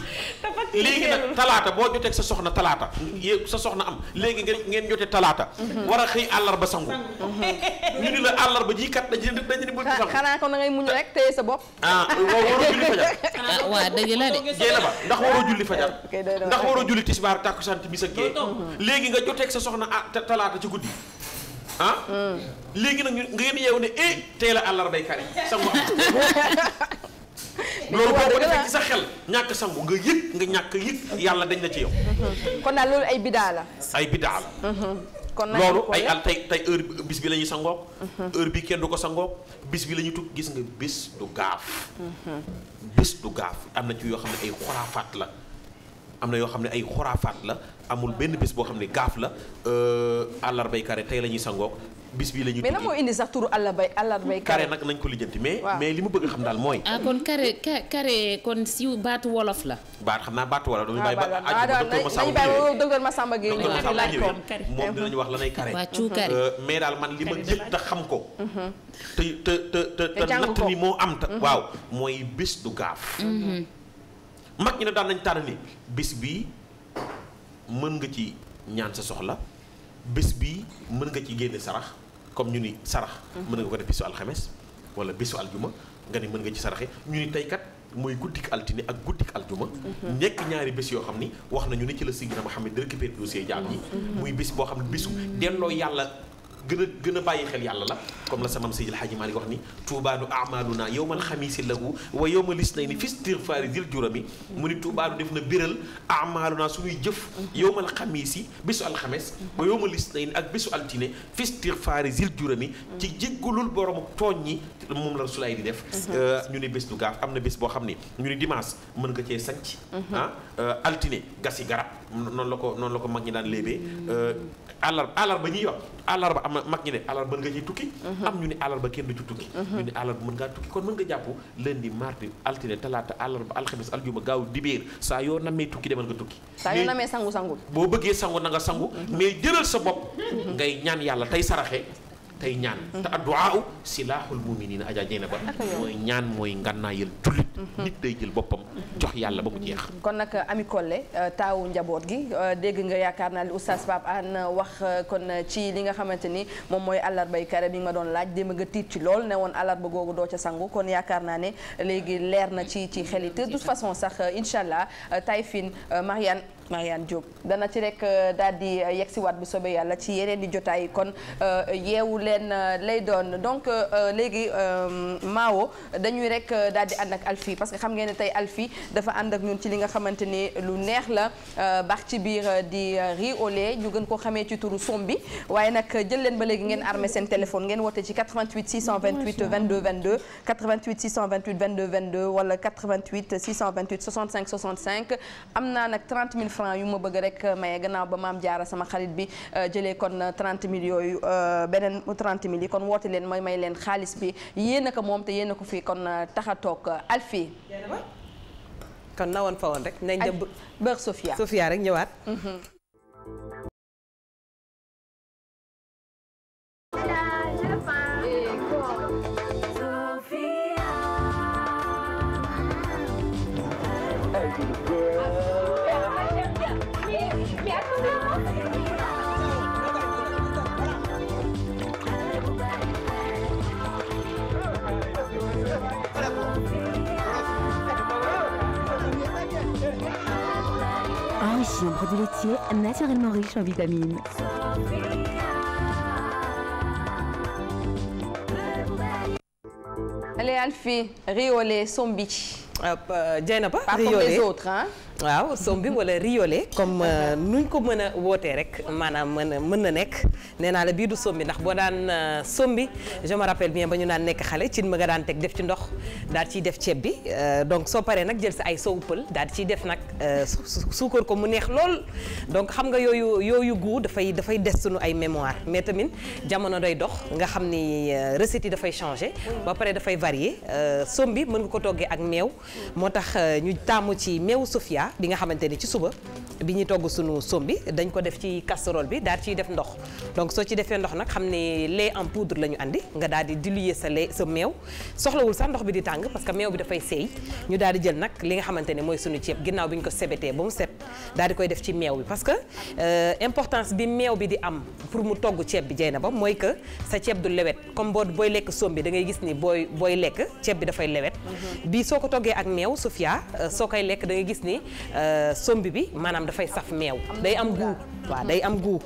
léegi nag talaata boo jotee sa soxna talaata sa soxna am léegi ngeen ngeen jotee talaata mhm. war a xëy àllarba sangu mhm. ñu ni la àllarba ji kat dañu ne dañu ne bëgg sangu xanaa ko da ngay muñ rek téye sa bopp ah waroo julli fajar ah, waaw dëgg la de jéena ndax waroo julli fajar fajar ndax waroo julli tisbaar tàkkusaan timis ak gee mm. léegi nga joteeg sa soxna ah talaata ci guddi ah? mm. léegi nag nga ngeen yeewu ne eh tey la àllarbay kari sangu <laughs> loolu boo ko defee sa xel ñàkk sangu nga yëg nga ñàkk yëg yàlla dañ na ci yow mm-hmm. kon daal loolu ay bidaa la ay bidaa la mm-hmm. kon loolu ay al tey tey heure bis bi la ñuy sangook mm-hmm. heure bi kenn du ko sangook bis bi la ñuy tugg gis nga bis du gaaf bis du gaaf am na ci yoo xam ne ay xuraafaat la am na yoo xam ne ay xuraafaat la amul benn bis boo xam ne gaaf la euh, àllarbay carré tey la ñuy sangook bis bii la ñuy mais lan moo indi sax turu àllarbay àllarbay carré nag nañ ko lijjanti mais mais li mu bëgg xam daal mooy ah kon carré carré kon si baatu wolof la baat xam naa baatu wolof dañu ah, ba ah, nañu bàyyi docteur Massamba Gueye moom wax lanay carré euh, mais daal man li ma yëg te xam ko mhm. te te te te natt ni moo am ta mhm. waaw mooy bis du gaaf mhm. mag ñi ne daan nañ tànn ni bés bii mën nga ci ñaan sa soxla bés bii mën nga ci génne sarax comme ñu ni sarax mm-hmm. mën nga ko def bésu alxemes wala bésu aljuma nga ni mën nga ci saraxe ñu ni tey kat mooy guddik altine ak guddik aljuma mm-hmm. nekk ñaari bés yoo xam ni wax nañu ne ci la Sidina Muhammad récupéré dossier jaam yi mm-hmm. muy bés boo xam ne bésu delloo yàlla gën a gën bàyyi xel yàlla la comme la sa maam Seydil Hadji Malick wax ni tuubaa du amaluna yowmal xamiisi lahu wa yowmal lisnayni fi stirfaari dil jurami mu ni tuubaa du def na biral amaluna suñuy jëf yowmal xamiisi bésu alxames ba yowmal lisnayni ak bésu altine fi stirfaari dil jurami ci jéggulul borom tooñ ñi moom la rasulaay di def mhm. euh, ñu ne bés du gaaf am na bés boo xam ni ñu ne dimanche mën nga cee sanc mhm. ah euh, altine gasi garab noonu la ko noonu la ko mag ñi daan léebee euh, ba àllarba ñuy wax ba am mag ñi ne àllarba mën nga ci tukki mhm. am ñu ne àllarba kenn du ci tukki mhm. ñu ne àllarba mën ngaa tukki kon mën nga jàpp lundi mardi altine talaata àllarba alxames aljuma gaaw dibéer saa yoo namee tukki deman nga tukki saa yoo namee sangu sangu boo bëggee sangu na nga sangu mhm. mais jëlal sa bopp ngay ñaan yàlla tey saraxe tey ñaan mm-hmm. te adduwaaw silaaxul muminina aja jey na ba mooy ñaan mooy ngànnaayal jullit mm-hmm. nit day jël boppam jox yàlla ba mu jeex mm-hmm. kon nag Ami Collé euh, taawu njaboot gi euh, dégg nga yaakaar naa li oustaz Pape Hann euh, wax kon ci li nga xamante ni moom mooy àllarbay kare bi nga ma doon laaj démb nga tiit ci lool ne woon àllarba googu doo ca sangu kon yaakaar naa ne léegi leer na ci ci xel te de façon sax incha allah Taïfine Mariane Marianne Diop. dana ci rek euh, daal di euh, yegsiwaat bu soobee yàlla ci yeneen di jotaay kon euh, yeewu leen lay doon donc léegi Mawo dañuy rek daal di ànd ak Alfie parce que xam ngeen ne tey Alfie dafa ànd ak ñun ci li nga xamante ni lu neex la baax ci biir di riz au lait ñu gën koo xamee ci turu som bi waaye nag jël leen ba léegi ngeen armé seen téléphone ngeen woote ci 88 628 22 22 88 am naa nag francs yu ma bëgg rek maye gannaaw ba maam jaara sama xarit bi euh, jëlee kon 30 euh, mille yooyu euh, beneen 30 mille yi kon woote leen mooy may leen xaalis bi yéen a ko moom te yéen a ko fii kon tax a toog Alfie kon fa woon rek nañ dem Sofia Sofia rek ñëwaat mhm. produits laitiers naturellement riches en vitamines. Allez Alfie, riz au lait, son beach. Ah, euh, Dieynaba, riz au lait. Pas comme les autres, hein? waaw sombi wala riole comme euh, nu ñu ko mën a wootee rek maanaam mën a mën na nekk nee naa la bii du sombi ndax boo daan euh, sombi je me rappelle bien ba ñu naan nekk xale cin ma nga daan teg def ci ndox daal ciy def ceeb bi euh, donc soo paree nag jël sa ay sow pël daal ciy def nag suukar ko mu neex lool donc xam nga yooyu yooyu goût dafay dafay des suñu ay mémoire mais tamit jamono day dox nga xam ni recettes yi dafay changer ba pare dafay varier sombi mën nga ko toggee ak meew moo tax ñu taamu ci meewu Sofia bi nga xamante ni ci suba bi ñu togg sunu som bi dañ ko def ci casserole bi daal ciy def ndox donc soo ci defee ndox nag xam ne lait en poudre la ñu andi nga daal di diluer sa le sa meew soxlawul sax ndox bi di tàng parce que meew bi dafay seey ñu daal di jël nag li xamante ne mooy sunu ceeb ginnaaw bi ko sebetee ba mu set daal di koy def ci meew bi parce que euh, importance bi meew bi di am pour mu togg ceeb bi jey na ba mooy que sa ceeb du lewet comme boo booy lekk som bi dangay gis ni booy booy lekk ceeb bi dafay lewet mhm. bi soo ko toggee ak meew Sofia euh, soo koy lekk da ngay gis ni euh, sombi bi maanaam dafay saf meew day am goût waaw day am goût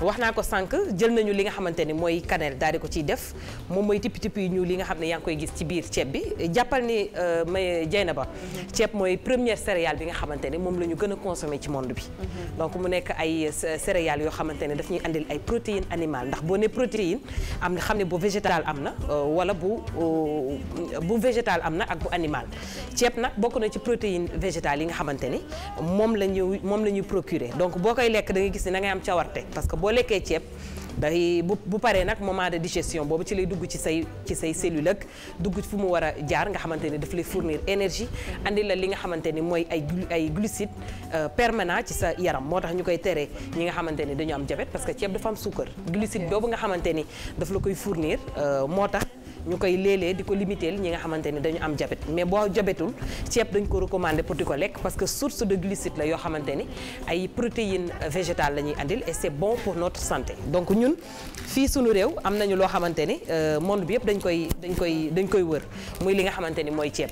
wax naa ko sànq jël nañu li nga xamante ni mooy cannelle daal di ko ciy def moom mooy tipp tipp yu ñuul yi nga xam ne yaa ngi koy gis ci biir ceeb bi jàppal ni euh, may ba mhm. ceeb mooy première céréale bi nga xamante ni moom la ñu gën a consommé ci monde bi mhm. donc mu nekk ay euh, céréales yoo xamante ne daf ñuy andil ay protéines animales ndax boo ne protéine am na xam ne bu végétal am na euh, wala bu bu végétal am na ak animal ceeb nag bokk na ci protéine végétale yi nga xamante ni moom la ñu moom la ñuy procurer donc boo koy lekk da nga gis ni da am cawarte parce que boo lekkee ceeb day bu bu paree nag moment de digestion boobu ci lay dugg ci say ci say cellule ak dugg fu mu war a jaar nga xamante ni daf lay fournir énergie andi la li nga xamante ni mooy ay ay glucides euh, permanent ci sa yaram moo tax ñu koy tere ñi nga xamante ni dañu am diabète parce que ceeb dafa am suukar glucide boobu nga xamante ni daf la koy fournir euh, moo tax ñu koy léeg di ko limiteel ñi nga xamante ni dañu am jabet mais boo jabetul ceeb dañ ko recommander pour di ko lekk parce que source de glucides la yoo xamante ni ay protéines végétales la ñuy andil et c'est bon pour notre santé donc ñun fii suñu réew am nañu loo xamante ni euh, monde bi yëpp dañ koy dañ koy dañ koy wër muy li nga xamante ni mooy ceeb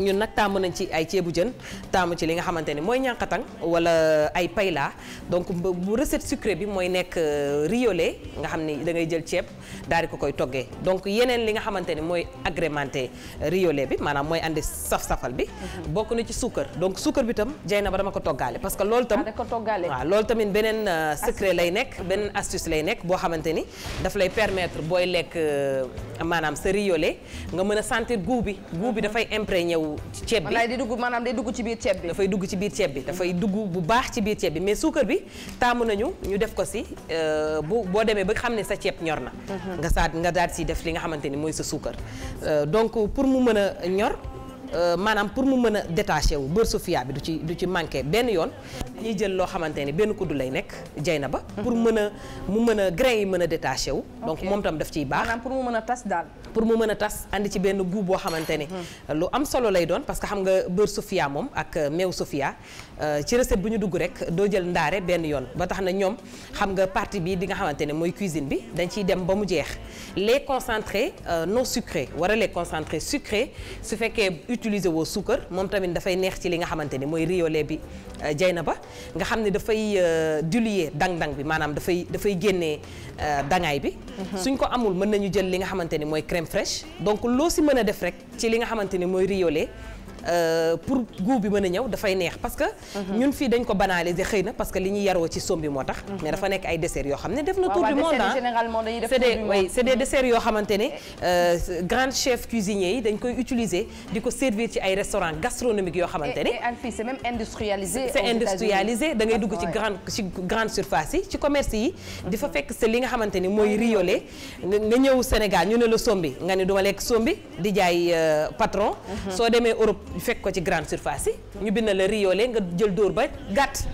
ñun nag taamu nañ ci ay ceebu jën taamu ci li nga xamante ni mooy ñànkatang wala ay payla donc bu recette sucrée bi mooy nekk euh, riolé nga xam ni da ngay jël ceeb daal di ko koy toggee donc yeneen li nga xamante ni mooy agrémenté euh, riole bi maanaam mooy andi saf-safal bi mhm. bokk na ci suukar donc suukar bi tam jay na ba dama ko toggaale parce que loolu tam ah, waaw loolu tamit beneen euh, secret lay nekk beneen astuce lay nekk boo xamante ni daf lay permettre booy lekk maanaam sa riole nga mën a sentir goût bi goût bi mhm. dafay imprégné kaw ceeb bi day dugg maanaam day dugg ci biir ceeb bi dafay dugg ci biir ceeb bi dafay dugg bu baax ci biir ceeb bi mais suukar bi taamu nañu ñu def ko si euh, bu boo demee ba xam ne sa ceeb ñor na mhm. nga saat nga daal si def li nga xamante ni mooy sa suukar euh, donc pour mu mën a ñor Euh, maanaam pour mu mën a détaché wu beurre sofia bi du ci du ci manqué benn yoon dañuy jël loo xamante ni benn kuddu lay nekk jay na ba pour mën a mu mën a grain yi mën a détaché wu donc moom tam daf ciy baax maanaam pour mu mën a tas daal pour mu mën a tas andi ci benn goût boo xamante ni mhm. lu am solo lay doon parce que xam nga beurre sofia moom ak meew sofia Euh, ci recette bu ñu dugg rek doo jël ndaare benn yoon ba tax na ñoom xam nga partie bi di nga xamante ne mooy cuisine bi dañ ciy dem ba mu jeex les concentrés euh, non sucrés wala les concentrés sucrés su fekkee utiliser woo suukar moom tamit dafay neex ci li nga xamante ni mooy riz bi euh, jay na ba nga xam ni dafay diluer dang-dang bi maanaam dafay dafay génnee dangaay bi mhm. suñ ko amul mën nañu jël li nga xamante ni mooy crème fraîche donc loo si mën a def rek ci li nga xamante ne mooy riz Euh, pour goût bi mën a ñëw dafay neex parce que mhm. ñun fii dañ ko banaliser xëy na parce que li ñuy yaroo ci sombi moo tax mhm. mais dafa nekk ay desserts yoo xam ne def na tour du monde généralement dañuy def tour du monde c'est mhm. yoo xamante euh, grand chef cuisinier yi dañ koy utiliser di ko servir ci ay restaurants gastronomiques yoo xamante ne c'est même industrialisé c'est industrialisé da ngay dugg ci grande ci grande surface yi ci commerce yi di fa fekk c'est li nga xamante ni mooy ah, riolé nga ñëw Sénégal ñu ne la sombi nga ne duma lekk sombi di jaay euh, patron soo demee Europe fekk ko ci grande surface yi ñu bind la riyoole nga jël dóor ba gàtt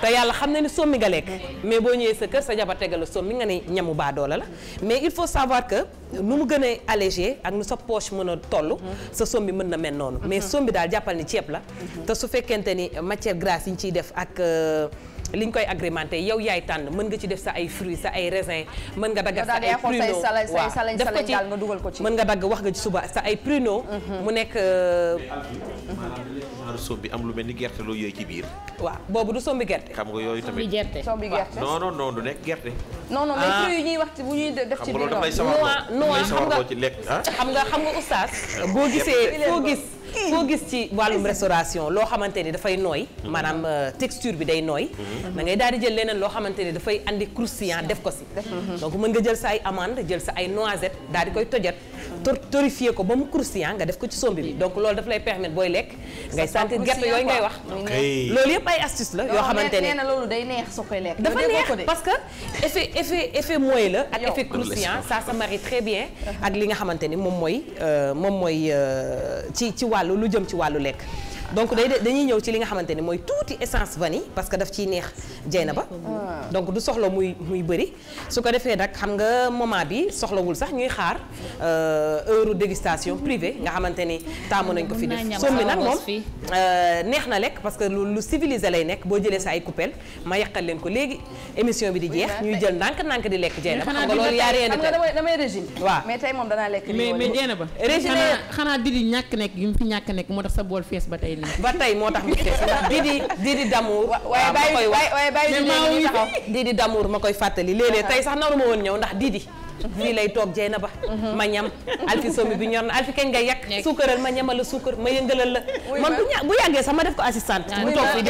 te yàlla xam na ni sommi nga lekk mais boo ñëwee sa kër sa jabar tegal la sommi nga ne ñamu baadoola la mais il faut savoir que nu mu gën a allégé ak nu sa poche mën a toll sa sombi mën na mel noonu mais sombi daal jàppal ni ceeb la te su fekkente ni matière grasse yi ñu ciy def ak euh, liñ koy agrémenté yow yaay tànn mën nga ci def sa ay fruits sa ay raisins mën nga dagg sa ay pruneaux waaw def ko ci nga dugal ko ci mën nga dagg wax nga ci suba sa ay pruneaux mhm. mu nekk maanaam bi am lu mel ni gerte loo yooyu ci biir waaw boobu du sombi gerte xam nga yooyu tamit sombi gerte non non non du nekk gerte non non mais ah. fruits yi ñuy wax bu ñuy def ci biir noix noix xam nga ah. xam nga xam nga oustaz <laughs> boo gisee foo gis foo gis ci wàllum restauration loo xamante ni dafay nooy mhm. maanaam euh, texture bi day nooy mhm. da ngay daal di jël leneen loo xamante ni dafay andi croustillant def ko si mhm. donc mën nga jël sa ay amande jël sa ay noisette daal di koy tojat torréfier ko ba mu croustillant nga def ko ci sombi bi mm. donc loolu daf lay permettre booy lekk ngay sentir gerte yooyu ngay wax loolu yëpp ay astuce la yoo xamante ne loolu day neex soo koy lekk dafa neex parce que effet effet effet mooy la ak effet croustillant ça se marie très bien ak li nga xamante ni moom mooy euh, moom mooy euh, ci ci wàllu lu jëm ci wàllu lekk donc day dañuy ñëw ci li nga xamante ne mooy tuuti essence vanille parce que daf ciy neex Dieynaba ah. donc du soxla muy muy bëri su ko defee nag xam nga moment bi soxlawul sax ñuy xaar euh, heure dégustation privée nga xamante ni taamu nañ ko fi def somme nag moom euh, neex na lekk parce que lu civilisé lay nekk boo jëlee sa ay coupelle ma yàqal leen ko léegi émission bi di jeex ñuy jël ndànk-ndànk di lekk Dieynaba xam nga loolu yaa reen damay régime moom danaa lekk mais ñàkk nekk yu mu fi ñàkk nekk moo tax sa bool fees ba tey ba tey moo tax mu kees ndax Didi Didi Damour. Ah, waaye bàyyi waaye bàyyi Didi ma koy wax Didi Damour ma koy fàttali léeg-léeg tey sax naru ma woon ñëw ndax Didi. fii lay toog jey na ba mhm. ma ñam alfi sombi bi ñor na alfi kañ ngay yàq suukaral ma ñamal a suukar ma yëngalal la man bu ña bu yàggee sax ma def ko assistante ma jàpp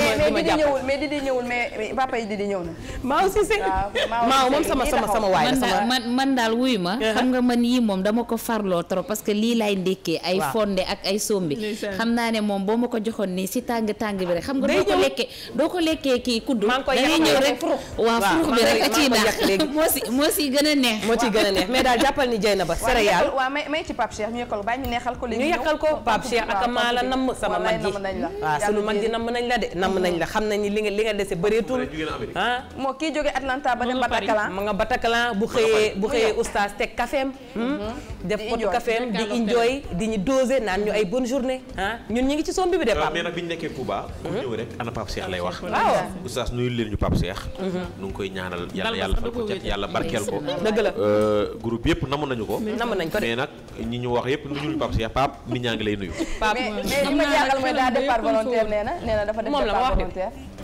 mais man daal wuyu ma uh-huh. xam nga man yii moom dama ko farloo trop parce que lii laay ndékkee ay fonde ak ay sombi xam naa ne moom boo ma ko joxoon nii si tàng tàng bi rek xam nga doo ko lekkee doo ko lekkee kii kudd da ñëw rek waaw furux bi rek a ciy daax <laughs> moo si moo si gën a neex gën a neex mais daal jàppal ni jëy na ba céréale waaw may may ci Pape Cheikh ñu yekkal ko bàyyi ñu neexal ko léegi ñu yekkal ko Pape Cheikh ak maa la sama mag ji waaw sunu mag ji namm nañ la de namm nañ la xam nañ ni li nga dese bëreetul ah? moo kii jógee Atlanta ba dem Bataclan bu xëyee bu teg caféem hmm? mm-hmm. def pot caféem di enjoy di ñu doser naan ñu ay bonne journée ah ñu ngi ci somb bi de euh, Pape mais nag mm-hmm. rek ana Pape Cheikh lay wax waaw oustaz leen ñu Pape Cheikh mm-hmm. nu ngi koy ñaanal Euh, groupe yëpp namoon nañu ko. namoon nañu ko mais nag ñi ñu wax yëpp nuyu Pape Cheikh Pape mi ñaa ngi lay nuyu. Pape mais li ma jaaxal mooy daa départ volontaire nee na dafa def départ volontaire.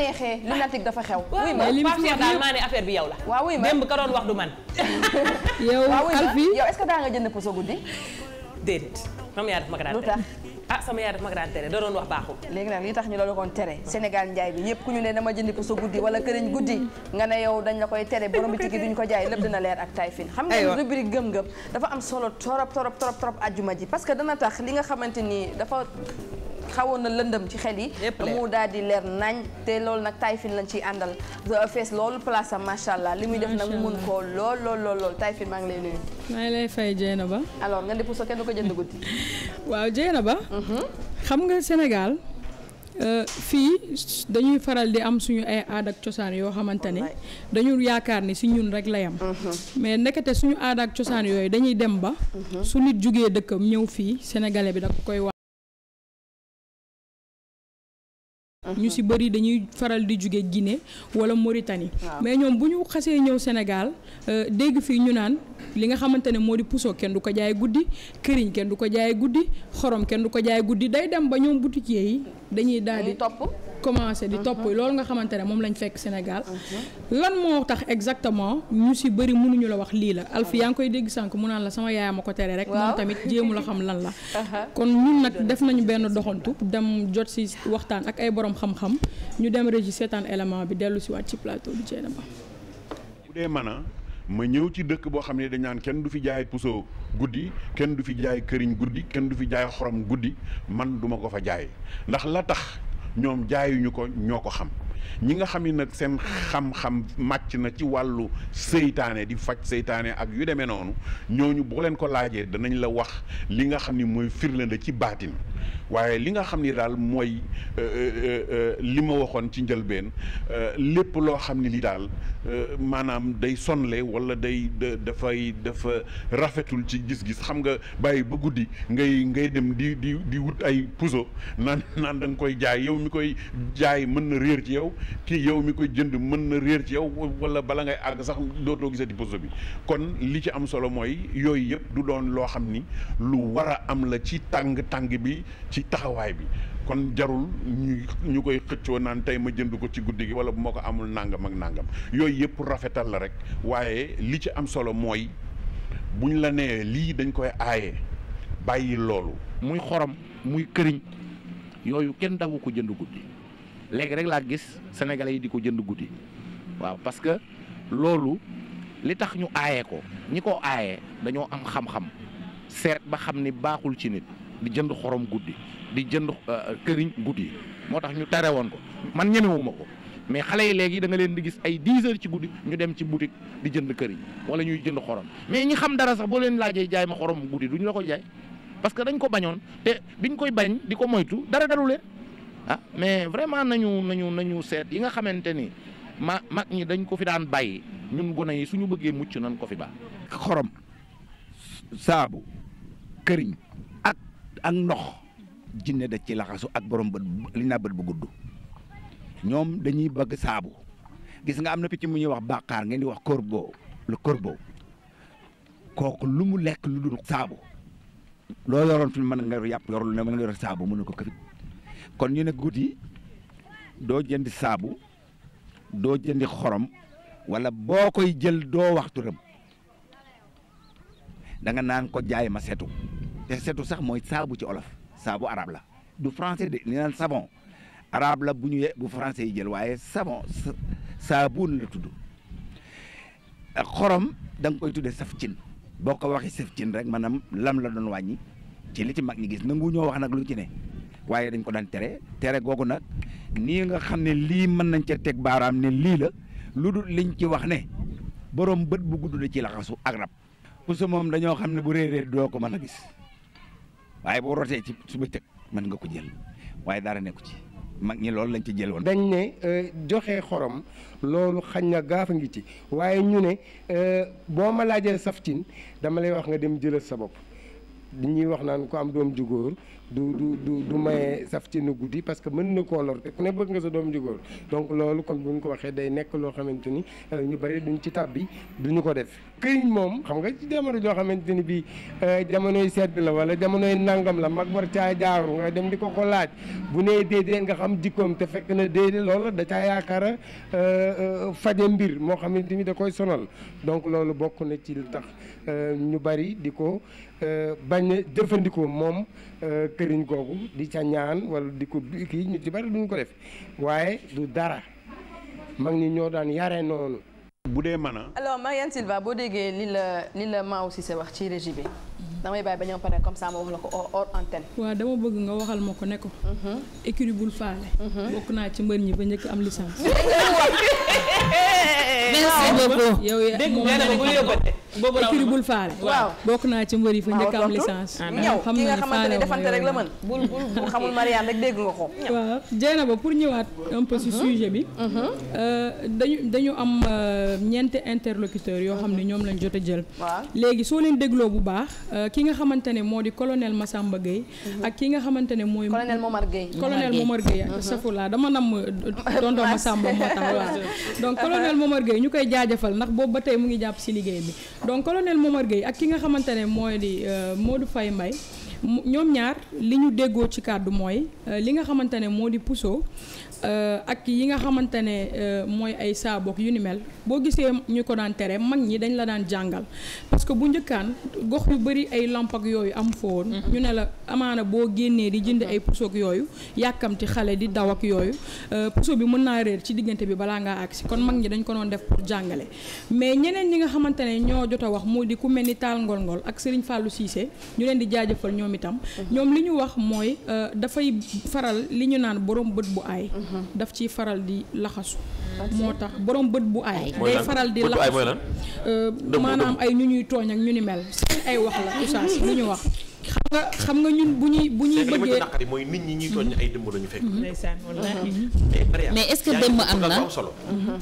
neexee li natik dafa xew. oui ma Pape daal maa affaire bi yow la. waaw oui man. <laughs> yow Alfi yow nga jënd poso guddi. déedéet sama ko daan tere ah sama yaa def ma tere da doon wax baaxul. léegi nag li tax ñu la doon tere Sénégal njaay bi ñëpp ku ñu ne dama jëndi poso guddi wala këriñ guddi nga ne yow dañ la koy tere borom bitigi duñ ko jaay lépp dina leer ak tayfin xam nga rubrique gëm-gëm dafa am solo torop torop torop torop ajjuma ji parce que dana tax li nga xamante xawoon na lëndëm ci xel yi mu daal di leer nañ te loolu nag Taïfin lañ ci àndal fees loolu place am macha allah li muy def nag mun koo lool lool lool lool Taïfin maa ngi lay nuyu maa ngi lay fay Dieynaba alors nga déposé kenn du ko jënd guddi <laughs> waaw Dieynaba mhm. xam nga Sénégal euh, fii dañuy faral di am suñu ay aada ak cosaan yoo xamante ne dañu yaakaar ni si ñun rek la yam mhm. mais ndekete suñu aada cosaan yooyu dañuy dem ba mhm. su nit jugee dëkkam ñëw fii sénégalais bi da koy wax ñu si bëri dañuy faral di jóge Guinée wala Mauritanie. mais ñoom bu ñu xasee ñëw Sénégal euh, dégg fii ñu naan li nga xamante ne moo di puso kenn du ko jaay guddi këriñ kenn du ko jaay guddi xorom kenn du ko jaay guddi day dem ba ñoom boutiquier yi dañuy daal di topp commencé di topp uh-huh. loolu nga xamante ne moom lañ fekk Sénégal uh-huh. lan moo tax exactement ñu si bëri mënuñu la wax lii la alfi yaa ngi koy dégg sànk mu naan la sama yaay ma ko tere rek moom tamit jéemu la xam lan la <laughs> uh-huh. kon mun nag def nañu benn doxantu dem jot si waxtaan ak ay borom xam-xam ñu dem régi seetaan élément bi dellu si waat ci plateau bi ceena bu dee mën a ma ñëw ci dëkk boo xam ne dañ naan kenn du fi jaay puso guddi kenn du fi jaay këriñ guddi kenn du fi jaay xorom guddi man duma ko fa jaay ndax la tax ñoom jaayuñu ko ñoo ko xam ñi nga xam ni nag seen xam-xam màcc na ci wàllu seytaane di faj seytaane ak yu demee noonu ñooñu boo leen ko laajee danañ la wax li nga xam ni mooy firnde ci baatin waaye li nga xam ni daal mooy euh, euh, euh, li ma waxoon ci njëlbeen lépp loo xam ni li daal maanaam day sonle wala day dafay dafa rafetul ci gis-gis xam nga bàyyi ba guddi ngay ngay dem di di di wut ay puso naan naan da koy jaay yow mi koy jaay mën na réer ci yow kii yow mi koy jënd mën na réer ci yow wala bala ngay àgg sax dootoo gisati puso bi kon li ci am solo mooy yooyu yëpp du doon loo xam ni lu war a am la ci tàng tàng bi ci taxawaay bi kon jarul ñu ñu koy xëccoo naan tey ma jënd ko ci guddi gi wala bu ma ko amul nangam ak nangam yooyu yëpp rafetal la rek waaye li ci am solo mooy buñ la nee lii dañ koy aaye bàyyi loolu. muy xorom muy këriñ yooyu kenn dawu ko jënd guddi léegi rek laa gis sénégalais yi di ko jënd guddi waaw parce que loolu li tax ñu aaye ko ñi ko aaye dañoo am xam-xam seet ba xam ni baaxul ci nit. di jënd xorom guddi di jënd euh, këriñ guddi moo tax ñu tere woon ko man ñemewuma ko mais xale yi léegi da leen di gis ay dix heures ci guddi ñu dem ci boutique di jënd këriñ wala ñuy jënd xorom mais ñi xam dara sax boo leen laajee jaay ma xorom guddi duñu la ko jaay parce que dañ ko bañoon te biñ koy bañ di ko moytu dara dalu leen ah mais vraiment nañu nañu nañu seet yi nga xamante ni ma mag ñi dañ ko fi daan bàyyi ñun gone yi suñu bëggee mucc nañ ko fi ba xorom saabu këriñ ak ndox jinne da ci laxasu ak borom bët li naa bët bu gudd ñoom dañuy bëgg saabu gis nga am na picc mu ñuy wax bàqaar ngeen di wax corbeau le corbeau kooku lu mu lekk lu dul saabu loo yoroon fi mën nga yor yàpp yor lu ne mën nga yor saabu mun na ko këfit kon ñu ne guddi doo jëndi saabu doo jëndi xorom walla boo koy jël doo wax turam da naan ko jaay ma setu te seetu sax mooy saabu ci olof saabu arabe la du français de li naan savon arabe la bu ñu bu français yi jël waaye savon saabuun la tudd xorom danga koy tuddee saf cin boo ko waxee saf cin rek maanaam lam la doon wàññi ci li ci mag ñi gis nangu ñoo wax nag lu ci ne waaye dañ ko daan tere tere googu nag nii nga xam ne lii mën nañ ca teg baaraam ne lii la lu dul liñ ci wax ne borom bët bu gudd la ci laxasu ak rab. puso moom dañoo xam ne bu réeréer doo ko mën a gis. waaye boo rotee ci su bëccëg mën nga ko jël waaye dara nekku ci mag ñi loolu lañ ci jël woon. dañ ne euh, joxe xorom loolu xañ na a ngi ci waaye ñu ne euh, boo ma laajee saftin dama lay wax nga dem jëlal sa bopp ñuy wax naan ko am doom ju du du du du maye saf ci nu guddi parce que mën na koo lor te ku ne bëgg nga sa doom jugóor donc loolu kon bu ñu ko waxee day nekk loo xamante ni euh, ñu bëri duñ ci tab bi duñu ko def këyiñ moom xam nga ci jamono joo xamante ni bi euh, jamonoy sedd la wala jamonoy nangam la mag war caa jaaru nga dem di ko ko laaj bu nee déedéet nga xam jikkoom te fekk na déedéet loola da caa yaakaara euh, faje mbir moo xamante ni da koy sonal donc loolu bokk na ci lu tax ñu bëri di ko bañ a jëfandikoo moom Euh, këriñ googu di ca ñaan wala di ko kii ñu ci bari duñ ko def waaye du dara mag ñi ñoo daan yare noonu. bu dee mana a. alors Mariane Silva boo déggee li la li la Maaw Cissé wax ci régie damay bàyyi ba ñu comme ça ma la ko hors antenne. waaw dama bëgg nga waxal ma ko ne ko. Mm-hmm. écurie bul faale. Mm-hmm. bokk naa ci mbër ñi ba njëkk am licence. <laughs> merci beaucoup yow yaa moom boobu écurie bul bokk naa ci mbër yi fa njëkk am licence. ñëw ki nga xamante ne rek la mën. bul bul xamul Marianne rek dégg nga ko. waaw jéena ba pour ñëwaat un peu si mm-hmm. sujet bi. Euh, dañu dañu am euh, ñeenti interlocuteurs yoo xam ne ñoom lañ jot a jël. léegi soo leen dégloo bu baax euh, ki nga xamante ne moo di colonel Massamba Gueye mhm. ak ki nga xamante ne mooy colonel Momar Gueye colonel Momar Gueye mhm. safula dama nam tonton <laughs> Massamba moo tax waaw donc colonel Momar Gueye ñu koy jaajëfal ndax boobu ba tey mu ngi jàpp si liggéey bi donc colonel Momar Gueye ak ki nga xamante ne moo di euh, Modou Faye Mbaye ñoom ñaar li ñu déggoo ci kàddu mooy euh, li nga xamante ne moo di Pousso Euh, ak yi nga xamante ne euh, mooy ay saabook yu ni mel boo gisee ñu ko daan tere mag ñi dañ la daan jàngal parce que bu njëkkaan gox yu bëri ay lamp ak yooyu am foon mm-hmm. ñu ne la amaana boo génnee di jënd mm-hmm. ay pusoog yooyu yàkkamti xale di daw ak yooyu euh, puso bi mën naa réer ci diggante bi balaa ngaa agsi kon mag ñi dañ ko doon def pour jàngale mais ñeneen ñi nga xamante ne ñoo jot a wax mu di ku mel ni taal ngol-ngol ak Serigne fàllu Cissé ñu leen di jaajëfal ñoom itam mm-hmm. ñoom li ñu wax mooy dafay faral li ñu naan borom bët bu aay daf ciy faral di laxasu moo tax boroom bët bu aay day faral di laxasu euh, maanaam ay ñu ñuy tooñ ak ñu ni mel seen ay wax la usaas lu ñu wax xam nga xam nga ñun bu ñuy bu ñuy bëggee mooy nit ñi ñuy tooñ ay dëmm lañu fekk mm-hmm. Mm-hmm. mais est-ce que dëmm am na mm-hmm.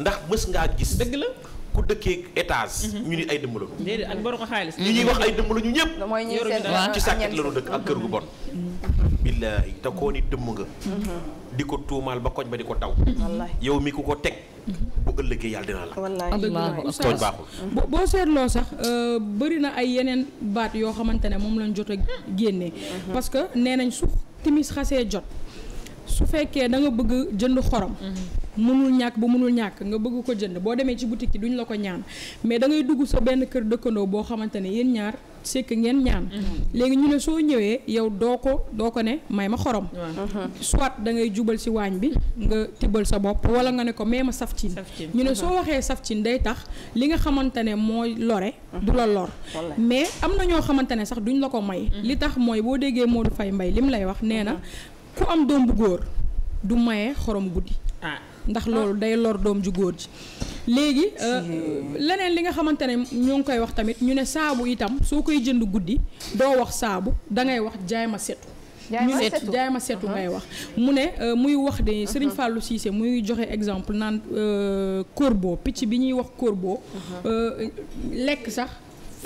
ndax mës ngaa gis dëgg la ku dëkkee étage. ñu ni ay dëmm la. déedéet xaalis. ñu ñuy wax ay dëmm la ñu ñëpp. mooy ñuy seet ci sàkket la ñu dëkk ak kër gu bon. billaahi te koo ni dëmm nga. di ko tuumaal ba koñ ba di ko daw. yow mi ku ko teg. bu ëllëgee yàlla dina la. wallaahi tooñ baaxul. boo seetloo sax euh, bëri na ay yeneen baat yoo xamante ne moom lañ jot a génne mhm. parce que nee nañ su timis xasee jot. su fekkee da nga bëgg jënd xorom mënul mhm. ñàkk ba mënul ñàkk nga bëgg ko jënd boo demee ci boutique yi duñ la ko ñaan mais da dugg sa benn kër dëkkandoo boo xamante ne yéen ñaar sekk ngeen ñaan mm-hmm. léegi ñu ne soo ñëwee yow doo ko doo ko ne may ma xorom mm-hmm. soit da ngay jubal si waañ bi nga tibbal sa bopp wala nga ne ko may ma saf cin ñu ne mm-hmm. soo waxee saf cin day tax li nga xamante ne mooy lore du la lor mais am na ñoo xamante ne sax duñ la ko may li tax mooy boo déggee Modou Faye Mbaye li mu lay wax nee na ku am doom bu góor du maye xorom guddi ah ndax loolu day lor doom ju góor ji léegi euh, leneen li nga xamante ne ñoo ngi koy wax tamit ñu ne saabu itam soo koy jënd guddi doo wax saabu dangay wax jaay ma setu jaay ma setu uh-huh. ngay wax mu ne euh, muy wax de uh-huh. Serigne Fallou Cissé muy joxe exemple naan euh, corbeau picc bi ñuy wax corbeau uh-huh. lekk sax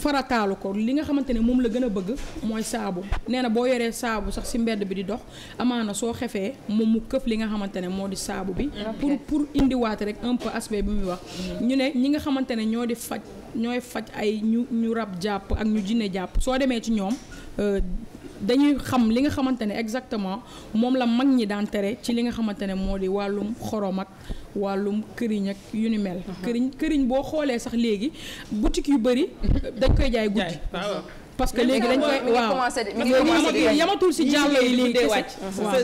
farataalu ko li nga xamante ne moom la gën a bëgg mooy saabu nee na boo yoree saabu sax ci mbedd bi di dox amaana soo xefee moom mu këf li nga xamante ne moo di saabu bi pour pour indiwaat rek un peu aspect bi muy wax mhm. ñu ne ñi nga xamante ne ñoo di faj ñooy faj ay ñu ñu rab jàpp ak ñu jinne jàpp soo demee ci ñoom euh, dañuy xam li nga xamante ne exactement moom la mag ñi daan tere ci li nga xamante ne moo di wàllum xorom ak wàllum këriñ ak yu ni mel. këriñ këriñ boo xoolee sax léegi boutique yu bëri <laughs> dañ koy jaay guddi. parce que léegi dañ koy waaw léegi yamatul si jàll yi léegi kese waaw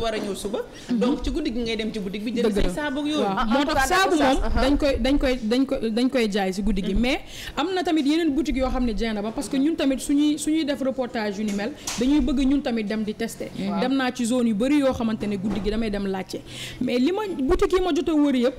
voilà a ñëw suba. Mhm. gi ngay dem ci boutique bi saabu ak yooyu. moo tax saabu moom uh-huh. dañ koy dañ koy dañ koy dañ koy jaay si guddi gi mhm. mais am na tamit yeneen boutique yoo xam ne jaay na ba parce que ñun tamit suñuy suñuy def reportage yu ni mel dañuy bëgg ñun tamit dem di tester. dem naa ci zone yu bëri yoo xamante ne guddi gi damay dem laajte mais li ma boutique yi ma jot a wër yëpp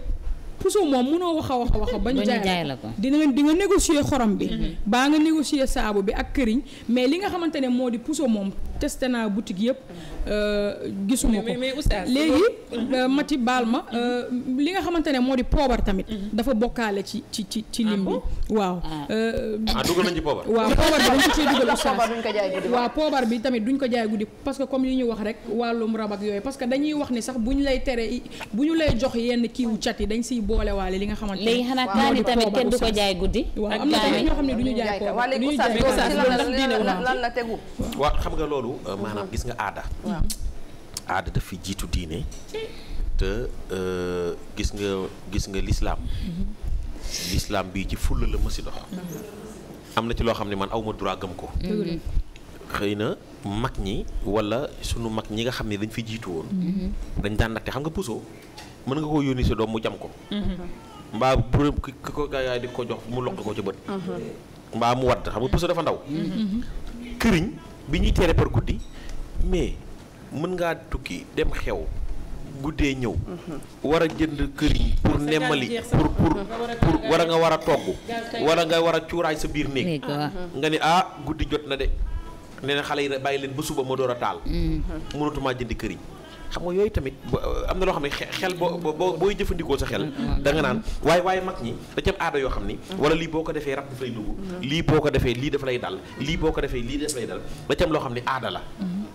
puso a wax a wax a ba ñu jaay la ko dina nga di nga négocier xorom bi mm-hmm. baa nga négocier saabu bi ak këriñ mais li nga xamante ne moo di puso moom testé naa boutique yëpp euh, gisuma ko léegi euh, mm-hmm. mati baal ma euh, li nga xamante ne moo di poobar tamit mm-hmm. dafa bokkaale ci ci ci ci ah lim bi waaw ah. Ah, dugal nañ ci poobar waaw poobar bi dañ ko ciy dugal oustaz waaw poobar bi tamit duñ ko jaay guddi parce que comme li ñu wax rek wàllum rab ak yooyu parce que dañuy wax ni sax bu ñu lay tere bu ñu lay jox yenn kiiwu cat yi dañ siy boolewaale li nga xamante ne. léegi xanaa kaani tamit kenn du ko jaay guddi. ak am xam ne du ñu jaay ko du ñu jaay la tegu. waaw xam nga loolu euh, maanaam gis nga aada. aada daf fi jiitu diine. te euh, gis nga gis nga lislaam mm-hmm. lislaam bi ci fulla la mësi dox mm-hmm. am na ci loo xam ne man awma droit gëm ko xëy na mag ñi wala sunu mag ñi nga xam ne dañ fi jiitu woon mm-hmm. dañ daan natte xam nga puso mën nga koo yónni sa doom mu jam ko. Mm-hmm. mbaa bu ki ko ko jox mu lokk ko ci bët. Mm-hmm. mbaa mu wadd xam nga sa dafa ndaw. Mm-hmm. këriñ bi ñuy tere par guddi mais mën nga tukki dem xew. guddee ñëw war a jënd këriñ pour nemmali pour pour pour war a nga war a togg wala nga war a cuuraay sa biir néeg nga ne ah guddi jot na de nee xale yi bàyyi leen ba suba ma door a taal mënatumaa jëndi këriñ xam nga yooyu tamit euh, am na loo xam ne xel boo boo booy jëfandikoo sa xel. da nga naan waaye waaye mag ñi da ca aada yoo xam ne wala lii boo ko defee rab daf lay dugg. lii boo ko defee lii daf lay dal lii boo ko defee lii daf lay dal da ca loo xam ne aada la.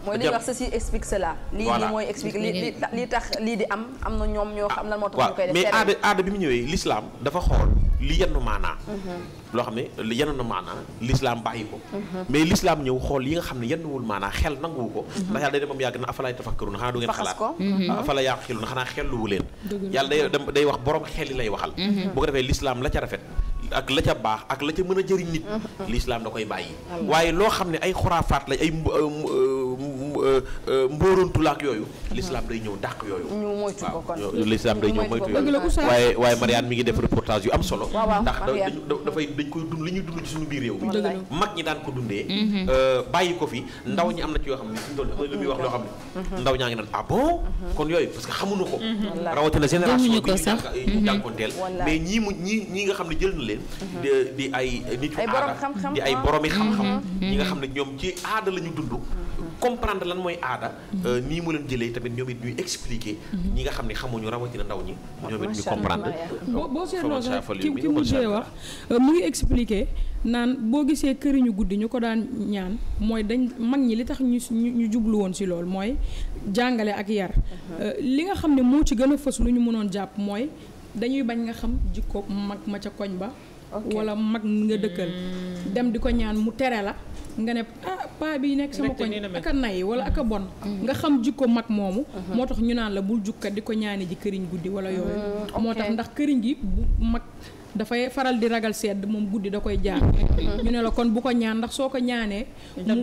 mooy li ñuy wax ceci explique cela. voilà lii nii mooy explique li tax lii di am am na ñoom ñoo xam lan moo tax. ñu koy def mais aada aada bi mu ñëwee lislaam dafa xool li yenn maanaa. Mhm. loo xam ne li yenn na maanaa l'islam bàyyi ko. Mhm. mais l'islam ñëw xool yi nga xam ne wul maanaa xel nanguwu ko. Mhm. ndax yàlla day dem ba mu yàgg na afalaay tafakkaruun xanaa du ngeen xalaat. Ah, afala yaaqiluun xanaa xelluwu leen. yàlla day dem day wax borom xel lay waxal. bu ko defee l'islam la ca rafet ak la ca baax ak la ca mën a jëriñ nit mm-hmm. lislaam da koy bàyyi mm-hmm. waaye loo xam ne ay xuraafaat la ay euh, euh, Euh, euh, mbóoruntu laak yooyu l'islam day ñëw dàq yooyu waaw l'islam day ñëw moytu yooyu waaye waaye Marianne mi ngi def reportage yu am solo ndax dafay dañ koy dund li ñuy dund ci suñu biir réew bi mag ñi daan ko dundee mhm. euh, bàyyi ko fi ndaw ñi am na ci yoo xam ne suñu toll mhm. ah mhm. xamuñu ko rawatina génération bi ñu jànkoonteel mais ñii mu ñii ñii nga xam ne jël na leen di ay nit yu aada di ay ah. boromi xam-xam ñi nga xam ne ñoom ci aada la dund comprendre lan mooy aada. Euh, nii mu leen jëlee tamit ñoom it ñuy expliquer. Mhm. ñi nga xam ne xamuñu rawatina ndaw ñi. ñoom it ñu comprendre. boo boo seetloo sax ki ki mujjee wax euh, mu ngi expliquer naan boo gisee këriñu ñu guddi ñu ko daan ñaan mooy dañ mag ñi li tax ñu ñu jublu woon ci lool mooy jàngale ak yar. Uh-huh. Euh, li nga xam ne moo ci gën a fës lu ñu mënoon jàpp mooy dañuy bañ nga xam jikko mag ma ca koñ ba. wala mag nga dëkkal hmm. dem di ko ñaan mu tere la. nga ne ah paa bi nekk sama koñ aka nay wala aka bon mm-hmm. nga xam jikko mag moomu mm-hmm. moo tax ñu naan la bul jukkat di ko ñaani ji këriñ guddi wala yooyu mm-hmm. moo tax ndax këriñ gi bu mag dafay faral di ragal sedd moom guddi da koy jaar ñu ne la kon bu ko ñaan ndax soo ko ñaanee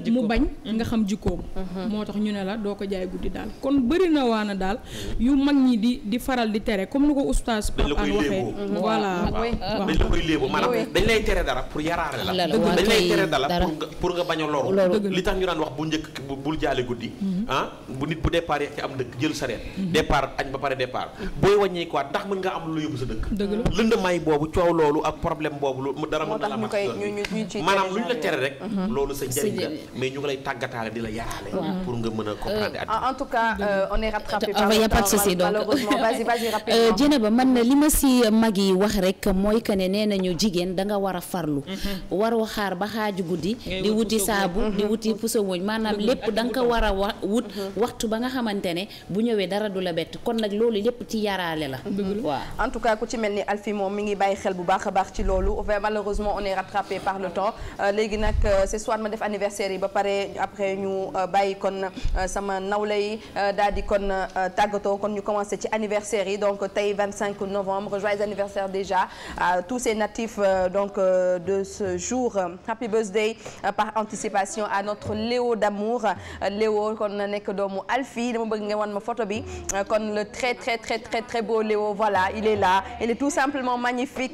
mu bañ mm-hmm. nga xam jikkoom mm-hmm. moo tax ñu ne la doo ko jaay guddi daal kon bëri na waana daal yu mag ñi di di faral di tere comme nu ko oustaz Pape Hann waxee voilà dañ la koy léeboo maanaam dañ lay tere dara pour yaraare la dañ lay tere dara pour nga bañ a loru li tax ñu daan wax bu njëkk bul jaale guddi mm-hmm. ah, bu nit bu départ ci am dëkk jël sareet départ añ ba pare départ booy wàññeekuwaat ndax mën nga am lu yóbbu sa dëkk lëndamaay boobu coow loolu ak problème boobu loolu dara mën na la maanaam lu ñu la tere rek mm-hmm. loolu sa njëriñ la mais ñu ngi lay tàggataale di la yaraale pour nga a comprendre euh, en tout cas li ma si mag yi wax rek mooy que ne nee nañu jigéen danga nga war a farlu mm-hmm. waroo xaar ba xaaju guddi di wuti saabu di mm-hmm. wuti puso wuñ maanaam lépp danga nga ko war a wa wut waxtu ba nga xamante ne bu ñëwee dara du la bett kon nag loolu lépp ci yaraale la waaw xel bu baax a baax ci euh, nag euh, ce soir ma def anniversaire yi ba pare après euh, bàyyi kon sama nawle yi daal di kon tàggatoo kon ñu commencé ci anniversaire yi donc tey 25 novembre joyeux anniversaire déjà à tous ces natifs donc de ce jour happy birthday par anticipation à notre Léo d'amour Léo kon nekk doomu Alfi dama bëgg nga wan ma photo bi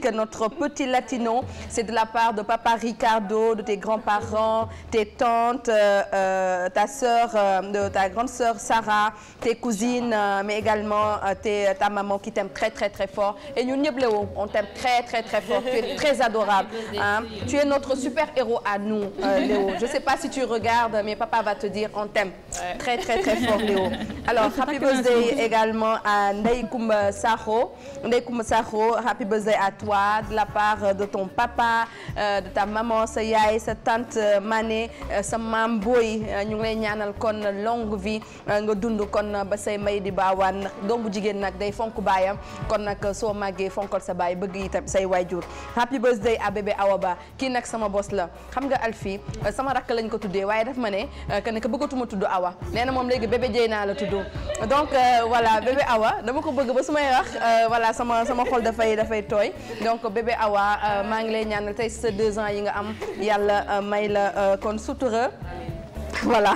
musique, notre petit latino. C'est de la part de Papa Ricardo, de tes grands-parents, tes tantes, euh, euh, ta sœur, euh, de ta grande sœur tes cousines, euh, mais également ta maman qui t'aime très très fort. Et nous, Léo, on t'aime très très fort. Tu es très adorable. Tu es notre super à nous, Léo. te dire on t'aime ouais. très très très fort, Léo. Alors, happy birthday également à Ndei Koum Saho. Ndei à toi. toi de la part de ton papa euh, de ta maman sa yaay sa tant euh, Mané euh, sa maam booy ñu ngi lay ñaanal kon longue vie nga dund kon ba say may di baawaan doom bu jigéen nag day fonk baayam kon nag soo màggee fonkal sa baay bëgg itam say waajur happy birthday à bébé Awa Ba ki nag sama boss la xam nga Alfi sama rakk lañ ko tuddee waaye daf ma ne que ne que bëggatuma tudd Awa nee na moom léegi bébé naa la tudd donc voilà bébé Awa dama ko bëgg ba su may wax voilà sama sama xol dafay dafay tooy donc bébé Awa euh, maa ngi lay ñaanal tey sa deux ans yi nga am yàlla euh, may la euh, kon sutura <laughs> voilà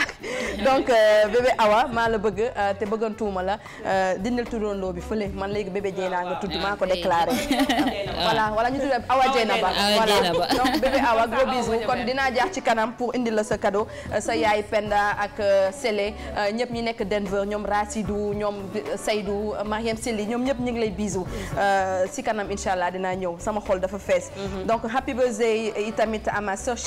donc euh, bébé Awa maa la bëgg euh, te bëggantuwuma la euh, dindal turandoo bi fële man léegi bébé Dieyna nga tudd ah, maa ko déclaré. <laughs> voilà wala ñu tudd Awa Dieyna Ba voilà donc bébé Awa <laughs> gros ah, bisou kon dinaa jaax ci kanam pour indi la sa cadeau sa yaay Penda ak Sélé ñëpp ñi nekk Denver ñoom Rasidou ñoom Seydou Mariam Sili ñoom ñëpp ñu ngi lay bisou si kanam incha allah dinaa ñëw sama xol dafa fees mhm. donc happy birthday itamit à ma sœur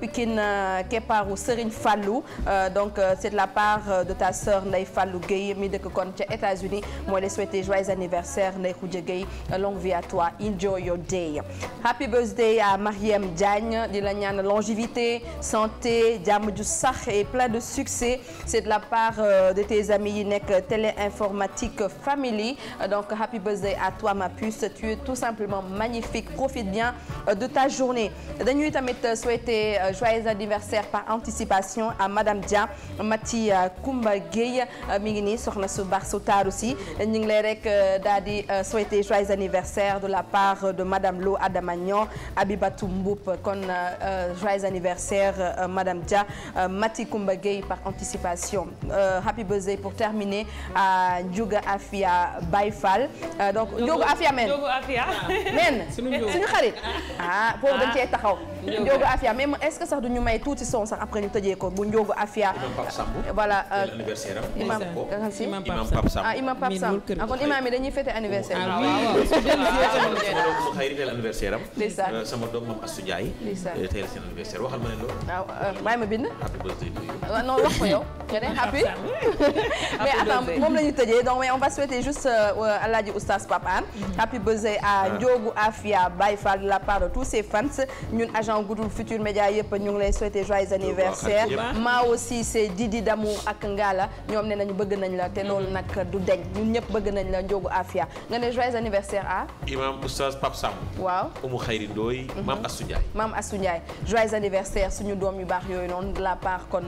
Pikine euh, keppaaru Serigne Fallou euh, donc euh, c'est de la part de ta sœur Ndeye Fallou Gueye mi dëkk kon ca États-Unis moo lay souhaiter joyeux anniversaire Ndeye Khoudia Gueye longue vie à toi enjoy your day happy birthday à Mariem Diagne di la ñaan longévité santé jàmm ju sax et plein de succès c'est de la part de tes amis yi nekk télé informatique family donc happy birthday à toi ma puce tu es tout simplement magnifique profite bien de ta journée dañuy tamit souhaiter Euh, joyeux anniversaire par anticipation à madame Dia Mati Koumba euh, Gueye euh, mi ngi nii soxna su baax su taaru si ñu ngi lay rek daal di souhaiter joyeux anniversaire de la part de madame Lo Adama Niang Abibatou kon joyeux anniversaire madame Dia Mati Koumba Gueye par anticipation happy birthday pour terminer à Ndiouga Afia Baye donc Ndiouga Afia men Ndiouga Afia men <laughs> suñu ah foofu dañ cee taxaw Ndiouga est-ce que sax du ñu may tuuti son sax après ñu tëjee ko bu Ndiogu Afia. voilà. imam Pape Samb euh, ah imam Pape Samb ah kon imam yi dañuy fêté anniversaire. ah, ah oui sama doom euh, sama doom moom Astou Ndiaye. Euh, tey la seen anniversaire waxal ma ne loolu. waaw ah, bàyyi ah, non wax ko yow. nga ne happy <laughs> mais attends moom la ñu tëjee donc mais on va souhaiter juste El Hadji Oustaz Pape Anne. Mm-hmm. happy birthday à Ndiogu Afia Baye Fall de la part de tous ses fans ñun agent Goudoul Futurs Médias yëpp ñu ngi lay souhaiter joyeux anniversaire maa aussi c'est ak Ngala ñoom ne nañu bëgg nañ la te loolu du deñ ñëpp bëgg nañ la njóogu Afia nga ne joyeux anniversaire à imam oustaz Pape Samb waaw Oumou mhm. maam Assou Ndiaye maam suñu doom yu baax yooyu noonu la part kon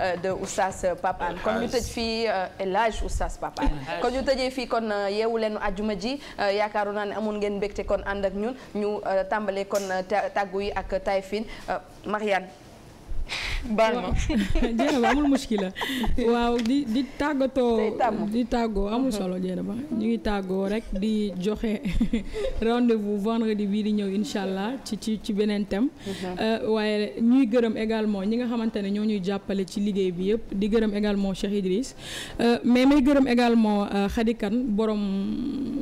euh, de oustaz Pape Anne kon tëj fii euh, El Hadj oustaz Pape Anne kon ñu tëjee fii kon euh, yeewu leenu ajuma ji yaakaaru naa ne amoon ngeen mbégte kon ànd ak ñun ñu tàmbalee kon tàggu yi ak tayfin Marianne baal ma <laughs> jéena ba amul muskila waaw di di tàggatoo di tàggoo amul solo jéena ba ñu ngi tàggoo rek di joxe <laughs> rendez-vous vendredi bii di ñëw incha allah ci ci ci beneen thème mhm. euh, waaye ñuy gërëm également ñi nga xamante ne ñoo ñuy jàppale ci liggéey bi yëpp di gërëm également Cheikh Idriss euh, mais may gërëm également euh, Khady Kane borom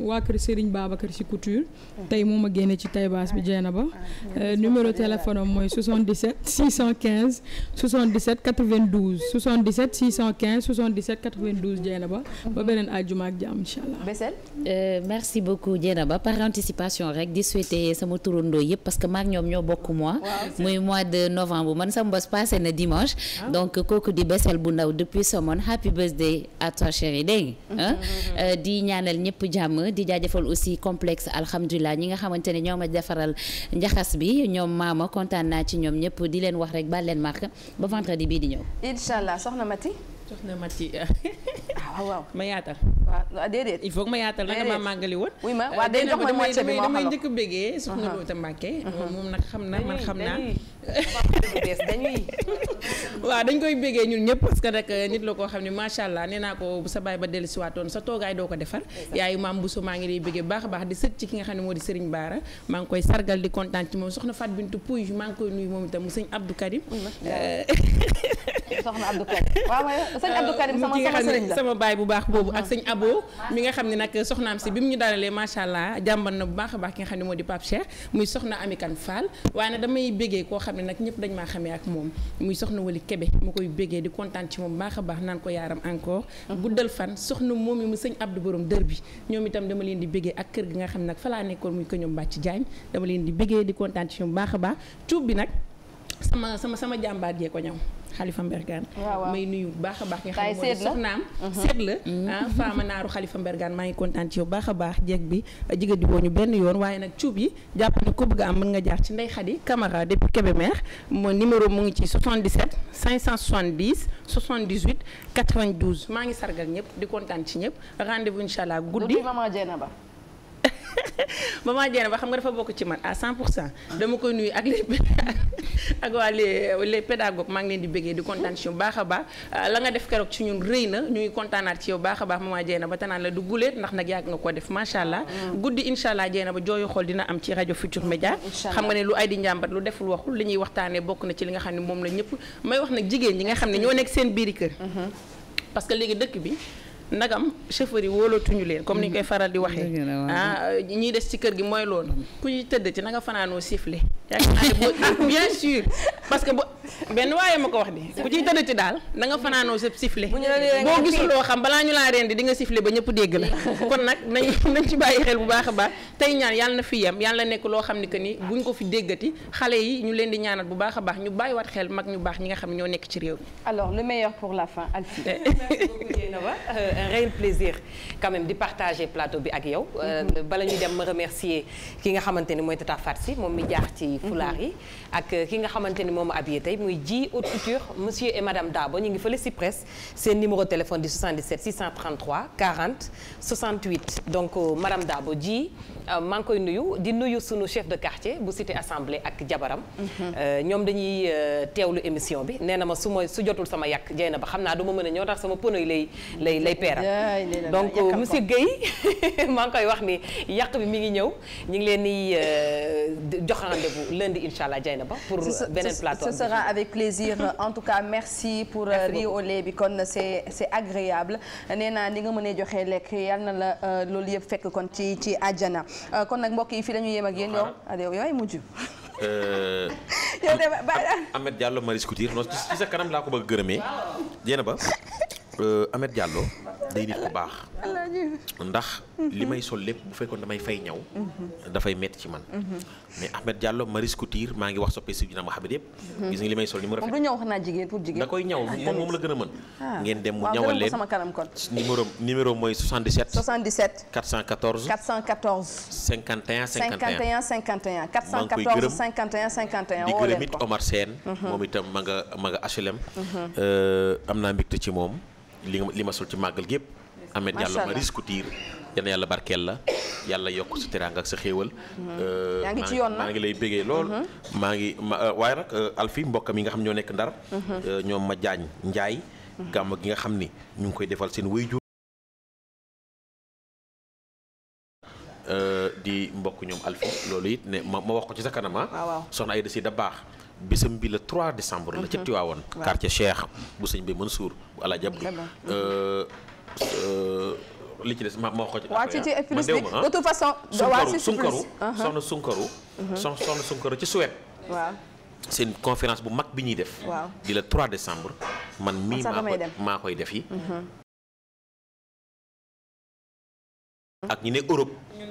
waa kër Serigne Babacar si couture mhm. tey moom a génne ci taybaas bi jéena ba ah, ah, ah. numéro téléphone am mooy 77 615 77 92 77 615 77 92 Dieynaba ba beneen àjjuma ak jàmm incha allah. Bessel. Euh, merci beaucoup Dieynaba par anticipation rek di souhaiter sama turandoo yëpp parce que maak ñoom ñoo bokk mois. muy mois de novembre man sama bés passé na dimanche. Ah. donc kooku di Bessel bu ndaw depuis Somone happy birthday à toi chérie dégg nga <laughs> euh, di ñaanal ñëpp jàmm di jaajëfal aussi complexe alhamdulilah ñi nga xamante ne ñoo ma defaral njaxas bi ñoom maama kontaan naa ci ñoom ñëpp di leen wax rek baal leen mark ba vendredi bii di ñëw. incha allah soxna Mati. soxna Mati ah waaw ma yaatal. waaw ah, déedéet. il faut ma yaatal nag damaa màggali woon. oui ma euh, waaw day jox ma moitié bi damay njëkk a bégee. soxna uh-huh. Loota Mbàkke. Uh-huh. moom nag xam na man xam naa. dañuy <laughs> waaw dañ koy bégee ñun ñëpp parce que nit la koo xam ne macha allah nee naa ko bu sa baay ba dellu si waatoon sa toogaay doo ko defar. yaayu maam Bousso maa ngi lay bégee baax a baax di sët ci ki nga xam ne moo di Serigne Bara maa ngi koy sargal di kontaan ci moom soxna Fat Bintou Pouy maa ngi koy nuyu moom itam mu sëñ Abdou Karim euh, <laughs> soxna Abdou Karim waaw waaye sëñ Abdou Karim sama baay bu baax boobu ak ah. sëñ Abo mi nga xam ne nag soxnaam si bi mu ñu dalalee macha allah jàmban na bu baax a baax ki nga xam ne moo di Pape Cheikh muy soxna amikan Fall waaye nag damay bégee koo xam ne nag ñëpp dañ maa xamee ak moom muy soxna Wali Kebe mu koy bégee di kontaan ci moom baax a baax naan ko yaaram encore mhm. guddal fan soxna moom yi mu sëñ Abdou Borom dër bi ñoom itam dama leen di bégee ak kër gi nga xam ne nag falaa nekkoon muy ko ñoom bàcc Jaañ dama leen di bégee di kontaan ci baax a baax tuub bi nag sama sama sama jàmbaar jee ko ñaw xalifa mbergaan may nuyu bu baax a baax nga xam ne mooy soxnaam mhm. seet la mhm. ah faama naaru xalifa mbergaan maa ngi kontaan ci yow baax a baax jeeg bi jigéen di boo ñu benn yoon waaye nag cuub yi jàpp ni ko bëgg am mën nga jaar ci Ndeye Khady Camara depuis Kébémer mo numéro mu ngi ci 77 570 78 92 maa ngi sargal ñëpp di kontaan ci ñëpp rendez-vous incha allah guddi maman Dieynaba <laughs> maman Diène ba xam nga dafa bokk ci man à 100 pour cent dama koy nuyu ak les ak waa les les pédagogues maa ngi leen di bëggee di kontaan ci ñu baax a euh, la nga def keroog ci ñun rëy na ñu ngi kontaanaat ci yow baax a baax maman Diène ba tanaan la du guleet ndax nag yàgg nga ko def macha allah. Mm. guddi incha allah Diène ba jooyu xool dina am ci rajo Futur mm, Média xam nga ne lu ay di njàmbat lu deful waxul li ñuy waxtaanee bokk na ci li nga xam ne moom la ñëpp may wax nag jigéen ñi nga xam ne ñoo nekk seen biiri kër mm-hmm. parce que léegi dëkk bi ndagam chauffeur yi wóolootuñu leen comme ni ñu koy faral di waxee ah ñiy des ci kër gi mooy loolu mm. ku ñuy tëdd ci na nga fanaanoo sifflet yaakaar <laughs> parce que bu benn waaye ma ko wax di ku ciy tëdd daal da nga fanaanoo sa sifflet boo gisuloo xam balaa ñu laa reen di di nga sifflet ba ñëpp dégg la <laughs> kon nag nañ nañ ci bàyyi xel bu baax a baax tey ñaan yàlla na fi yem yàlla nekk loo xam ni que ni buñ ko fi déggati xale yi ñu leen di ñaanal bu baax a baax ñu bàyyi bàyyiwaat xel mag ñu baax ñi nga xam ne ñoo nekk ci réew mi <laughs> un réel plaisir quand même di partager plateau bi ak yow. Mhm. Euh, bala ñu dem ma remercier ki nga xamante ni mooy Tata Fatsi moom mi jaax ci mhm. fulaar yi. ak euh, ki nga xamante ni moom habillé tey muy ji haute couture monsieur et madame Dabo ñu ngi fële si presse seen numéro téléphone di 77 633 40 68 donc euh, madame Dabo ji maa ngi koy nuyu di nuyu sunu chef de quartier bu cité assemblée ak jabaram. Mhm. ñoom dañuy teewlu émission bi nee na ma su ma su jotul sama yàq jey na ba xam naa du ma mën a ñëw tax sama pono feeram donc monsieur Guèye <laughs> maa ngi koy wax ni yàq bi mi ngi ñëw ñu ngi leen di euh, jox rendez-vous lundi incha allah jay na ba pour beneen plateau ce sera avec plaisir <laughs> en tout cas merci pour euh, riz au bi kon c'est c'est agréable nee naa ni nga mënee joxe lekk yal na la euh, loolu yëpp fekk kon ci ci àjjana kon nag mbokk yi fii la ñu yem ak yéen yow adew yooyu mujj <laughs> yow de Ahmed Diallo noonu ci sa kanam laa ko bëgg gërëmee jéena ba Euh, Ameth Diallo day nit ku baax ndax li may sol lépp bu fekkoon damay fay ñaw dafay metti ci man mais Ameth Diallo Maris Couture maa ngi wax soppe si dina ma xamet yëpp ni mu rafet du ñaw xanaa jigéen pour jigéen da koy ñaw ah, moom la gën a mën ah. ngeen dem mu ñawal leen sama kanam kon numéro numéro mooy 77 77 414 414 51 51 51 414 51 51 di gërëm it Omar Sène mhm. moom itam ma nga ma nga HLM mhm. euh, am naa mbégte ci moom li li ma sol ci màggal gépp Ahmed Diallo Maris Couture yal na yàlla barkeel la yàlla yokk sa teraanga ak sa xéewal mm-hmm. euh, yaa maa ngi lay bégee lool mm-hmm. maa ngi euh, waaye nag euh, Alfi mbokkam yi nga xam ñoo nekk Ndar mm-hmm. ñoom ma jaañ Njaay gàmm gi nga xam ni ñu ngi koy defal seen wéyjur di mbokk ñoom Alfi loolu it ne ma ma wax ko ci sa kanama ah. soxna ay da si da baax bisam bi le 3 décembre la ca mhm. Tiwaawoon quartier Cheikh bu sëñ bi Mansour bu Alaaji euh, euh, li ci des ma ma wax ko ci. waaw ci ci ah. plus ah. de sunkaru uh-huh. soxna sunkaru. Uh-huh. soxna soxna sunkaru ci Suède. seen conférence bu mag bi ñuy def. waaw di le 3 décembre. man mii maa koy def yi. Uh-huh.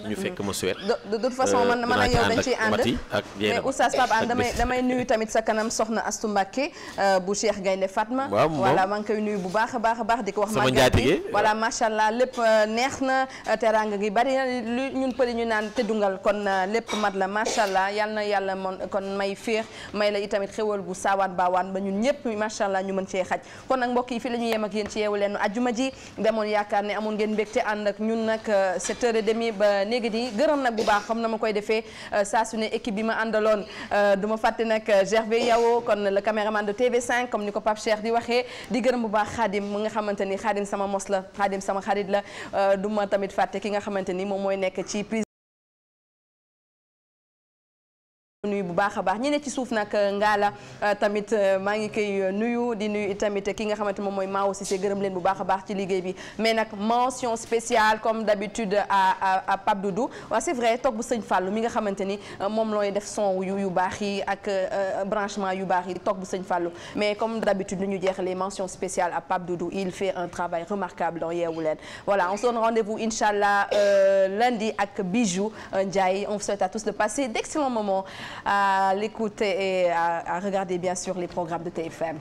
ñu fekk ma Suède. de toute façon man a ak euh, yow dañ ciy ànd ak mais oustaz Pape Hann damay nuyu tamit sa kanam soxna Astou Mbacké euh, bu Cheikh Gaynde Fatma. waaw moom voilà maa ngi koy nuyu bu baax a baax a baax. di ko wax sama njaatige voilà macha allah lépp euh, neex na teraanga gi bari na lu ñun përi ñu naan tëddungal kon lépp mat la macha allah yal na yàlla moom kon may féex may la itamit xéwal gu saawaan baawaan ba ñun ñëpp macha allah ñu mën cee xaj kon nag mbokk fi la ñu yem ak yéen ci yeewu leen ajuma ji demoon yaakaar ne amoon ngeen mbégte ànd ak ñun léegi di gërëm nag bu baax xam na ma koy defee euh, saa su ne équipe bi ma àndaloon euh, du ma fàtte nag euh, Gervais Yao kon le caméraman de TV5 ni ko Pape Cheikh di waxee di gërëm bu baax Xaadim mu nga xamante Xaadim sama mos la Xaadim sama xarit la du tamit fàtte ki nga xamante moom mooy nekk ci nuyu bu baax a baax ñi ne ci suuf nag euh, ngaala euh, tamit euh, maa ngi koy nuyu di nuyu tamit ki nga xamante moom mooy Mao Cissé gërëm leen bu baax a baax ci liggéey bi mais nag mention spéciale comme d'habitude à à Pape Doudou waaw c'est vrai toog bu sëñ Fallou mi nga xamante ni moom looy def son yu yu baax yi ak branchement yu baax yi toog bu sëñ Fallou mais comme d'habitude ñu jeexalee mention spéciale à Pape Doudou il fait un travail remarquable dans Yeewu Leen voilà on se donne rendez-vous inchallah ak Bijou Ndiaye on vous souhaite à l'écouter et à, à regarder bien sûr les programmes de TFM.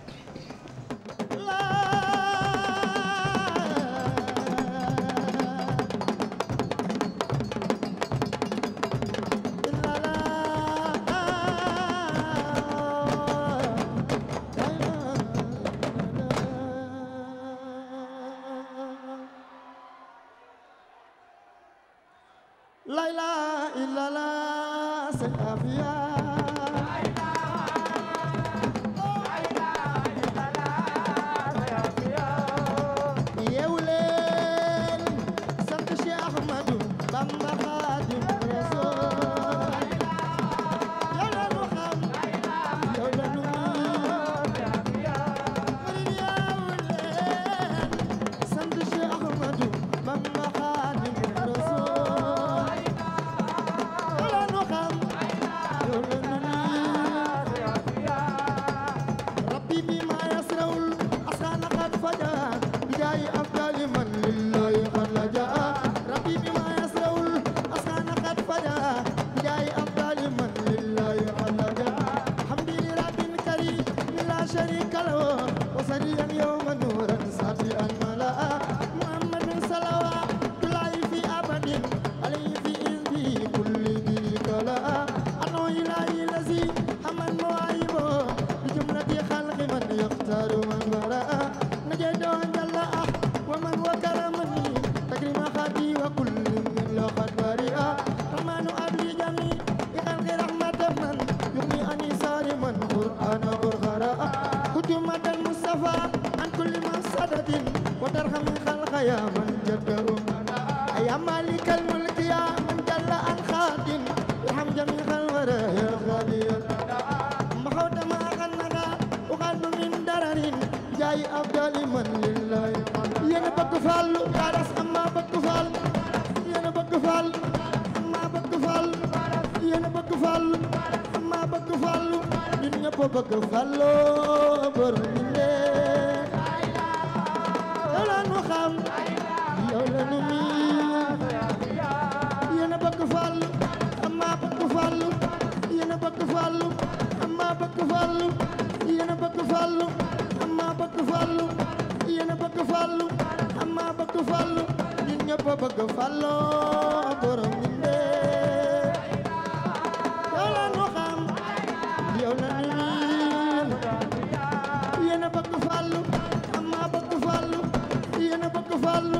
fàllu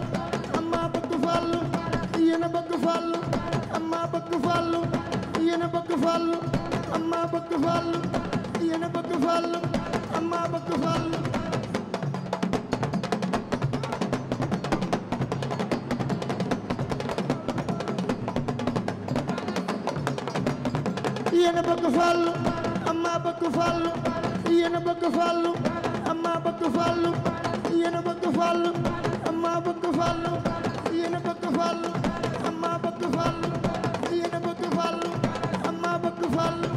am maa bëgg fàllu yéen a bëgg fàllu am maa bëgg fàllu yéen a bëgg fàllu am maa bëgg fàllu yéen a bëgg fàllu am maa bëgg fàllu yéen a bëgg fàllu am maa bëgg fàllu yéen a bëgg fàllu am maa bëgg fàllu yéen a bëgg fàllu maa bëgg fàllu yéen a bëgg fàllu am maa bëgg fàllu yéen a bëgg fàllu am maa bëgg fàllu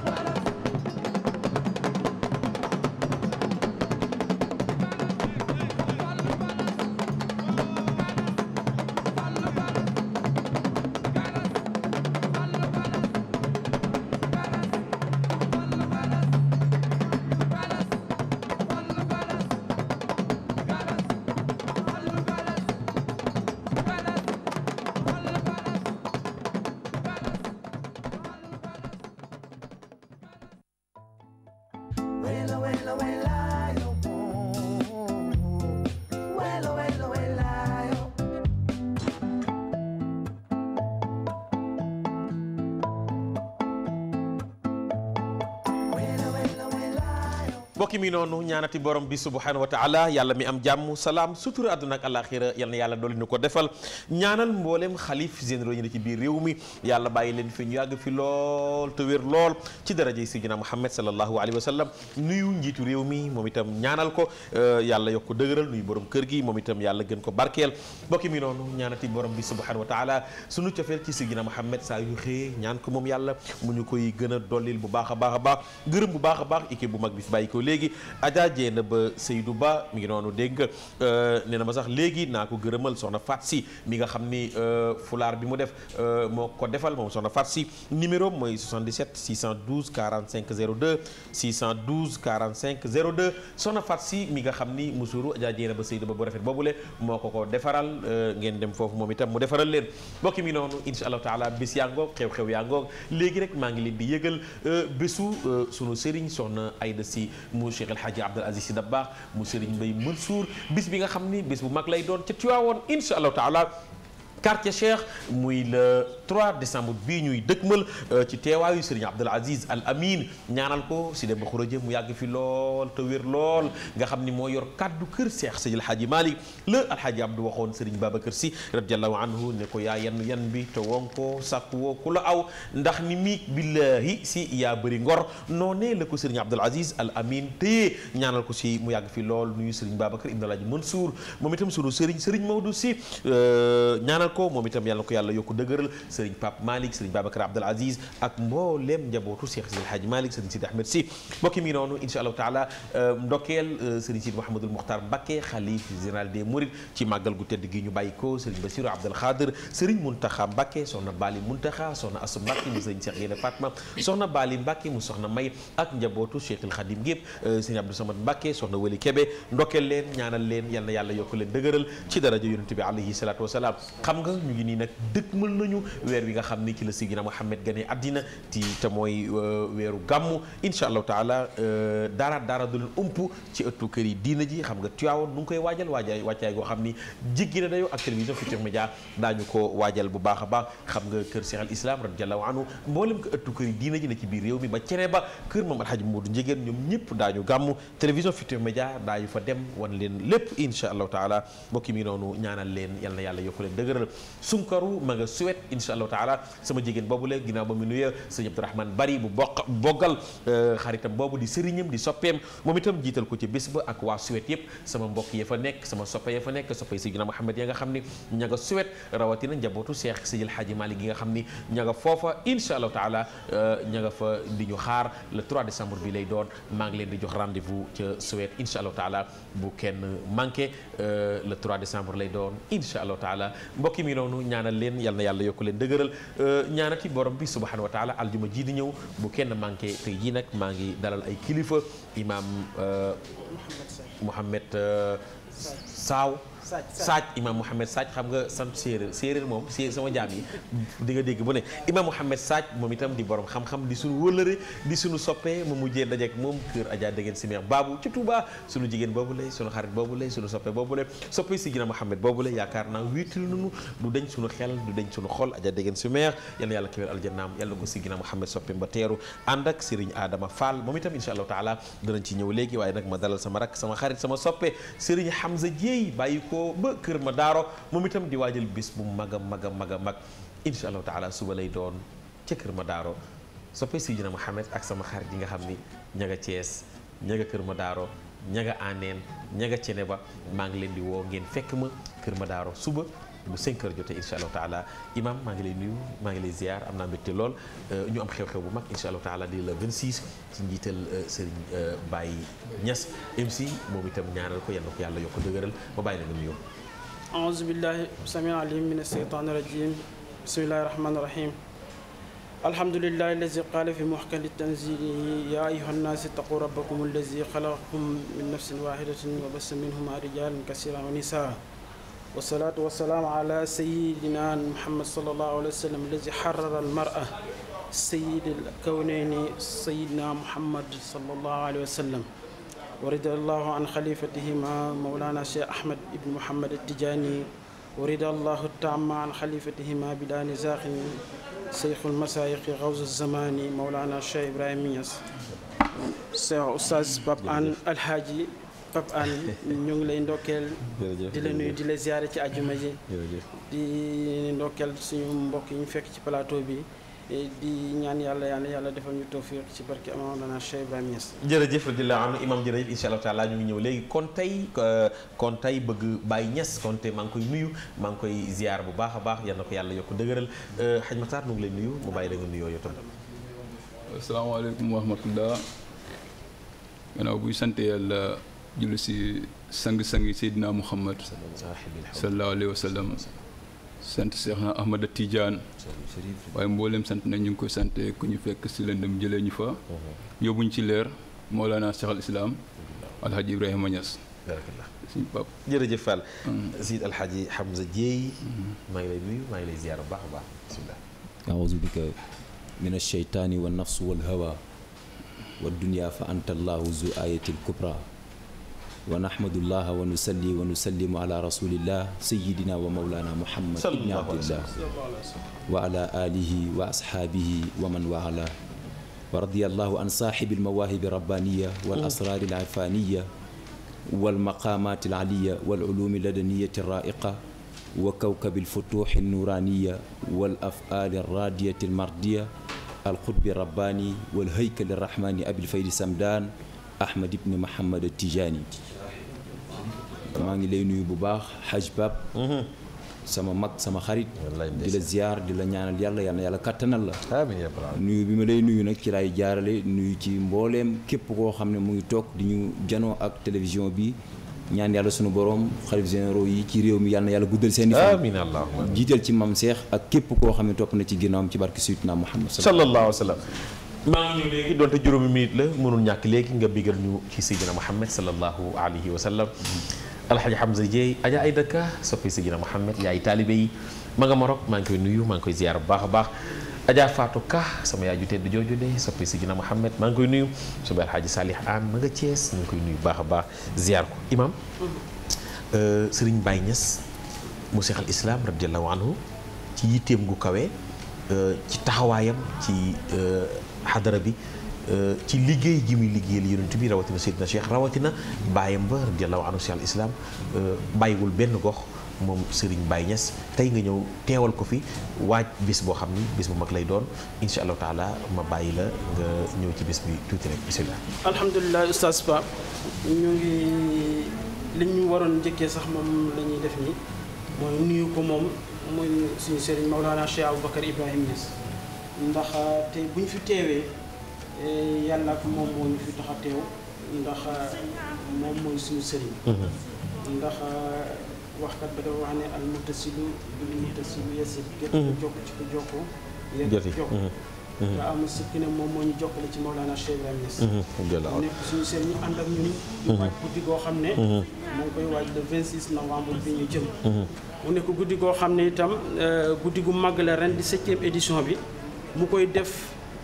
mbokki mi noonu ñaanati borom bi subhanahu wa taala yàlla mi am jàmm salaam sutura àdduna ak alaxira yal na yàlla doolu ñu ko defal ñaanal mboolem xalif généraux ñi ne ci biir réew mi yàlla bàyyi leen fi ñu yàgg fi lool te wér lool ci darajey sayyidina Muhammad sallallahu alayhi wa sallam réew mi moom itam ñaanal ko euh, yàlla yokk ko dëgëral nuyu borom kër gi moom itam yàlla gën ko barkeel mbokki mi noonu ñaanati borom bi subhanahu wa taala sunu cofeel ci sayyidina Muhammad saa yu xëyee ñaan ko moom yàlla mu ñu koy gën a dollil bu baax a baax a baax gërëm bu baax a baax équipe bu mag bi fi bàyyi ko léegi léegi Adja Dieng ba Seydou Ba mi ngi noonu dégg nga euh, nee na ma sax léegi naa ko gërëmal soxna Faat Si mi nga xam ni euh, fulaar bi mu def euh, moo ko defal moom soxna Faat Si numéro mooy 77 612 45 02 612 45 02 soxna Faat Si mi nga xam ni musuru Adja ba Seydou Ba bu rafet boobule moo ko ko defaral ngeen dem foofu moom itam mu defaral leen mbokki mi noonu incha allahu taala bis yaa ngoog xew-xew yaa ngoog léegi rek maa ngi leen di yëgal bésu sunu sëriñ soxna Ayda Si mu Cheikh El Hadji Abdoul Aziz Sy Dabakh mu Serigne Mbaye Mansour bis bi nga xam ni bis bu mag lay doon ca Tivaouane incha allahu taala quartier Cheikh muy la 3 décembre bii ñuy dëkkmal euh, ci teewaayu Serigne Abdoul Aziz Al Amin ñaanal ko si dem ba xuraje mu yàgg fi lool te wér lool nga xam ni moo yor kàddu kër seex Seydi la Hadji Malick la Al Hadji Abdou waxoon Serigne Babacar Sy radiallahu anhu ne ko yaa yenn yan bi te won ko sàkk woo ku la aw ndax ni miig billahi si yaa bëri ngor noonee la ko Serigne Abdoul Aziz Al Amin téye ñaanal ko si mu yàgg fi lool nuyu Serigne Babacar Ibn El Hadji Mansour moom itam sunu Serigne Serigne Maodo Sy euh, ñaanal ko moom itam yàlla ko yàlla yokku dëgëral sëriñ Pape Malick sëriñ Babacar Abdul Aziz ak mboolem njabootu Cheikh Sidi El Hadj Malick sëriñ Sidi Ahmed si mbokki mi noonu incha allahu taala euh, ndokkeel euh, sëriñ Sidi Mouhamadul Mokhtar Mbacké xalif général des Mourides ci màggal gu tedd gi ñu bàyyi ko sëriñ Bassirou Abdul Khadir sëriñ Mountakha Mbacké soxna Bali Mountakha soxna Assou Mbacké soxna Bali Mbacké mu soxna May ak njabootu Cheikh El Khadim gépp euh, sëriñ Abdou Samad Mbacké soxna Wali Kébé ndokkeel leen ñaanal leen yal na yàlla yokk leen dëgëral ci daraja yonente bi alayhi salaatu wasalaam weer wi nga xam ni ci la Seydina Mouhamed gane àddina ti te mooy euh, weeru gàmmu incha allahu taala euh, dara dara du leen ump ci ëttu kër yi diina ji xam nga Tiwaawoon nu ngi koy waajal waajaay wàccaay goo xam ni jéggi na dayoo ak télévision Futurs Médias daañu ko waajal bu baax a baax xam nga kër Cheikh al Islam radiallahu anhu mboolem ko ëttu kër yi diina ji na ci biir réew mi ba cene ba kër Mame Alhaji Modou Njegéen ñoom ñëpp daañu gàmmu télévision Futurs Médias daañu fa dem wan leen lépp incha allahu taala mbokki mi noonu ñaanal leen yal yàlla yokku leen dëgëral sunkaru allahu taala sama jigéen boobu la ginnaaw ba mu nuyee sëñ Abdourahmane Bari bu bokk boggal euh, xaritam boobu di sëriñam di soppeem moom itam jiital ko ci bés ba ak waa Suède yëpp sama mbokk yee fa nekk sama soppe ya fa nekk soppe Seydina Mouhamed ya nga xam ni ña nga Suède rawatina njabootu Cheikh Seydil Hadji Malick gi nga xam ni ñaga nga foofa insha allahu taala euh, ña fa di ñu xaar le 3 décembre bi lay doon maa ngi leen di jox rendez-vous ca Suède insha allahu taala bu kenn manqué euh, le 3 décembre lay doon insha allahu taala mbokki dëgëral euh, ñaanati borom bi subhanahu wa taala aljuma ji di ñëw bu kenn manqué tey jii nag maa ngi dalal ay kilifa imaam euh, Mouhamed euh, Saaw Saaj Imam Mouhamed Saaj xam nga sant séeréer séeréer moom séeréer sama jaam yi di nga dégg bu ne Imam Mouhamed Saaj moom itam di borom xam-xam di suñu wëllëre di suñu soppee mu mujjee dajeek moom kër Adja Degen Simeex Baabu ci Touba suñu jigéen boobu lay suñu xarit boobu lay suñu soppee boobu lay soppee si gina Mouhamed boobu lay yaakaar naa wiitul nunu du dañ suñu xel du dañ suñu xol Adja Degen Simeex yal na yàlla kiwér aljannaam yal ko si gina Mouhamed soppee ko ba Kër ma daaro moom itam di waajal bis bu mag a mag a mag a mag incha allahu taala suba lay doon ca Kër ma daaro soppe si dina Mouhamed ak sama xarit yi nga xam ni ña nga Thiès ña nga Kër ma daaro ña nga Aneen ña nga Ceneba maa ngi leen di woo ngeen fekk ma Kër ma daaro suba bu 5 heures jotee incha allahu taala imam maa ngi lay nuyu maa ngi lay ziar am naa mbégte lool euh, ñu am xew-xew bu mag incha allahu taala di la 26 ci njiital euh, Serigne euh, Baye Niass MC moom itam ñaanal ko yal na ko yàlla yokk dëgëral ma bàyyi la nga nuyoo. aouzu billahi samii alim min asheytaani rajim bismillahi rahmaani rahim. alhamdulilah allazi qaala fi muhkami tanzilihi yaa ayuha nnaas ittaqu rabbakum allazi xalaqakum min nafsin wahidatin wa bassa minhuma rijalan kasiran wa nisaa wasalaatu wasalaam ala sayidina muhammad salallahu alayhi wa sallam allazi xarara almara sayid alkawnayni sayidina muhammad salallahu alayhi wa sallam wa rida allahu an xalifatihima mawlana cheikh ahmad ibn muhammad attijaani wa rida allahu taama an xalifatihima bila nisaaxin seyxul masaayiqi xawsu zamaani mawlana cheikh ibrahima Niass cheikh oustaz Pape Hann alhaaji Pape Hann ñu ngi lay ndokkeel di la nuyu di la ziyaare ci àjjuma ji di ndokkeel suñu mbokk yi ñu fekk ci palaato bi di ñaan yàlla yàlla yàlla defal ñu tawfiq ci barke Amam Lana Cheikh Ibrahima Niass. jërëjëf radiyallahu anhu imam jërëjëf incha allah taala ñu ngi ñëw léegi kon tey euh, kon tey bëgg baay Niass kon tey maa ngi koy nuyu maa ngi koy ziar bu baax a baax yal na ko yàlla yokk dëgëral xaj euh, Matar nu ngi lay nuyu mu bàyyi la nga nuyoo yow tam. asalaamaaleykum wa rahmatullah. julli si sang-sang yi Seydina Muhammad sallallahu alayhi wa sallam sant Seexna Ahmada Tidiane waaye mboolem sant na ñu ngi koy sante ku ñu fekk si lëndëm jëlee ñu fa yóbbuñ ci leer Mawlana Cheikh al Islam Alhaji Ibrahima Niass suñu pap jërëjëf Fall mm. Seydi Alhaji Hamza Dieye maa ngi lay nuyu maa ngi lay ziyaar bu baax a baax bismillah aouzu bika min alcheytaani wa nafs walhawa wa dunia fa anta allahu zu ayatil kubra wa nahmadullaha wa nusalli wa nusallimu ala rasulillah sayidina wa mawlana muhammad ibni abdillah wa ala alihi wa ashaabihi wa man waala wa radiyallahu an saaxibi almawaahibi rabbaniya wal asraari alirfaniya والمقامات العلية والعلوم اللدنية الرائقة وكوكب الفتوح النورانية والأفعال الرادية المردية القطب الرباني والهيكل الرحماني أبي الفيل سمدان Ahmed ibn Mohamed Tijani maa ngi lay nuyu bu baax Haj Bab mhm. sama mag sama xarit di la ziar di la ñaanal yàlla yal yàlla kàttanal la nuyu bi ma lay nuyu nag ci lay jaarale nuyu ci mbooleem képp koo xam ne mu ngi toog di ñu janoo ak télévision bi ñaan yàlla sunu boroom xalif généraux yi ci réew mi yal na yàlla guddal seen i jiital ci mam Seex ak képp koo xam ne topp na ci ginnaawam ci barke Seydina Muhammad sallallahu maa ngi ñëw léegi donte juróomi minute la mënul ñàkk léegi nga bigal ñu ci Seydina Mouhamed sallallahu alayhi wa sallam mm-hmm. alxaji Hamza Dieye aja ay dëkka soppi Seydina Mouhamed yaay taalibe yi ma nga Maroc maa ngi koy nuyu maa ngi koy ziyaar bu baax a baax Adja Fatou Ka sama yaay ju tedd jooju de soppi Seydina Mouhamed maa ngi koy nuyu suba alxaji Salih An ma nga Thiès ñu ngi koy nuyu baax a baax ziyaar ko imam mm-hmm. euh, Serigne Baye Niass mu seexal islam radiallahu anhu gu kawe euh, ci taxawaayam ci euh, xadara bi euh, ci liggéey ji muy liggéeyal yonent bi rawatina Seydina Cheikh rawatina bàyyam ba radiyallahu anhu si al islam euh, bàyyiwul benn gox moom sëriñ Baye Niass tey nga ñëw teewal ko fi waaj bis boo xam ni bis bu mag lay doon incha allahu taala ma bàyyi la nga ñëw ci bis bi tuuti rek bisimilah. alhamdulilah oustaz Pape ñu ngi li ñu waroon njëkkee sax moom la ñuy def nii mooy nuyu ko moom mooy suñu Serigne Maulana Cheikh Aboubacar Ibrahim Niass. ndax euh, tey bu ñu fi teewee euh, yàlla ak moom moo ñu fi ndax euh, moom mooy suñu sëriñ mm-hmm. ndax waxkat ba dafa wax ne al muttasilu bil muttasilu yasib gerte mm-hmm. ko jokk ci ko mm-hmm. sikki ne moom moo ñu jokkale ci Mawlana Cheikh Ibrahima Niass nekk suñu seen ñu ànd ak ñun xam ne moo ngi koy waaj le 26 bi ñu jëm mu nekk guddi goo xam ne itam guddi gu màgg la ren di septième édition bi mu koy def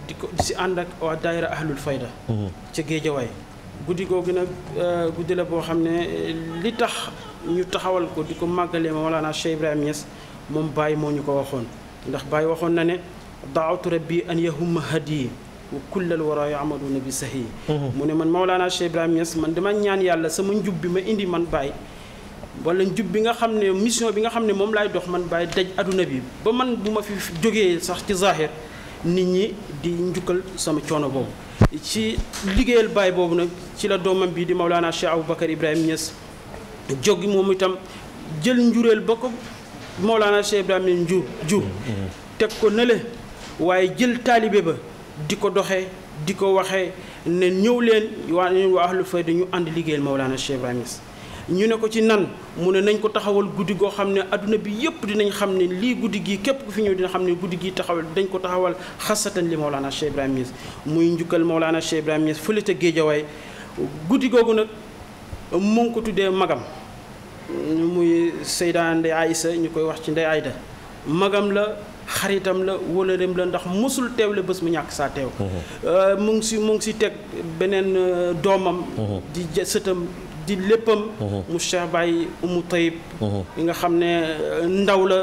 di ko si ànd ak waa daayira ahlul fayda mhm. ca géejawaay guddi googu nag euh, guddi la boo xam ne euh, li tax ñu taxawal ko di ko màggale Mawlana Cheikh Ibrahima Niass moom Baye moo ñu ko waxoon ndax Baye waxoon na ne daawatu rabbi an yahumma hadiyi wa kullal wara yamaduna bi sahi mhm. man Mawlana Cheikh Ibrahima man dama ñaan yàlla sama njub bi ma indi man Baye wala njub bi nga xam ne mission bi nga xam ne moom laay dox man Baye daj aduna bi ba man bu ma fi jógee sax ci zahir nit ñi di njukkal sama coono boobu ci liggéeyal baay boobu nag ci la doomam bi di Maulana Cheikh Aboubacar Ibrahim Niass jógi moom itam jël njureel ba ko Maulana Cheikh Ibrahim njur jur teg ko nële waaye jël taalibe ba di ko doxee di ko waxee ne ñëw leen waa ñun waa ahlu dañu ñu ànd liggéeyal Maulana Cheikh Ibrahim Niass ñu ne ko ci nan mu ne nañ ko taxawal guddi goo xam ne àdduna bi yépp dinañ xam ne lii guddi gii képp ku fi ñëw dina xam ne guddi gi taxawal dañ ko taxawal xasatan li Mawlana Cheikh Ibrahim Niass muy njukkal Mawlana Cheikh Ibrahim Niass fële ca Géejawaay guddi googu nag mu ko tuddee magam muy Seyda Ndey Aïssa ñu koy wax ci Ndey Ayda magam la xaritam la wala dem la ndax mosul teew la bés mu ñàkk saa teew mhm. euh, mu si mu ngi si teg beneen euh, doomam mhm. di sëtam di léppam mu Cheikh Baye Oumou Tayib. mi nga xam ne euh, ndaw la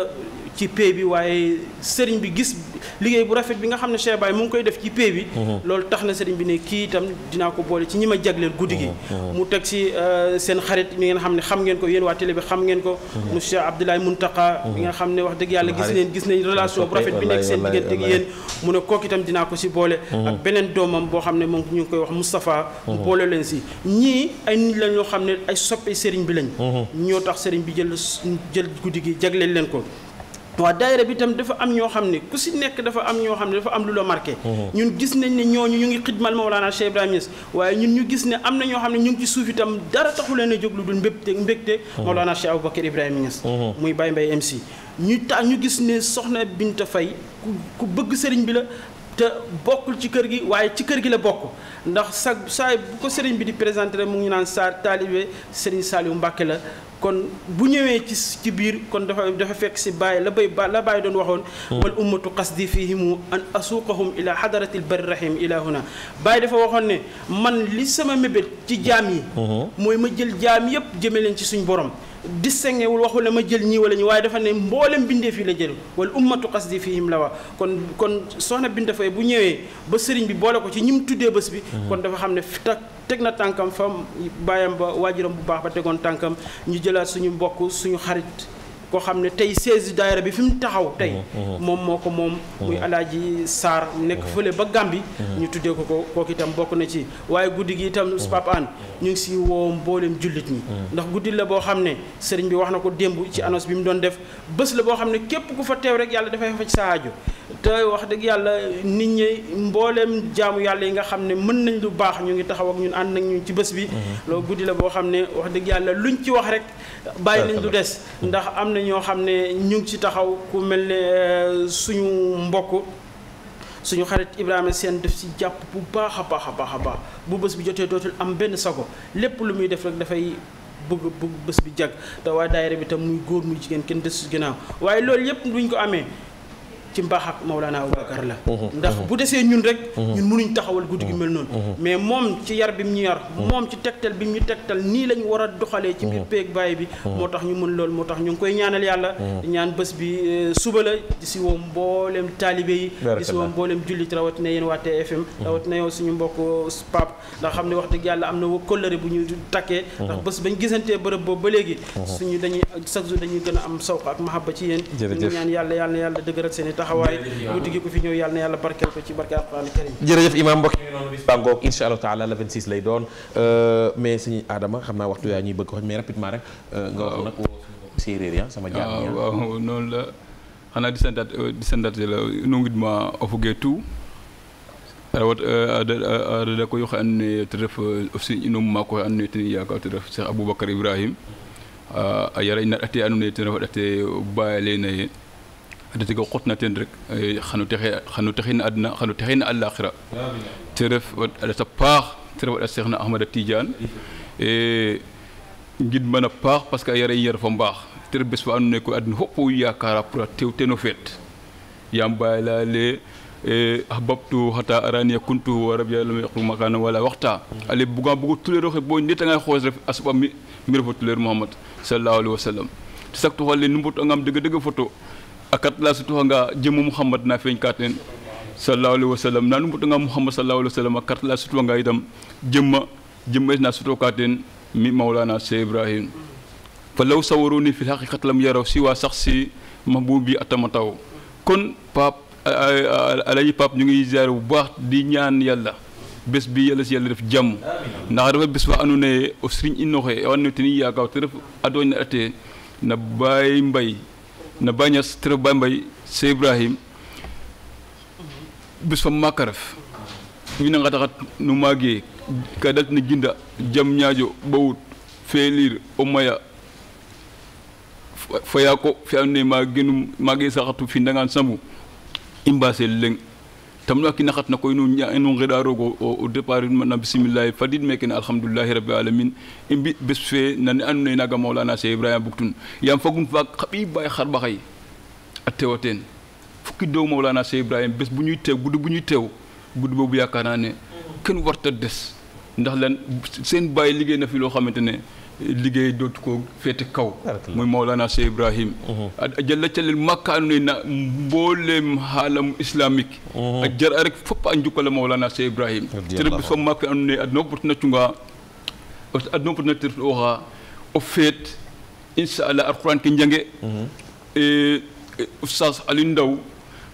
ci pay bi waaye sëriñ bi gis liggéey bu rafet bi nga xam ne Cheikh mu ngi koy def ci pay bi mhm. loolu tax na sëriñ bi ne kii itam dinaa ko boole ci ñi ma jagleel guddi gi mhm. Mhm. mu teg si euh, seen xarit mi ngeen xam ne xam ngeen ko yéen waa télé bi xam ngeen ko monsieur Abdoulaye Muntaka bi nga xam ne wax dëgg yàlla gis neen gis nañ relation bu rafet bi nekk seen diggante ak yéen mu ne dinaa ko si boole ak beneen doomam boo xam ne moom ñu ngi koy wax Moustapha mu boole leen si ñii ay nit la ñoo xam ne ay soppe sëriñ bi lañ ñoo tax sëriñ bi jël jël guddi gi jagleel leen ko waa daayira bi itam dafa am ñoo xam ne ku si nekk dafa am ñoo xam ne dafa am lu la marqué mhm. ñun gis nañ ne ñooñu ñu ngi ma xidmal Mawlana Cheikh Ibrahima Niass waaye ñun ñu gis ne am na ñoo xam ne ñu ngi ci suuf itam dara taxu leen a jóg lu dul mbégte mbégte mhm. Mawlana Cheikh Aboubacar Ibrahima Niass mhm. muy Baye Mbaye MC ñu tax ñu gis ne soxna Binta Faye ku bëgg sëriñ bi la te bokkul ci kër gi waaye ci kër gi la bokk ndax sa saay bu ko sëriñ bi di présenter rek mu ngi naan Sarr taalibe sëriñ Saliou Mbacke la kon bu ñëwee ci ci biir kon dafa dafa fekk si bàyyi la bay ba la bàyyi doon waxoon hmm. wal ummatu qasdi fihimu an asuuqahum ila xadaratil bari rahim ila huna bàyyi dafa waxoon ne man li sama mébét ci jaam yi hmm. mooy ma jël jaam yépp jëme leen ci suñu borom di wul waxu la ma jël ñii wala ñi waaye dafa ne mboolem bindee fii la jël wala ummatu qasdi fihim la wax kon kon soxna Binta Faye bu ñëwee ba sëriñ bi boole ko ci ñi mu tuddee bés bi mhm. kon dafa xam ne tak teg na tànkam fa bàyyam ba waajuram bu baax ba tegoon tànkam ñu jëlaat suñu mbokk suñu xarit koo xam ne tey siège daayira bi fi mu taxaw tey mm-hmm, mm-hmm. moom moo ko moom muy mm-hmm. alaaji Sarr nekk fële ba Gàmbi ñu tuddee ko ko kooku itam bokk na ci waaye guddi gi itam Pape ann ñu ngi si woo mbooleem jullit ñi ndax guddi la boo xam ne sëriñ bi wax na ko démb ci annonce bi mu doon def bés la boo xam ne képp ku fa teew rek yàlla dafay faj sa aajo te wax dëgg yàlla nit ñi mbooleem jaamu yàlla yi nga xam ne mën nañ lu baax ñu ngi taxaw ak ñun ànd nañ ñun ci bés bi loolu guddi la boo xam ne wax dëgg yàlla luñ ci wax rek bàyyi ñoo xam ne ñu ngi ci taxaw ku mel ne euh, suñu mbokk suñu xarit Ibrahima seen def ci jàpp bu baax a baax a baax a baax bu bës bi jotee dootul am benn sago lépp lu muy def rek dafay bëgg bëgg bés bi jag te waa daayira bi tam muy góor mu jigéen kenn des ci ginnaaw waaye loolu yëpp luñ ko amee ci mbaax ak Mawlana Aboubacar la ndax bu desee ñun rek ñun mënuñ taxawal guddi gi mel noonu mais moom ci yar bi mu ñu yar moom ci tegtal bi mu ñu tegtal nii lañ war a doxalee ci biir péeg baay bi moo tax ñu mën lool moo tax ñu ngi koy ñaanal yàlla ñaan bés bi euh, suba la di si woo taalibe yi di si woo mbooleem jullit rawatina yéen waa TFM rawatina yow suñu mbokk euh, pap ndax xam ne wax dëgg yàlla am na kóllëre bu ñu takkee ndax bés bañ gisantee bërëb boobu ba léegi suñu dañuy chaque jour dañuy gën a am sawq ak mahabba ci yéen ñu ñaan yàlla yàlla yàlla taxawaay na yàlla barkeel ko ci barke alquran noonu la 26 lay doon euh, mais suñu aadama xam naa waxtu yaa ñuy bëgg xooj mais rapidement euh, ah, noonu la xanaa di santaat di santaat la nongit ma ofuge tout rawat euh, aɗa ko yoxe andoona yee te ref aussi inomu maak Ibrahim a yara i naɗ yee ten ref a ƭate baa yee adate ko xotna ten rek xanu texe xanu texin adna xanu texin alaxira te ref a ɗata paax te ref a ɗat Seexna Ahmada Tidiane ngidman a paax parce que a yara yar fo mbaax te ref bés fa andoona yee koy adna fop o yaakaara pour a teew teen feet yaam Baay laya le e, ahbabtu xata arani a kuntu wa rabbi makana wala waxta ale buga bugo tuleer oxe bo ndetanga xoos ref a soɓa mi mi refo tuleer Muhammad sallallahu alayhi wa sallam te saqtu xale nu mbotangam akat la sutuhanga jëmmu muhammad na feeñ kaaten sallallahu alaihi wasallam nanu mutanga muhammad sallallahu alaihi wasallam akat la sutuhanga itam jëmma jëmmes na suto kaaten mi maulana sey ibrahim fa law sawaruni fil haqiqat lam yaraw si waa sax si mahbubi atama taw kon pap alaji pap ñu ngi ziar bu baax di ñaan yàlla bés bi yàlla si yàlla def jàmm ndax dafa bés fa andoona yee o sëriñ inoxe o andoona yee ten i yaakaw te mbay na banhas tira bambay se ibrahim bis fam makaraf wina ngataxat no maage ka daltina ginda jam ñaajo bawut felir o maya faya ko fe andoona yee ma genum maage saxatu fi ndangaan sambu i mbaase tamlaki nakatna koye no eno geɗarogo o départ na bisimillahi fadid me kene alhamdoulillahi rabbil alamin i mbi bes fe nane andu naye naga mawlana cheikh ibrahima buktun yaam fagun faak xaɓi baye xarɓa xay a tewa teen fukki dow mawlana cheikh ibrahima bes bu ñuy teew guddi bu ñuy teew guddi boobu yaakaar naa ne kenn warta des ndax lan seen bàyyi liggéey na fi loo xamante ne liggéey dootu ko kaw muy Mawlana Cheikh Ibrahim uh-huh. jalla calel makkaanu ne na mbooleem haalam islamique uh-huh. a jar rek fopp a njukkal Mawlana Cheikh Ibrahim te rek so makka anu ne aduna ko potna cunga aduna ko potna tirti oxa o feet inshallah alquran ke njange uh-huh. e eh, eh, oustaz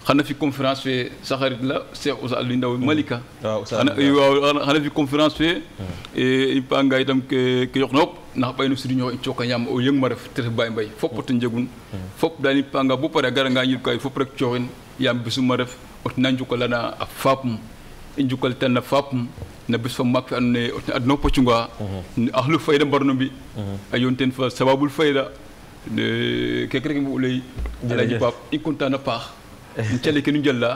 xana fi conférence fee sa la Cheikh Ousa Aliou Ndaw Malika xana mm. waaw xana fi conférence fee mm. eh, i paanga itam ke yoq na fop naxa ɓay no siriño i cooka yaam o te ref Baye Mbaye fop ten njegun mm. fop daan i paanga bo pare a garanga ñirka fop rek cooxin yaam bisuma ref o tina njukalana a faapum i njukal tan na faapum na bés fa maak fi andoona yee o tina adna pocunga mm-hmm. axlu fayda mbarno mbi mm-hmm. a yoon ten fa sababul fayda keke rek i mbu'u lay Alaaji Pape i content a paax calle ke nu jalla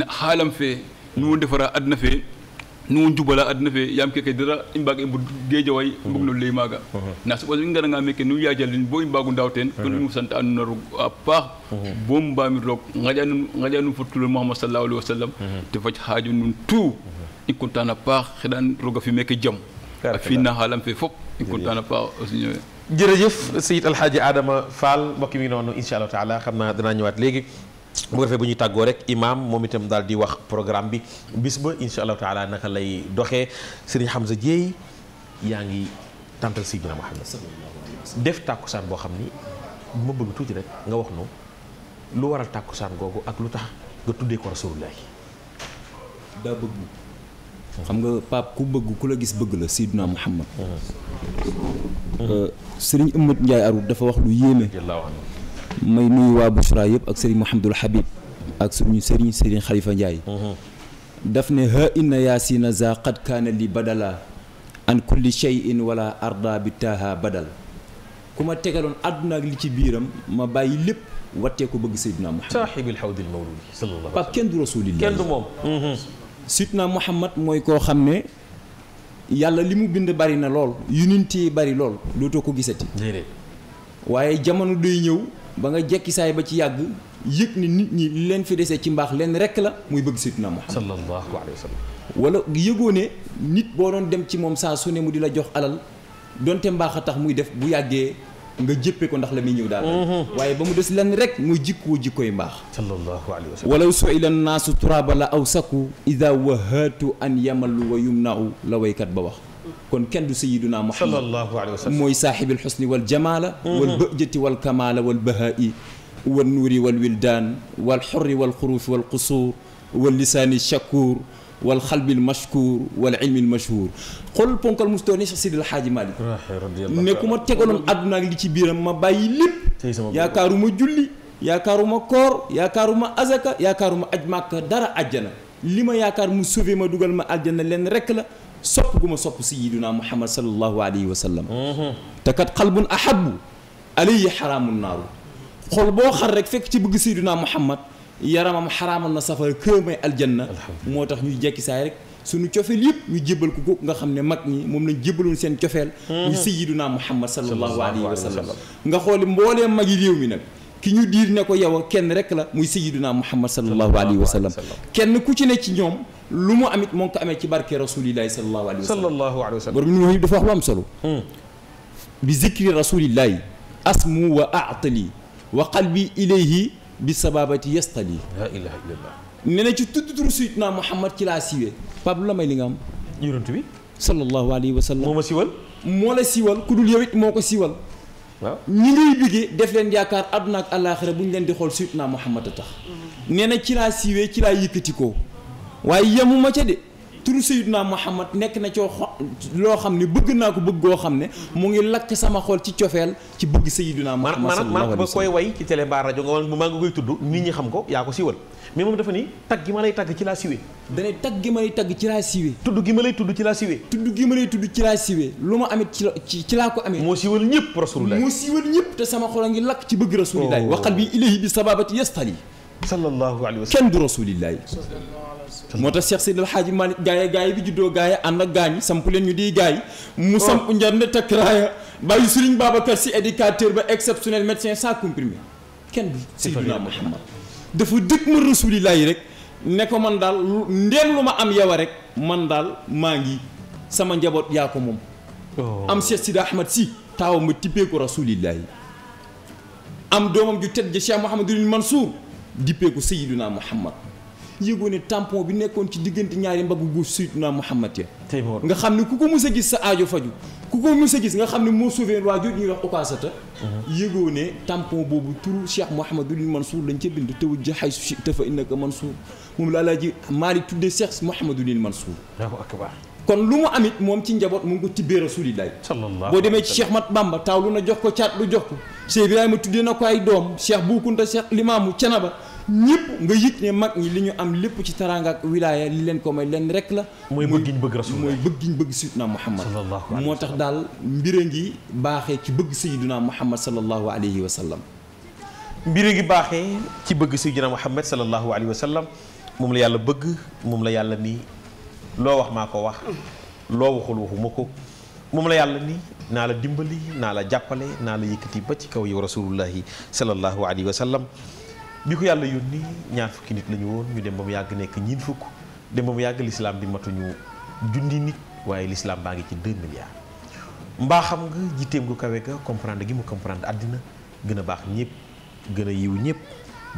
na haalam fe nu wo ndefara adna fe nu wo njubala adna fe yaam keke dara i mbaag e mbud geejaway mm-hmm. mbug no ley maaga mm-hmm. nda mm-hmm. a soɓa i ngaranga a nuuna roog a paax bo mbaamir roog ngaƴa nun ngaƴa nun fo tulol Muhammad sallallahu fi meeke jam a fi'na haalam fe fop i content a paax aussi jërëjëf Seydi Alxaaji Adama Fall mbokk mi noonu incha allah taala xam naa danaa ñëwaat léegi bu ko bu ñuy tàggoo rek imaam moom itam daal di wax programme bi bis ba incha allahu taala naka lay doxee sëriñ Hamza Dieye yaa ngi tàntal Sidina Muhammad def tàkkusaan boo xam ni ma bëgg tuuti rek nga wax nu lu waral tàkkusaan googu ak lu tax nga tuddee ko rasulullah daa bëgg xam nga paap ku bëgg ku la gis bëgg la Sidina Muhammad euh, sëriñ Ëmmat Njaay Aru dafa wax lu yéeme may nuyu waa Bouchra yëpp ak Serigne Mouhamadul Habib ak suñu Serigne Serigne Khalifa njaay mhm. daf ne ha inna yaasina za qad kaana badala an kulli shay'in wala arda bi taaha badal ku ma tegaloon àdduna ak li ci biiram ma bàyyi lépp wattee ko bëgg Seydina Muhammad saaxibil xawdil mawludi sallallahu pap kenn mhm. Muhammad mooy koo xam ne yàlla li mu bind bari na lool yu yi bari lool dootoo ko gisati waaye jamono day ñëw ba nga jekki saay ba ci yàgg yëg ni nit ñi li leen fi desee ci mbaax lenn rekk la muy bëgg Seydina Muhammad sallallahu alayhi wa sallam wala yëgoo ne nit boo doon dem ci moom saa su ne mu di la jox alal donte mbaax a tax muy def bu yàggee nga jëppe ko ndax la muy ñëw daal mhm. waaye ba mu des lenn rek muy jikkoo jikkoy mbaax sallallahu alayhi wa sallam walaw suila naasu turaaba la aw sakku ida wahaatu an yamalu wa naaw la waykat ba wax kon kenn du sayiduna muhammad sallallahu alayhi wa sallam mooy saaxibil xusni wal jamaala mhm. wal bëjati wal kamaala wal bahaa'i wal nuuri wal wildaan wal xurri wal xuruufi wal qusuur wal lisaani shakuur wal xalbil mashkuur wal ilmil mashhuur xool ponkal mustoo ni Cheikh Sidil Xaaji Maalik ne ku ma tegaloon àdduna ak li ci biiram ma bàyyi lépp yaakaaruma julli yaakaaruma koor yaakaaruma azaka yaakaaruma aj màkka dara àjjana li ma yaakaar mu sauvé ma dugal ma àjjana leen rekk la sopp ku ma sopp sayyiduna muhammad sallallahu alayhi wa sallam te kat xalbun ahabu alayhi xaraamun naaru xol boo xar rek fekk ci bëgg sayyiduna muhammad yaramam xaraamal na safara kër may aljanna moo tax ñuy jekki saay rek suñu cofeel yëpp ñu jébbal ko kooku nga xam ne mag ñi moom lañ jébbaloon seen cofeel ñu sayyiduna muhammad sallallahu alayhi wa sallam nga xooli mboolee yi réew mi nag ki ñu diir ne ko yow kenn rek la muy sayyiduna muhammad sallallahu alayhi wa kenn ku ci ne ci ñoom lu mu amit moo ngi ko amee ci barke rasulillahi sallallahu alayhi wa sallam sallallahu alayhi wa sallam borom ñu dafa wax lu am hmm. bi zikri asmu wa aatali wa qalbi ilayhi bi sababati yastali la ilaha illallah ne na ci tudd turu sayyiduna muhammad ci laa siwee pab la may li nga am yonent bi sallallahu wa sallam moo ma siwal moo la siwal ku dul yow it moo ko siwal ñi ngay biggee def leen yaakaar àdduna ak àllaaxira bu ñu leen di xool suyt naa Muhammad a tax mm-hmm. nee na ci laa siiwee ci laa yëkkati ko waaye yemuma ca de turu Seydina Muhammad nekk na coo loo xam ne bëgg naa ko bëgg goo xam ne mu ngi lakk sama xol ci cofeel ci bëgg Seydina Muhammad maanaam ba koy way ci télé ba rajo nga wala ma nga koy tudd nit ñi xam ko yaa ko siiwal mais moom dafa ni tag gi ma lay tagg ci laa siwee dane tag gi ma lay tagg ci laa siwee ma lay tudd ci laa siwee tudd gi ma lay tudd lu ma amit ci laa ko amee moo siiwal ñëpp ñëpp te sama xol a ngi lakk ci bëgg rasulillah oh. waqal bi ilahi bi sababati yastali sallallahu alayhi wa moo tax Cheikh Seydil Hadji Malick gaaya gaaya bi juddoo gaaya ànd ak gaañ samp leen ñu di gaay mu oh. samp njarnde takraaya bàyyi Serigne Babacar si éducateur ba exceptionnel médecin sans comprimé kenn du Seydina Muhammad dafa dëkk ma rasulilaay rek ne ko man daal ndéem lu ma am yow rek man daal maa ngi sama njaboot yaa ko moom oh. am Cheikh Sidi Ahmad si taaw ma tippee ko rasulilaay am doomam ju tedd ja Cheikh Mouhamadul Mansour dippee ko Seydina Muhammad yëgoo ne tampon bi nekkoon ci diggante ñaari mbaggu góor Seydina Muhammad ya nga xam ne ku ko mës a gis sa aajo faju ku ko mës a gis nga xam ne moo sauvé waa jooju ñuy wax ukaasata mhm. yëgoo ne tampon boobu turu Cheikh Mouhamadul Mansour lañ ca bind tawajjah haysu shi'ta fa innaka Mansour moom laa Alaaji Maalik tuddee Cheikh Mouhamadul Mansour kon lu mu amit moom ci njaboot mu ngi ko tibbee rasulillahi boo demee ci Cheikh Mat Bamba taaw lu na jox ko caat lu jox ko Cheikh tuddee na ko ay doom Cheikh Boukounta Cheikh Limaamu Canaba ñëpp nga yëg ne mag ñi li ñu am lépp ci taraanga ak wilaaya li leen ko may leen rek la. mooy bëggiñ bëgg rasul mooy bëggiñ bëgg sayyiduna Muhammad moo tax daal mbir a ngi baaxee ci bëgg sayyiduna Muhammad sallallahu alayhi wa sallam. mbir a ngi baaxee ci bëgg sayyiduna Muhammad sallallahu alayhi wa sallam moom la yàlla bëgg moom la yàlla nii loo wax maa ko wax loo waxul waxuma ko moom la yàlla ni naa la dimbali naa la jàppale naa la yëkkati ba ci kaw yow rasulullahi sallallahu alayhi wa sallam. bi ko yàlla yónni ñaar fukki nit la ñu woon ñu dem ba mu yàgg nekk ñiin fukk dem ba mu yàgg lislaam bi matuñu junni nit waaye lislaam baa ngi ci 2 milliards mbaa xam nga jiiteem gu kawe ga comprendre gi mu comprendre àddina gën a baax ñëpp gën a yiw ñëpp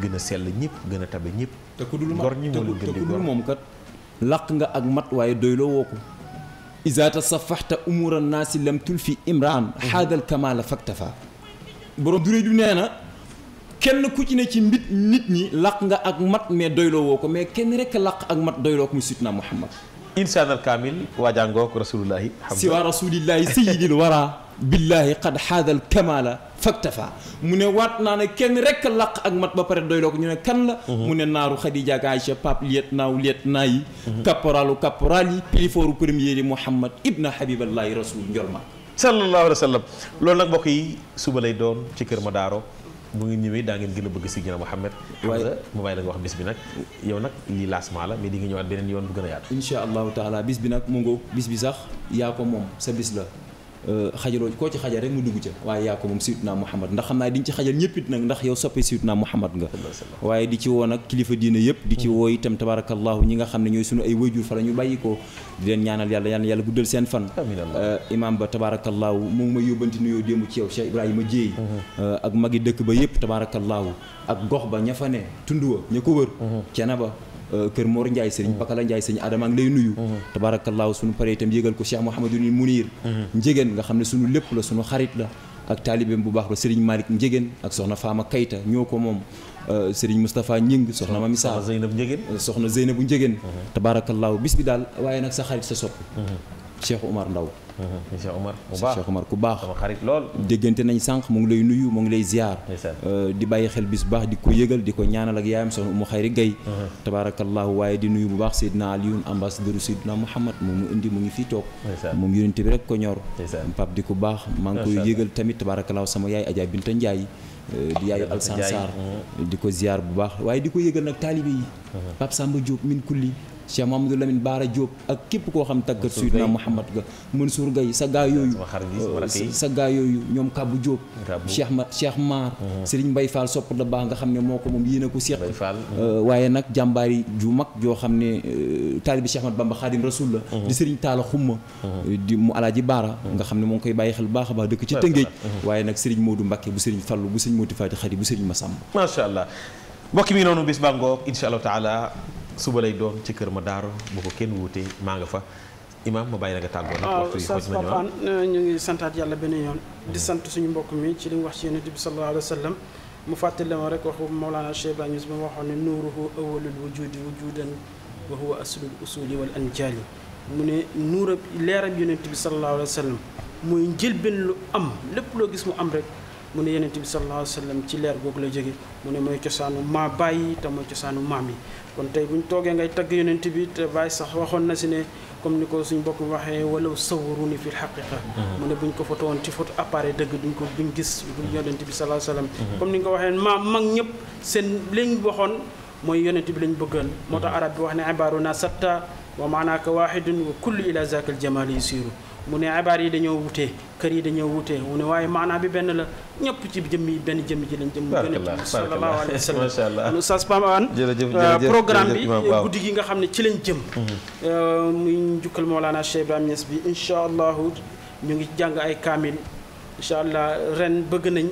gën a sell ñëpp gën a tabe ñëpp gor ñi moo leen gën di gor moom kat làq nga ak mat waaye doyloo woo ko isa tasafaxta naa si lam tulfi imraan xaadal mhm. kamaala faktafa borom durée du nee na kenn ku ci ne ci mbit nit ñi laq nga ak mat mais doyloo woo ko mais kenn rek laq ak mat doyloo ko mu sutna Muhammad insaan al kaamil waajangook rasulillahi si waa rasulillahi sayidil wara billahi qad xaadal kamala faktafa mu ne waat naa ne kenn rek laq ak mat ba pare doyloo ko ne kan la mhm. mu ne naaru Khadija ak Aïcha pape liet naaw liet naa mhm. yi kaporalu kaporal yi pilifooru premier yi Muhammad ibna habiballahi rasul njol ma sallallahu alayhi wa sallam loolu nag mbokk yi suba lay doon ci kër ma daaro mu ngeen ñëwee daa ngeen gën a bëgg Seydina Mouhamed a mu bàyyi la nga wax bis bi nag yow nag lii lancement la mais di nga ñëwaat beneen yoon bu gën a yaatu incha allahu taala bis bi nag mu ngoog bis bi sax yaa ko moom sa bis la Euh, xajaloo koo ci xajal rek mu dugg ca waaye yaa ko moom Seydina Muhammad ndax xam naa di ci xajal ñëpp nag ndax yow soppe Seydina Muhammad nga waaye di ci woo nag kilifa diine yëpp di ci woo itam tabarakallahu ñi nga xam ne ñooy sunu ay wayjur fa la ñu bàyyi ko di leen ñaanal yàlla yàlla yàlla guddal seen fan euh, imam ba tabarakallahu moom ma yóbbanti nuyoo démb ci yow Cheikh Ibrahima Dieye mhm. euh, ak magi dëkk ba yëpp tabarakallahu ak gox ba ña fa ne tund Euh, Kër Mor Ndiaye sëriñ mm-hmm. Bakala Ndiaye sëriñ Adama ngi lay nuyu mm-hmm. tabaarakallaahu suñu paree itam yégal ko Cheikh Mouhamadul Mounir mm-hmm. njegéen nga xam ne suñu lépp la suñu xarit la ak taalibeem bu baax ba sëriñ Malick njegeen ak soxna ma Kayta ñoo ko moom euh, sëriñ Moustapha Ñing soxna Mami Sarr soxna Zeynab Njegéen euh, tabaarakallaahu bis bi daal waaye nag sa xarit sa soppi Cheikh Oumar Ndaw uh-huh. Cheikh Oumar ku baax sama xarit lool déggante nañ sànq mu ngi lay nuyu mu ngi lay ziar uh, di bàyyi xel bis bu baax di ko yëgal di ko ñaanal ak yaayam soxna Umu Xayri Gay uh-huh. tabaarakallaahu waaye di nuyu bu baax Seydina Alioune ambassadeur Seydina Mouhamad moom mu indi mu ngi fii toog moom yonente bi rek ko ñor pap di ku baax maa ngi koy yëgal tamit tabaarakallaahu sama yaay Adja Binta Ndiaye uh, di yaayu Alsansar uh-huh. di ko ziar bu baax waaye di ko yëgal nag taalibe yi Pape Samba Diop min Cheikh Mamadou Lamine Baara Diop ak képp koo xam tàggat Seydina Mouhamad ga Mansour Gaye sa gaa yooyu sa gaa yooyu ñoom Kabou Diop Cheikh ma Cheikh Mar uh-huh. Serigne Mbaye Fall sopp da baax nga xam ne moo ko moom yéen a ko seq uh, waaye nag jàmbaari ju mag joo xam ne uh, taalibi Cheikh Ahmad Bamba Khadim Rasoul la uh-huh. di Serigne Talla Xumma uh-huh. di mu alaaji Baara nga xam ne moo koy bàyyi xel bu baax a baax dëkk ci Tëngéej waaye nag Serigne Modou Mbacké bu Serigne Fallou bu Serigne Moti Fati Khadi bu Serigne Massamba macha allah mbokk mi noonu bis baa ngoog incha allah taala suba lay doon ci kër ma daaro bu ko kenn wuute maa nga fa imaam ma bàyyi la nga tàggoo nag waxtu yi ah, xoj ah. euh, ñu ngi santaat yàlla benn yoon di mm-hmm. sant suñu mbokk mi ci li wax ci yonent bi sallam mu fàttali ma rek waxu Mawlana Cheikh Ibrahima Niass ne nuuruhu awwalul wujudi wujudan wa huwa aslul usuli wal mu ne nuurab leerab yonent bi sallallahu alayhi wa sallam lu am lépp loo gis mu am rek mu ne yonent bi sallallahu alayhi ci leer googu la jóge mu ne mooy cosaanu maa bàyyi te mooy cosaanu maam yi kon tey bu ñu toogee ngay tagg yonent bi te bàyyi sax waxoon na si ne comme ni ko suñ bokk waxee walaw sawaru ni fi xaqiqa mhm. mu buñ ko foto woon ci photo appareil dëgg duñ ko duñ gis duñ yonent bi salaa salaam mhm. comme ni nga ko waxee maam mag ñëpp seen liñ waxoon mooy yonent bi lañ bëggoon moo tax mhm. arab bi wax ne ibaaruna satta wa maanaaka waahidun wa kullu ila zakal jamali yusiru mu ne ibaar yi dañoo wutee kër yi dañoo wutee mu ne waaye maanaa bi benn la ñëpp ci jëmmi benn jëmmi ci lañ jëm yonent bi sallallahu alayhi wa sallam masha Allah oustaz Pape euh, programme bi guddi gi nga xam ne ci lañ jëm mhm. euh, muy njukkal Mawlana Cheikh Ibrahima Niass bi incha allahu ngi jàng ay kaamil incha allah ren bëgg nañ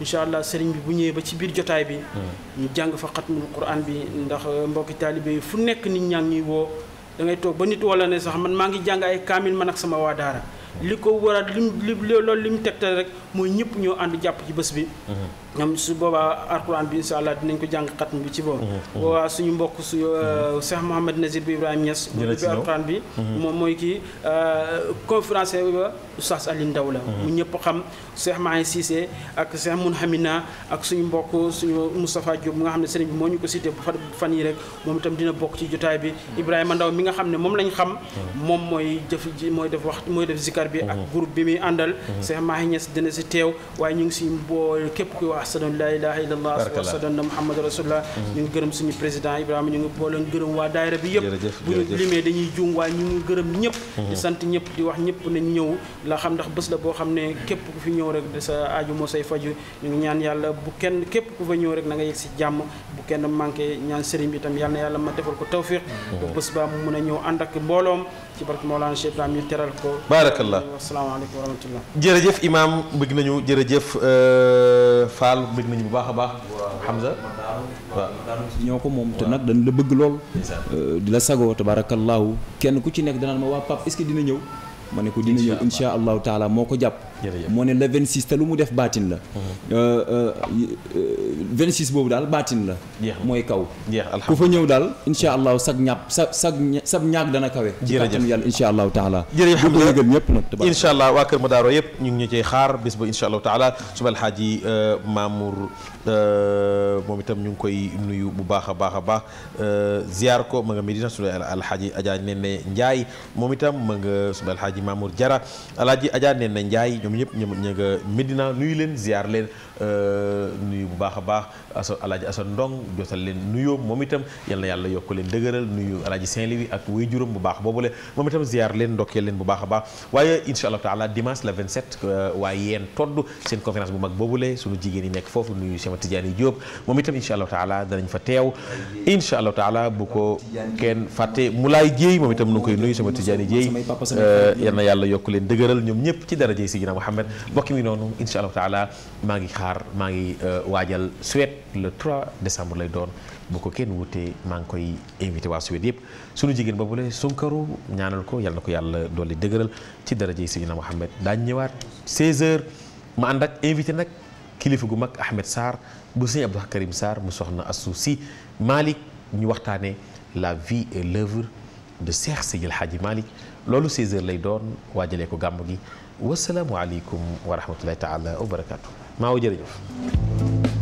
incha allah sëriñ bi bu ñëwee ba ci biir jotaay bi mhm. ñu jàng fa xatmul quran bi ndax euh, mbokki taalibe yi fu nekk nit ñaa ngi woo da ngay toog ba nit wala ne sax man maa ngi jàng ay kaamil man ak sama waa daara li ko waral lim li loolu li mu tegtal rek mooy ñëpp ñoo ànd jàpp ci bés bi mhm. ñoom su boobaa alxuraan bi incha allah dinañ ko jàng xatm bi ci boobu mhm. boobaa suñu mbokk su euh, mhm. Cheikh Mouhamed Nazir bi Ibrahima Niass bu bi mhm. moom mooy kii euh, conférencier ba Oustaz Alioune Ndao la mu ñëpp xam Cheikh Mahi Cissé ak Cheikh Moun Hamina ak suñu mbokk suñu Moustapha Diop mi nga xam ne sëriñ bi moo ñu ko cité ba fan yi rek moom tam dina bokk ci jotaay bi Ibrahima ndaw mi nga xam ne moom lañ xam moom mooy jëf ji mooy def wax mooy def zikar bi ak groupe bi muy àndal Cheikh Mahi Niass dina si teew waaye ñu ngi si boo képp kuy wax ashadu an la ilaha illa allah ashadu anna muhammadu rasulullah ñu ngi gërëm suñu président Ibrahima ñu ngi boole gërëm waa daayira bi yëpp bu ñu limee dañuy juum waaye ñu ngi gërëm ñëpp mhm. di sant ñëpp di wax ñëpp nañ ñëw laa xam ndax bés la boo xam ne képp ku fi ñëw rek sa aaju moo say faju ñu ngi ñaan yàlla bu kenn képp ku fa ñëw rek na nga yegg si jàmm bu kenn manqué ñaan sëriñ bi tam yàlla na yàlla ma defal ko tawfiq mhm. bés baa mu mën a ñëw ànd ak mbooloom ci barke Mawlana Cheikh Ibrahim ñu teral ko. baarakallah asalaamaaleykum wa rahmatullah. jërëjëf imaam bëgg nañu jërëjëf euh, Fall bëgg nañu bu baax a baax. Hamza waaw ñoo ko moom te nag dañ la bëgg lool. Euh, di la sagoo tabaarakallaahu kenn ku ci nekk dana ma waa Pape est dina ñëw. ma ne ko dina ñëw incha allahu taala moo ko jàpp. moo ne la 26 te lu mu def baatin la. 26 uh-huh. euh, euh, euh, boobu daal baatin la. mooy kaw. ku fa ñëw daal incha allah sag ñàpp sa sag sab ñaag dana kawe. jërëjëf ci yàlla incha allahu taala. jërëjëf bu ko yëgal ñëpp nag. incha allah waa Kër Madaaro yëpp ñu ngi ñu cay xaar bis ba incha allahu taala suba alxaaji moom itam ñu ngi koy nuyu bu baax a baax a baax ziar ko ma nga Medina suba alxaaji Adja Nene moom itam ma nga suba alxaaji Jara alxaaji Adja Nene Ndiaye ñoom ñëpp ñoom ña nga Medina nuyu leen ziar leen Euh, nuyu bu baax a baax Assane Alaaji Assane Ndong jotal leen nuyoo moom itam yal yàlla yokk leen dëgëral nuyu Alaaji Saint-Louis ak way juróom bu baax boobule moom itam ziar leen ndokkeel leen bu baax a baax waaye incha allah taala dimanche le 27 waaye yéen todd seen conférence bu mag boobule sunu jigéen yi nekk foofu nuyu Cheikh Tidiane Diop moom itam incha allah taala danañ fa teew incha allah bu ko kenn fàtte Moulay Dieye moom itam nu koy nuyu Cheikh Tidiane Dieye euh, yal na yàlla yokk leen dëgëral ñoom ñëpp ci daraje Sidina Muhammad mbokk mi noonu incha allah taala maa ngi xaar xaar maa ngi euh, waajal Suède le 3 décembre lay doon bu ko kenn wutee maa ngi koy invité waa Suède yëpp sunu jigéen boobule Sunkaru ñaanal ko yàlla na ko yàlla dolli dëgëral ci daraja yi Seydina Mohamed daañu ñëwaat 16h ma ànd ak invité nag kilifa gu mag Ahmed Sarr bu sëñ Abdou Karim Sarr mu soxna Astou si Malick ñu waxtaanee la vie et l'œuvre de Cheikh Seydil Hadji Malick loolu 16 lay doon waajalee ko gàmb gi wasalaamualeykum wa rahmatullahi taala wa barakaatu. maa wa jërëjëf